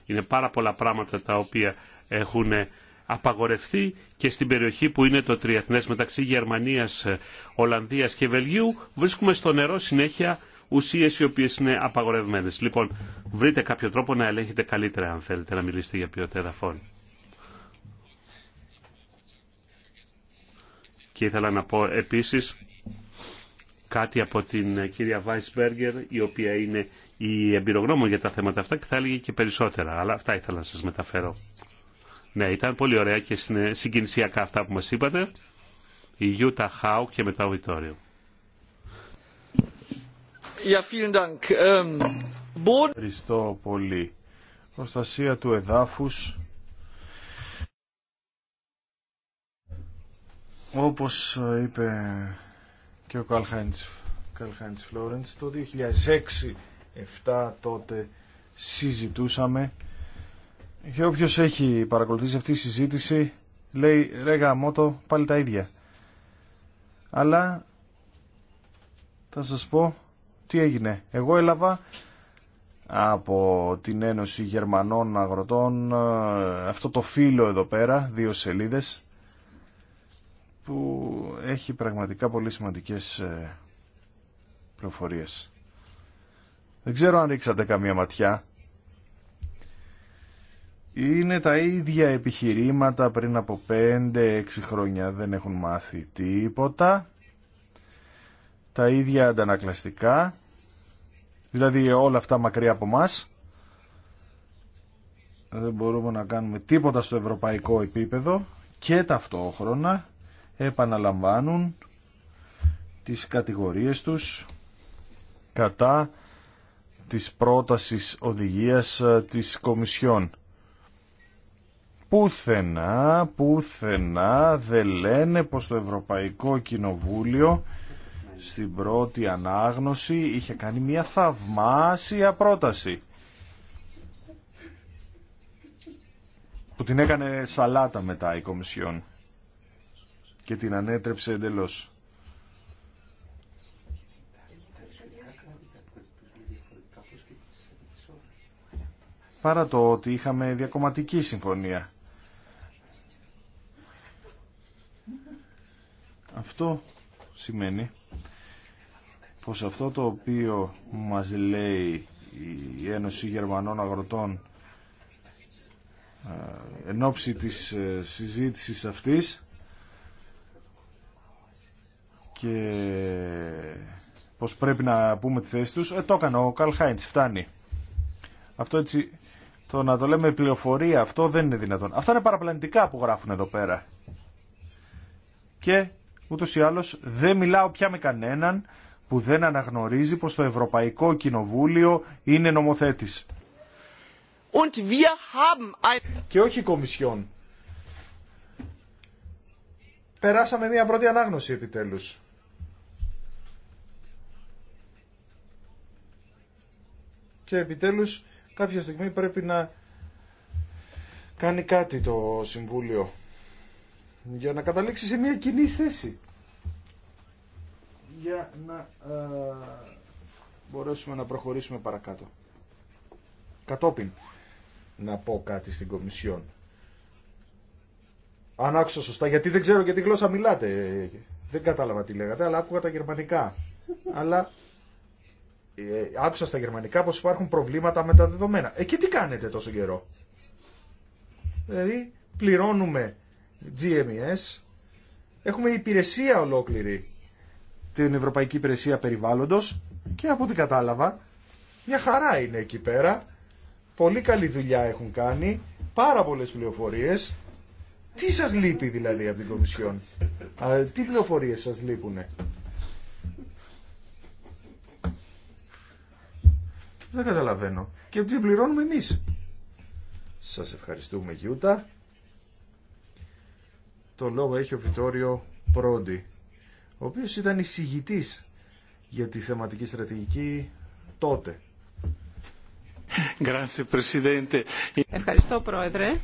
S1: Είναι πάρα πολλά πράγματα τα οποία έχουν απαγορευτεί και στην περιοχή που είναι το τριεθνές μεταξύ Γερμανίας, Ολλανδίας και Βελγίου βρίσκουμε στο νερό συνέχεια ουσίες οι οποίες είναι απαγορευμένες. Λοιπόν, βρείτε κάποιο τρόπο να ελέγχετε καλύτερα αν θέλετε να μιλήσετε για ποιότητα εδαφών. Και ήθελα να πω επίσης κάτι από την κυρία Βάισμπεργκερ, η οποία είναι η εμπειρογνώμη για τα θέματα αυτά και θα έλεγε και περισσότερα. Αλλά αυτά ήθελα να σας μεταφέρω. Ναι, ήταν πολύ ωραία και συγκινησιακά αυτά που μας είπατε. Η Γιούτα Χάου και μετά ο Βιτόριο.
S2: Ähm,
S3: Ευχαριστώ πολύ. Προστασία του εδάφους. Όπως είπε και ο Καλχάιντς Φλόρεντς, το 2006 Εφτά τότε συζητούσαμε και όποιος έχει παρακολουθήσει αυτή τη συζήτηση λέει ρε γαμώτο πάλι τα ίδια. Αλλά θα σας πω τι έγινε. Εγώ έλαβα από την Ένωση Γερμανών Αγροτών ε, αυτό το φύλλο εδώ πέρα, δύο σελίδες που έχει πραγματικά πολύ σημαντικές ε, πληροφορίες. Δεν ξέρω αν ρίξατε καμία ματιά. Είναι τα ίδια επιχειρήματα πριν από 5-6 χρόνια. Δεν έχουν μάθει τίποτα. Τα ίδια αντανακλαστικά. Δηλαδή όλα αυτά μακριά από μας. Δεν μπορούμε να κάνουμε τίποτα στο ευρωπαϊκό επίπεδο και ταυτόχρονα επαναλαμβάνουν τις κατηγορίες τους κατά της πρότασης οδηγίας ε, της Κομισιόν. Πουθενά, πουθενά δεν λένε πως το Ευρωπαϊκό Κοινοβούλιο στην πρώτη ανάγνωση είχε κάνει μια θαυμάσια πρόταση. Που την έκανε σαλάτα μετά η Κομισιόν και την ανέτρεψε εντελώς. παρά το ότι είχαμε διακομματική συμφωνία. Αυτό σημαίνει πως αυτό το οποίο μας λέει η Ένωση Γερμανών Αγροτών ε, εν ώψη της ε, συζήτησης αυτής και πως πρέπει να πούμε τη θέση τους ε, το έκανε ο Καλ φτάνει αυτό έτσι το να το λέμε πληροφορία αυτό δεν είναι δυνατόν. Αυτά είναι παραπλανητικά που γράφουν εδώ πέρα. Και ούτω ή άλλω δεν μιλάω πια με κανέναν που δεν αναγνωρίζει πως το Ευρωπαϊκό Κοινοβούλιο είναι νομοθέτης. Und wir haben... Και όχι κομισιόν. Περάσαμε μια πρώτη ανάγνωση επιτέλους. Και επιτέλους Κάποια στιγμή πρέπει να κάνει κάτι το Συμβούλιο για να καταλήξει σε μια κοινή θέση. Για να ε, μπορέσουμε να προχωρήσουμε παρακάτω. Κατόπιν να πω κάτι στην Κομισιόν. Αν άκουσα σωστά, γιατί δεν ξέρω γιατί γλώσσα μιλάτε. Ε, δεν κατάλαβα τι λέγατε, αλλά άκουγα τα γερμανικά. αλλά ε, άκουσα στα γερμανικά πως υπάρχουν προβλήματα με τα δεδομένα. Ε, και τι κάνετε τόσο καιρό. Δηλαδή, πληρώνουμε GMES, έχουμε υπηρεσία ολόκληρη, την Ευρωπαϊκή Υπηρεσία Περιβάλλοντος και από ό,τι κατάλαβα, μια χαρά είναι εκεί πέρα, πολύ καλή δουλειά έχουν κάνει, πάρα πολλές πληροφορίες. Τι σας λείπει δηλαδή από την Κομισιόν, τι πληροφορίες σας λείπουνε. Δεν καταλαβαίνω. Και τι πληρώνουμε εμείς. Σας ευχαριστούμε Γιούτα. Το λόγο έχει ο Βιτόριο Πρόντι, ο οποίος ήταν εισηγητή για τη θεματική στρατηγική τότε.
S1: Ευχαριστώ Πρόεδρε.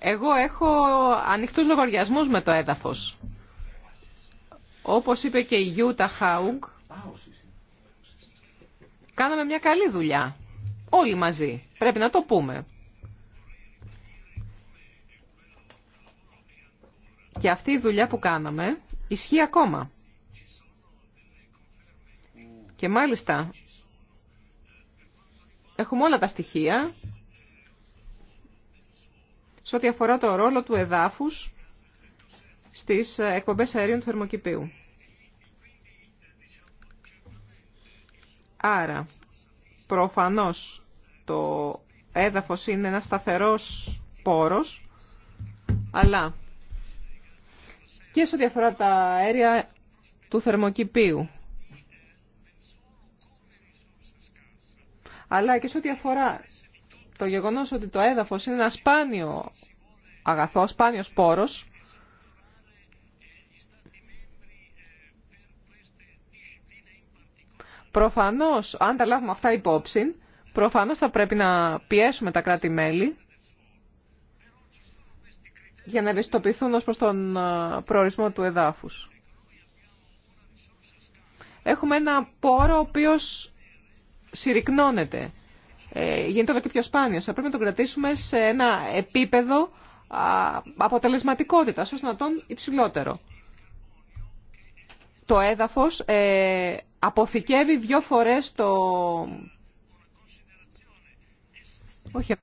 S2: Εγώ έχω ανοιχτούς λογαριασμούς με το έδαφος. Όπως είπε και η Γιούτα Χάουγκ, Κάναμε μια καλή δουλειά. Όλοι μαζί. Πρέπει να το πούμε. Και αυτή η δουλειά που κάναμε ισχύει ακόμα. Και μάλιστα έχουμε όλα τα στοιχεία σε ό,τι αφορά το ρόλο του εδάφους στις εκπομπές αερίων του θερμοκηπίου. Άρα, προφανώς το έδαφος είναι ένα σταθερός πόρος, αλλά και σε ό,τι αφορά τα αέρια του θερμοκηπίου, αλλά και σε ό,τι αφορά το γεγονός ότι το έδαφος είναι ένα σπάνιο αγαθό, σπάνιος πόρος, Προφανώς, αν τα λάβουμε αυτά υπόψη, προφανώς θα πρέπει να πιέσουμε τα κράτη-μέλη για να ευαισθητοποιηθούν ως προς τον προορισμό του εδάφους. Έχουμε ένα πόρο ο οποίος συρρυκνώνεται. Ε, γίνεται όλο και πιο σπάνιο. Θα πρέπει να τον κρατήσουμε σε ένα επίπεδο αποτελεσματικότητας, ώστε να τον υψηλότερο. Το έδαφος ε, αποθηκεύει δυο φορές το... Όχι.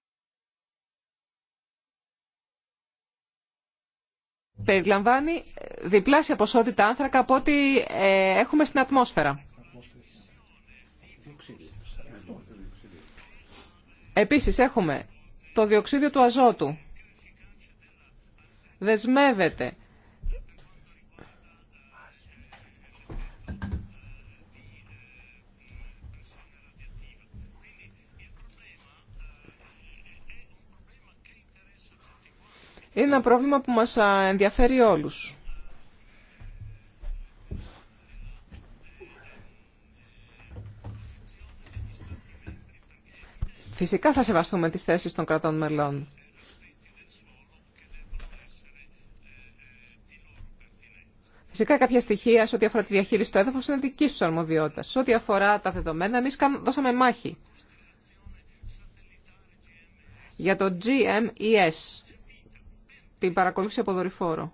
S2: Περιλαμβάνει ε, διπλάσια ποσότητα άνθρακα από ό,τι ε, έχουμε στην ατμόσφαιρα. Επίσης έχουμε το διοξίδιο του αζότου. Δεσμεύεται Είναι ένα πρόβλημα που μας ενδιαφέρει όλους. Φυσικά θα σεβαστούμε τις θέσεις των κρατών μελών. Φυσικά κάποια στοιχεία σε ό,τι αφορά τη διαχείριση του έδαφους είναι δική του αρμοδιότητα. Σε ό,τι αφορά τα δεδομένα, εμείς δώσαμε μάχη για το GMES, την παρακολούθηση από δορυφόρο.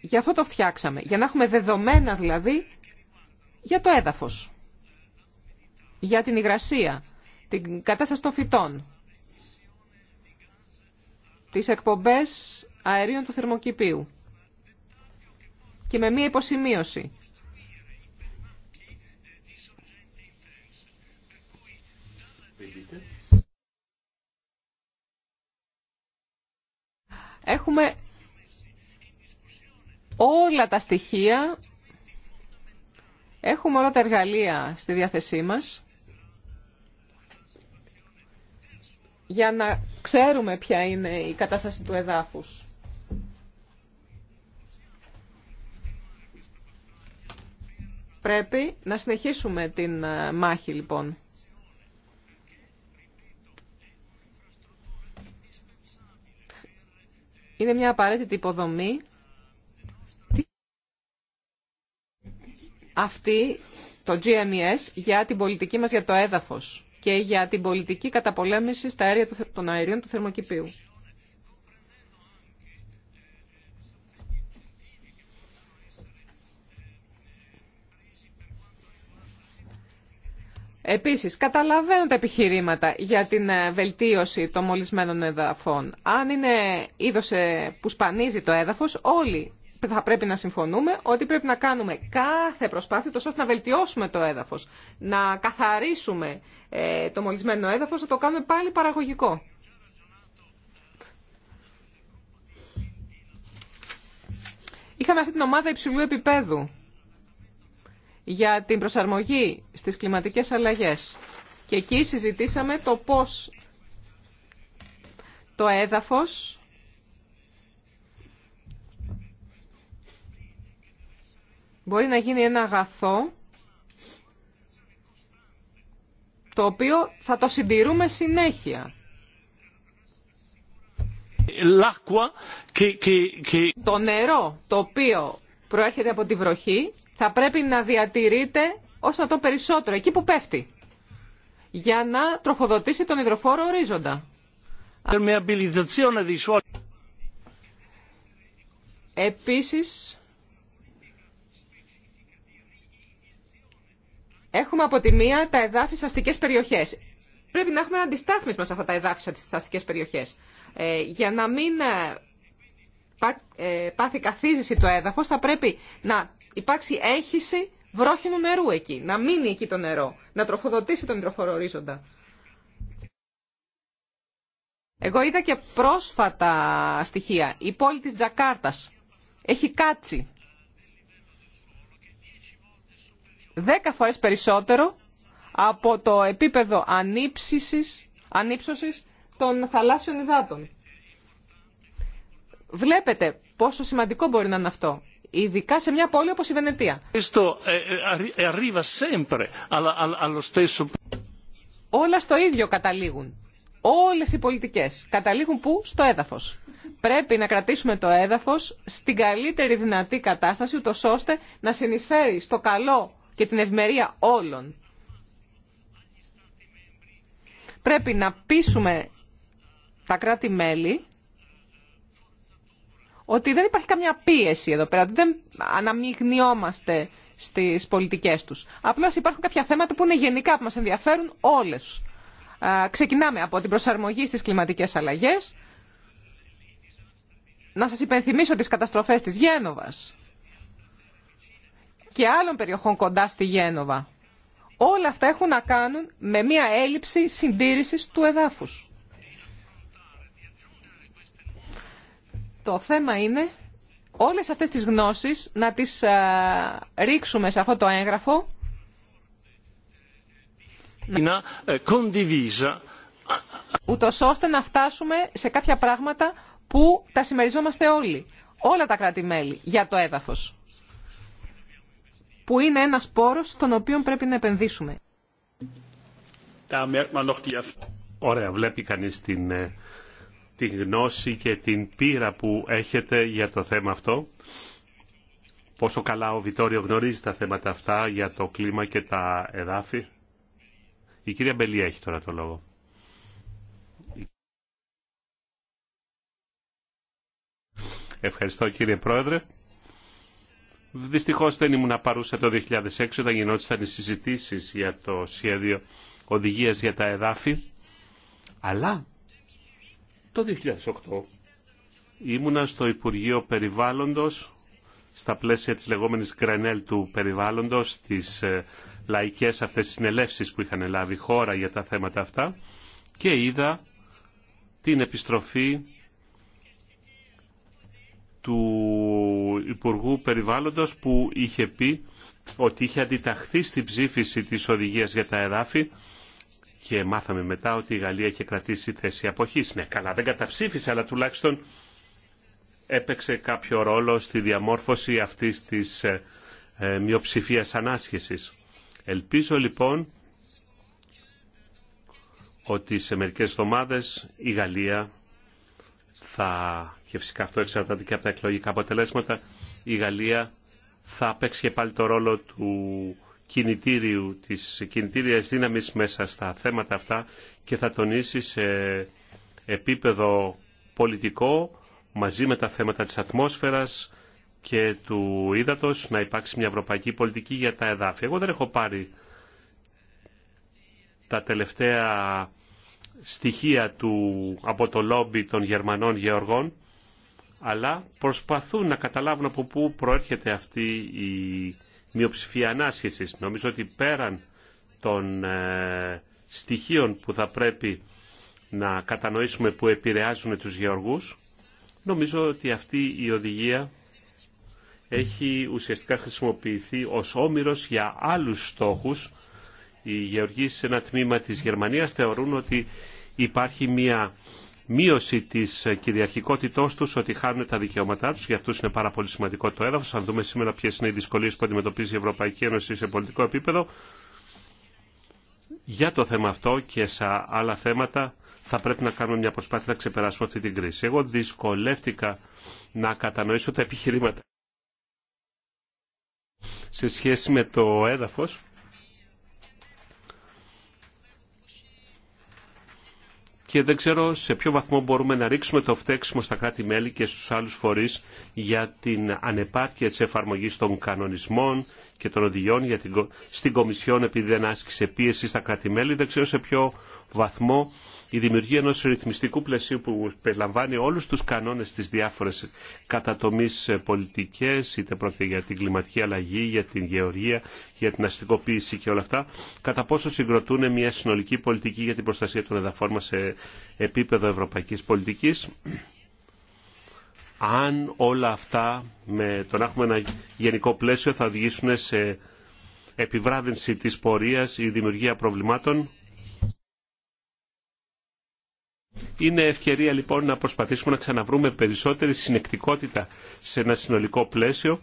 S2: Γι' αυτό το φτιάξαμε, για να έχουμε δεδομένα δηλαδή για το έδαφος, για την υγρασία, την κατάσταση των φυτών, τις εκπομπές αερίων του θερμοκηπίου και με μία υποσημείωση Έχουμε όλα τα στοιχεία, έχουμε όλα τα εργαλεία στη διάθεσή μας για να ξέρουμε ποια είναι η κατάσταση του εδάφους. Πρέπει να συνεχίσουμε την ε, μάχη λοιπόν. είναι μια απαραίτητη υποδομή αυτή, το GMES, για την πολιτική μας για το έδαφος και για την πολιτική καταπολέμηση στα αέρια των αερίων του θερμοκηπίου. Επίσης, καταλαβαίνω τα επιχειρήματα για την ε, βελτίωση των μολυσμένων εδαφών. Αν είναι είδος ε, που σπανίζει το έδαφος, όλοι θα πρέπει να συμφωνούμε ότι πρέπει να κάνουμε κάθε προσπάθεια ώστε να βελτιώσουμε το έδαφος, να καθαρίσουμε ε, το μολυσμένο έδαφος, να το κάνουμε πάλι παραγωγικό. Είχαμε αυτή την ομάδα υψηλού επίπεδου για την προσαρμογή στις κλιματικές αλλαγές. Και εκεί συζητήσαμε το πώς το έδαφος μπορεί να γίνει ένα αγαθό το οποίο θα το συντηρούμε συνέχεια. Το νερό το οποίο προέρχεται από τη βροχή θα πρέπει να διατηρείται όσο να το περισσότερο, εκεί που πέφτει, για να τροφοδοτήσει τον υδροφόρο ορίζοντα. Επίσης, έχουμε από τη μία τα εδάφη στις αστικές περιοχές. Πρέπει να έχουμε αντιστάθμισμα σε αυτά τα εδάφη στις αστικές περιοχές. Ε, για να μην ε, ε, πάθει καθίζηση το έδαφος, θα πρέπει να υπάρξει έγχυση βρόχινου νερού εκεί, να μείνει εκεί το νερό, να τροφοδοτήσει τον υδροφορορίζοντα. Εγώ είδα και πρόσφατα στοιχεία. Η πόλη της Τζακάρτας έχει κάτσει δέκα φορές περισσότερο από το επίπεδο ανύψωσης, των θαλάσσιων υδάτων. Βλέπετε πόσο σημαντικό μπορεί να είναι αυτό ειδικά σε μια πόλη όπως η Βενετία. Όλα στο ίδιο καταλήγουν. Όλες οι πολιτικές καταλήγουν πού? Στο έδαφος. Πρέπει να κρατήσουμε το έδαφος στην καλύτερη δυνατή κατάσταση, ούτως ώστε να συνεισφέρει στο καλό και την ευμερία όλων. Πρέπει να πείσουμε τα κράτη-μέλη ότι δεν υπάρχει καμιά πίεση εδώ πέρα, δεν αναμειγνιόμαστε στις πολιτικές τους. Απλώς υπάρχουν κάποια θέματα που είναι γενικά, που μας ενδιαφέρουν όλες. Ξεκινάμε από την προσαρμογή στις κλιματικές αλλαγές. Να σας υπενθυμίσω τις καταστροφές της Γένοβας και άλλων περιοχών κοντά στη Γένοβα. Όλα αυτά έχουν να κάνουν με μια έλλειψη συντήρησης του εδάφους. Το θέμα είναι όλες αυτές τις γνώσεις να τις ρίξουμε σε αυτό το έγγραφο. Ε, Ούτως ώστε να φτάσουμε σε κάποια πράγματα που τα συμμεριζόμαστε όλοι, όλα τα κράτη-μέλη για το έδαφος, που είναι ένας πόρος στον οποίο πρέπει να επενδύσουμε.
S1: Ωραία, βλέπει κανείς την ε, την γνώση και την πείρα που έχετε για το θέμα αυτό. Πόσο καλά ο Βιτόριο γνωρίζει τα θέματα αυτά για το κλίμα και τα εδάφη. Η κυρία Μπελία έχει τώρα το λόγο. Ευχαριστώ κύριε Πρόεδρε. Δυστυχώς δεν ήμουν παρούσα το 2006 όταν γινόντουσαν οι συζητήσεις για το σχέδιο οδηγίας για τα εδάφη. Αλλά το 2008 ήμουνα στο Υπουργείο Περιβάλλοντος στα πλαίσια της λεγόμενης Γκρενέλ του Περιβάλλοντος, τις ε, λαϊκές αυτές συνελεύσεις που είχαν λάβει χώρα για τα θέματα αυτά και είδα την επιστροφή του Υπουργού Περιβάλλοντος που είχε πει ότι είχε αντιταχθεί στην ψήφιση της οδηγίας για τα εδάφη και μάθαμε μετά ότι η Γαλλία είχε κρατήσει θέση αποχής. Ναι, καλά, δεν καταψήφισε, αλλά τουλάχιστον έπαιξε κάποιο ρόλο στη διαμόρφωση αυτής της ε, ε, μειοψηφίας ανάσχεσης. Ελπίζω λοιπόν ότι σε μερικές εβδομάδες η Γαλλία θα, και φυσικά αυτό εξαρτάται και από τα εκλογικά αποτελέσματα, η Γαλλία θα παίξει και πάλι το ρόλο του κινητήριου, της κινητήριας δύναμης μέσα στα θέματα αυτά και θα τονίσει σε επίπεδο πολιτικό μαζί με τα θέματα της ατμόσφαιρας και του ύδατος να υπάρξει μια ευρωπαϊκή πολιτική για τα εδάφη. Εγώ δεν έχω πάρει τα τελευταία στοιχεία του, από το λόμπι των Γερμανών γεωργών αλλά προσπαθούν να καταλάβουν από πού προέρχεται αυτή η μειοψηφία ανάσχεση. Νομίζω ότι πέραν των ε, στοιχείων που θα πρέπει να κατανοήσουμε που επηρεάζουν τους γεωργούς, νομίζω ότι αυτή η οδηγία έχει ουσιαστικά χρησιμοποιηθεί ως όμοιρος για άλλους στόχους. Οι γεωργοί σε ένα τμήμα της Γερμανίας θεωρούν ότι υπάρχει μια μείωση τη ε, κυριαρχικότητό του ότι χάνουν τα δικαιώματά του, Για αυτό είναι πάρα πολύ σημαντικό το έδαφος. Αν δούμε σήμερα ποιε είναι οι δυσκολίες που αντιμετωπίζει η Ευρωπαϊκή Ένωση σε πολιτικό επίπεδο, για το θέμα αυτό και σε άλλα θέματα θα πρέπει να κάνουμε μια προσπάθεια να ξεπεράσουμε αυτή την κρίση. Εγώ δυσκολεύτηκα να κατανοήσω τα επιχειρήματα σε σχέση με το έδαφος και δεν ξέρω σε ποιο βαθμό μπορούμε να ρίξουμε το φταίξιμο στα κράτη-μέλη και στους άλλους φορείς για την ανεπάρκεια της εφαρμογής των κανονισμών και των οδηγιών για την... στην Κομισιόν επειδή δεν άσκησε πίεση στα κράτη-μέλη. Δεν ξέρω σε ποιο βαθμό η δημιουργία ενός ρυθμιστικού πλαισίου που περιλαμβάνει όλους τους κανόνες της διάφορες κατατομής πολιτικές, είτε πρόκειται για την κλιματική αλλαγή, για την γεωργία, για την αστικοποίηση και όλα αυτά, κατά πόσο συγκροτούν μια συνολική πολιτική για την προστασία των εδαφών μας σε επίπεδο ευρωπαϊκής πολιτικής αν όλα αυτά με το να έχουμε ένα γενικό πλαίσιο θα οδηγήσουν σε επιβράδυνση της πορείας ή δημιουργία προβλημάτων είναι ευκαιρία λοιπόν να προσπαθήσουμε να ξαναβρούμε περισσότερη συνεκτικότητα σε ένα συνολικό πλαίσιο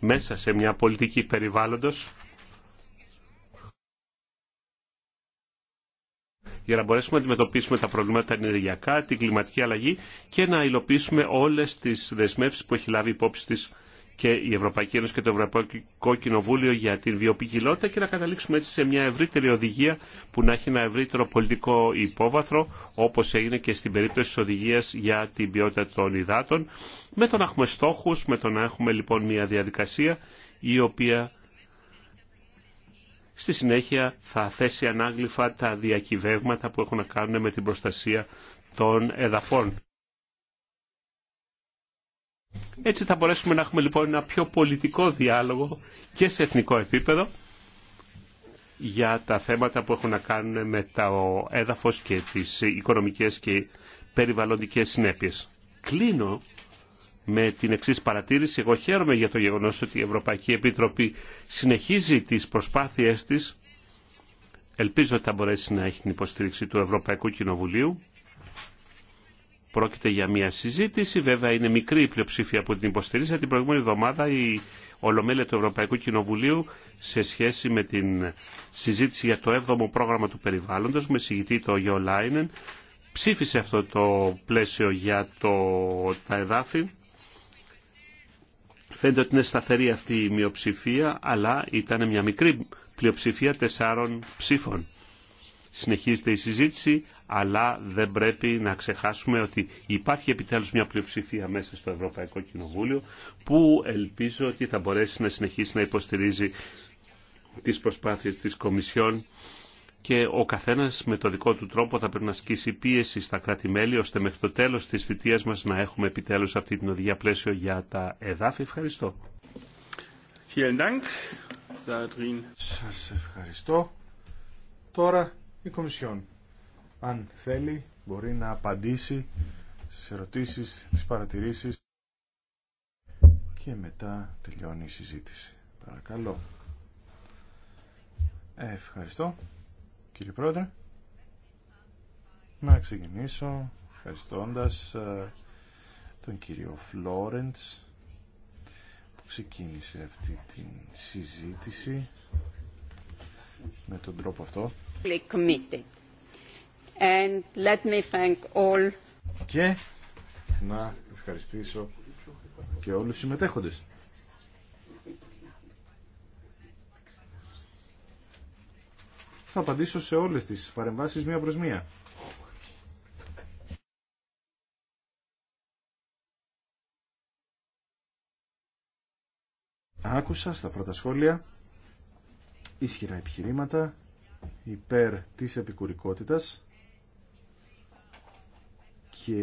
S1: μέσα σε μια πολιτική περιβάλλοντος για να μπορέσουμε να αντιμετωπίσουμε τα προβλήματα ενεργειακά, την κλιματική αλλαγή και να υλοποιήσουμε όλες τις δεσμεύσεις που έχει λάβει υπόψη της και η Ευρωπαϊκή Ένωση και το Ευρωπαϊκό Κοινοβούλιο για την βιοπικιλότητα και να καταλήξουμε έτσι σε μια ευρύτερη οδηγία που να έχει ένα ευρύτερο πολιτικό υπόβαθρο όπως έγινε και στην περίπτωση της οδηγίας για την ποιότητα των υδάτων με το να έχουμε στόχους, με το να έχουμε λοιπόν μια διαδικασία η οποία στη συνέχεια θα θέσει ανάγλυφα τα διακυβεύματα που έχουν να κάνουν με την προστασία των εδαφών. Έτσι θα μπορέσουμε να έχουμε λοιπόν ένα πιο πολιτικό διάλογο και σε εθνικό επίπεδο για τα θέματα που έχουν να κάνουν με το έδαφος και τις οικονομικές και περιβαλλοντικές συνέπειες. Κλείνω με την εξή παρατήρηση. Εγώ χαίρομαι για το γεγονός ότι η Ευρωπαϊκή Επιτροπή συνεχίζει τις προσπάθειές της. Ελπίζω ότι θα μπορέσει να έχει την υποστήριξη του Ευρωπαϊκού Κοινοβουλίου Πρόκειται για μια συζήτηση, βέβαια είναι μικρή η πλειοψήφια που την υποστηρίζει. Την προηγούμενη εβδομάδα η Ολομέλεια του Ευρωπαϊκού Κοινοβουλίου σε σχέση με την συζήτηση για το 7ο πρόγραμμα του περιβάλλοντος με συγητή το Γιώ Λάινεν ψήφισε αυτό το πλαίσιο για το, τα εδάφη. Φαίνεται ότι είναι σταθερή αυτή η μειοψηφία, αλλά ήταν μια μικρή πλειοψηφία τεσσάρων ψήφων συνεχίζεται η συζήτηση, αλλά δεν πρέπει να ξεχάσουμε ότι υπάρχει επιτέλους μια πλειοψηφία μέσα στο Ευρωπαϊκό Κοινοβούλιο που ελπίζω ότι θα μπορέσει να συνεχίσει να υποστηρίζει τις προσπάθειες της Κομισιόν και ο καθένας με το δικό του τρόπο θα πρέπει να ασκήσει πίεση στα κράτη-μέλη ώστε μέχρι το τέλος της θητείας μας να έχουμε επιτέλους αυτή την οδηγία πλαίσιο για τα εδάφη. Ευχαριστώ.
S3: Σας ευχαριστώ. Τώρα η Κομισιόν. Αν θέλει, μπορεί να απαντήσει στις ερωτήσεις, τις παρατηρήσεις και μετά τελειώνει η συζήτηση. Παρακαλώ. Ευχαριστώ, κύριε Πρόεδρε. Να ξεκινήσω ευχαριστώντας ε, τον κύριο Φλόρεντς που ξεκίνησε αυτή τη συζήτηση με τον τρόπο αυτό. Και να ευχαριστήσω και όλους τους συμμετέχοντες. Θα απαντήσω σε όλες τις παρεμβάσεις μία προς μία. Άκουσα στα πρώτα σχόλια ισχυρά επιχειρήματα υπέρ της επικουρικότητας και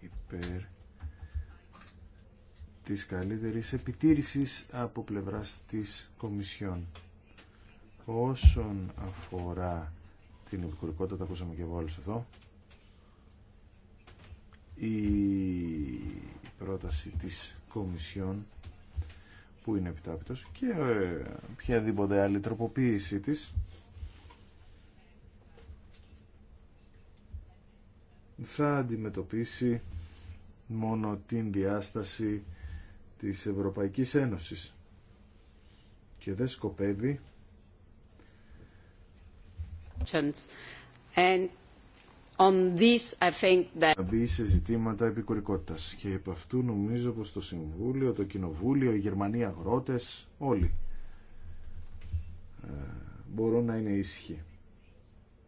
S3: υπέρ της καλύτερης επιτήρησης από πλευράς της Κομισιόν. Όσον αφορά την επικουρικότητα, τα ακούσαμε και από εδώ, η πρόταση της Κομισιόν που είναι και ε, οποιαδήποτε άλλη τροποποίησή της θα αντιμετωπίσει μόνο την διάσταση της Ευρωπαϊκής Ένωσης και δεν σκοπεύει On μπει σε ζητήματα επικουρικότητας και επ' αυτού νομίζω πως το Συμβούλιο, το Κοινοβούλιο, οι Γερμανοί αγρότες, όλοι ε, μπορούν να είναι ήσυχοι.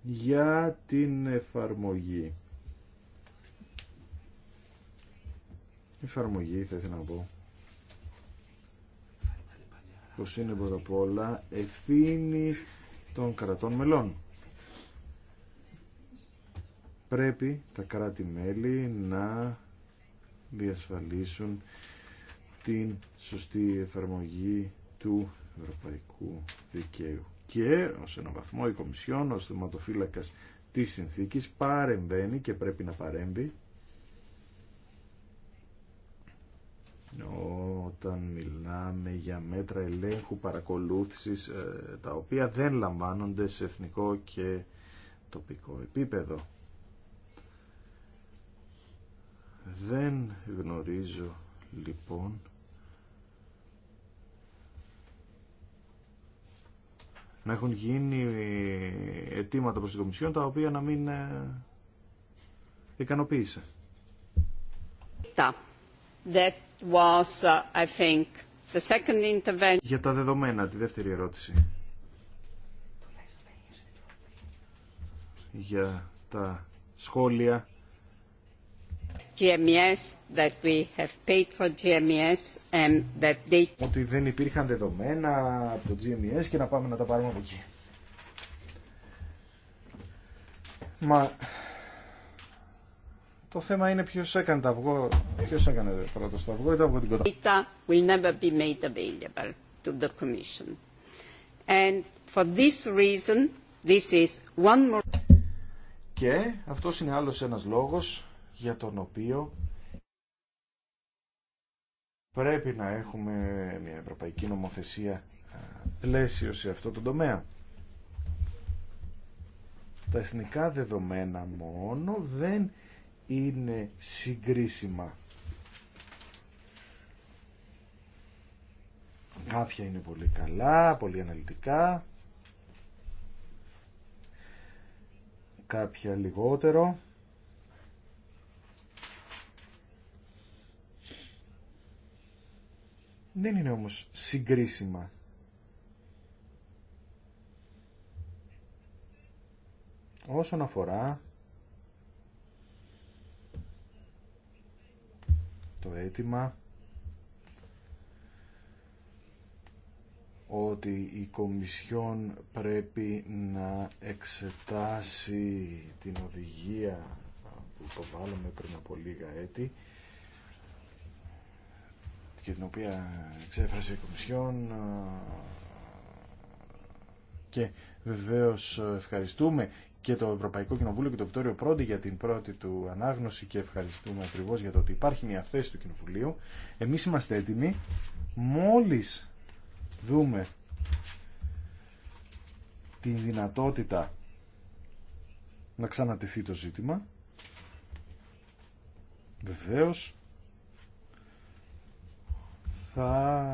S3: Για την εφαρμογή. Εφαρμογή θα ήθελα να πω. Πως είναι πρώτα απ' όλα ευθύνη των κρατών μελών πρέπει τα κράτη-μέλη να διασφαλίσουν την σωστή εφαρμογή του ευρωπαϊκού δικαίου. Και ως έναν βαθμό η Κομισιόν ως θεματοφύλακας της συνθήκης παρεμβαίνει και πρέπει να παρέμβει όταν μιλάμε για μέτρα ελέγχου παρακολούθησης ε, τα οποία δεν λαμβάνονται σε εθνικό και τοπικό επίπεδο. Δεν γνωρίζω λοιπόν να έχουν γίνει αιτήματα προς την Κομισιόν τα οποία να μην ικανοποίησε. Για τα δεδομένα, τη δεύτερη ερώτηση. Για τα σχόλια
S2: GMES, that we have paid for GMES and
S3: that they... Ότι δεν υπήρχαν δεδομένα από το GMES και να πάμε να τα πάρουμε από εκεί. Μα το θέμα είναι ποιος έκανε τα αυγό, ποιος έκανε πρώτο το αυγό ή το αυγό την κοτά. Data
S2: will never be made available to the Commission. And for this reason, this is one more... Και αυτός είναι άλλος ένας λόγος
S3: για τον οποίο πρέπει να έχουμε μια ευρωπαϊκή νομοθεσία πλαίσιο σε αυτό το τομέα. Τα εθνικά δεδομένα μόνο δεν είναι συγκρίσιμα. Κάποια είναι πολύ καλά, πολύ αναλυτικά, κάποια λιγότερο. Δεν είναι όμως συγκρίσιμα. Όσον αφορά το αίτημα ότι η Κομισιόν πρέπει να εξετάσει την οδηγία που το βάλαμε πριν από λίγα έτη και την οποία εξέφρασε η Κομισιόν ε, και βεβαίως ευχαριστούμε και το Ευρωπαϊκό Κοινοβούλιο και το Βιτόριο Πρόντι για την πρώτη του ανάγνωση και ευχαριστούμε ακριβώ για το ότι υπάρχει μια θέση του Κοινοβουλίου. Εμείς είμαστε έτοιμοι μόλις δούμε την δυνατότητα να ξανατεθεί το ζήτημα. Βεβαίως θα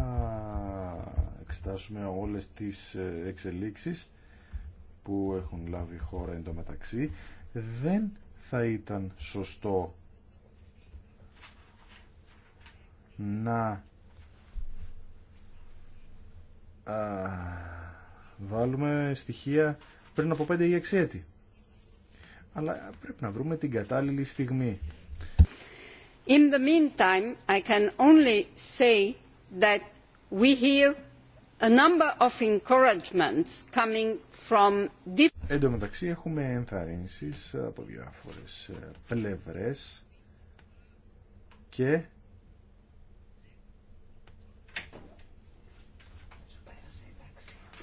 S3: εξετάσουμε όλες τις ε, εξελίξεις που έχουν λάβει χώρα εν μεταξύ. Δεν θα ήταν σωστό να βάλουμε στοιχεία πριν από 5 ή 6 έτη. Αλλά πρέπει να βρούμε την κατάλληλη στιγμή.
S2: In the meantime, I can only say that
S3: Εν τω μεταξύ έχουμε ενθαρρύνσεις από διάφορες ε, πλευρές και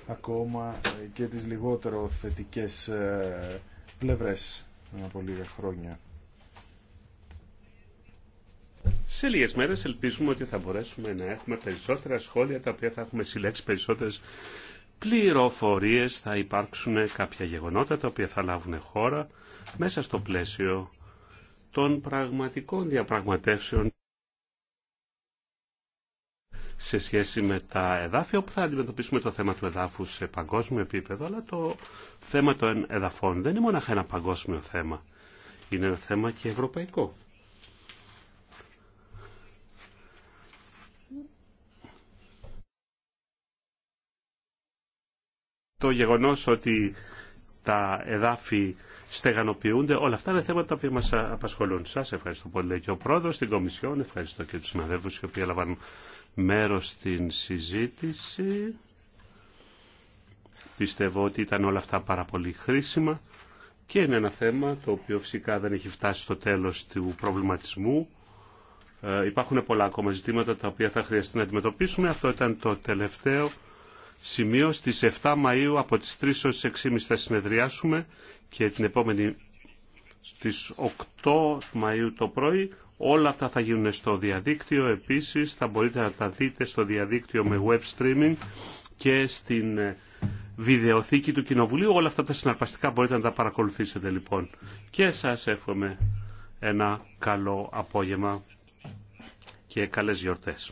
S3: ακόμα ε, και τις λιγότερο θετικές ε, πλευρές από λίγα χρόνια.
S1: Σε λίγε μέρες ελπίζουμε ότι θα μπορέσουμε να έχουμε περισσότερα σχόλια τα οποία θα έχουμε συλλέξει περισσότερε πληροφορίε θα υπάρξουν κάποια γεγονότα τα οποία θα λάβουν χώρα μέσα στο πλαίσιο των πραγματικών διαπραγματεύσεων σε σχέση με τα εδάφια, όπου θα αντιμετωπίσουμε το θέμα του εδάφου σε παγκόσμιο επίπεδο, αλλά το θέμα των εδαφών δεν είναι μόνο ένα παγκόσμιο θέμα. Είναι ένα θέμα και ευρωπαϊκό. το γεγονός ότι τα εδάφη στεγανοποιούνται. Όλα αυτά είναι θέματα που οποία μας απασχολούν. Σας ευχαριστώ πολύ και ο πρόεδρος στην Κομισιόν. Ευχαριστώ και τους συναδέλφους οι οποίοι έλαβαν μέρος στην συζήτηση. Πιστεύω ότι ήταν όλα αυτά πάρα πολύ χρήσιμα και είναι ένα θέμα το οποίο φυσικά δεν έχει φτάσει στο τέλος του προβληματισμού. Ε, υπάρχουν πολλά ακόμα ζητήματα τα οποία θα χρειαστεί να αντιμετωπίσουμε. Αυτό ήταν το τελευταίο σημείο στις 7 Μαΐου από τις 3 ως 6.30 θα συνεδριάσουμε και την επόμενη στις 8 Μαΐου το πρωί. Όλα αυτά θα γίνουν στο διαδίκτυο. Επίσης θα μπορείτε να τα δείτε στο διαδίκτυο με web streaming και στην ε, βιδεοθήκη του Κοινοβουλίου. Όλα αυτά τα συναρπαστικά μπορείτε να τα παρακολουθήσετε λοιπόν. Και σας εύχομαι ένα καλό απόγευμα και καλές γιορτές.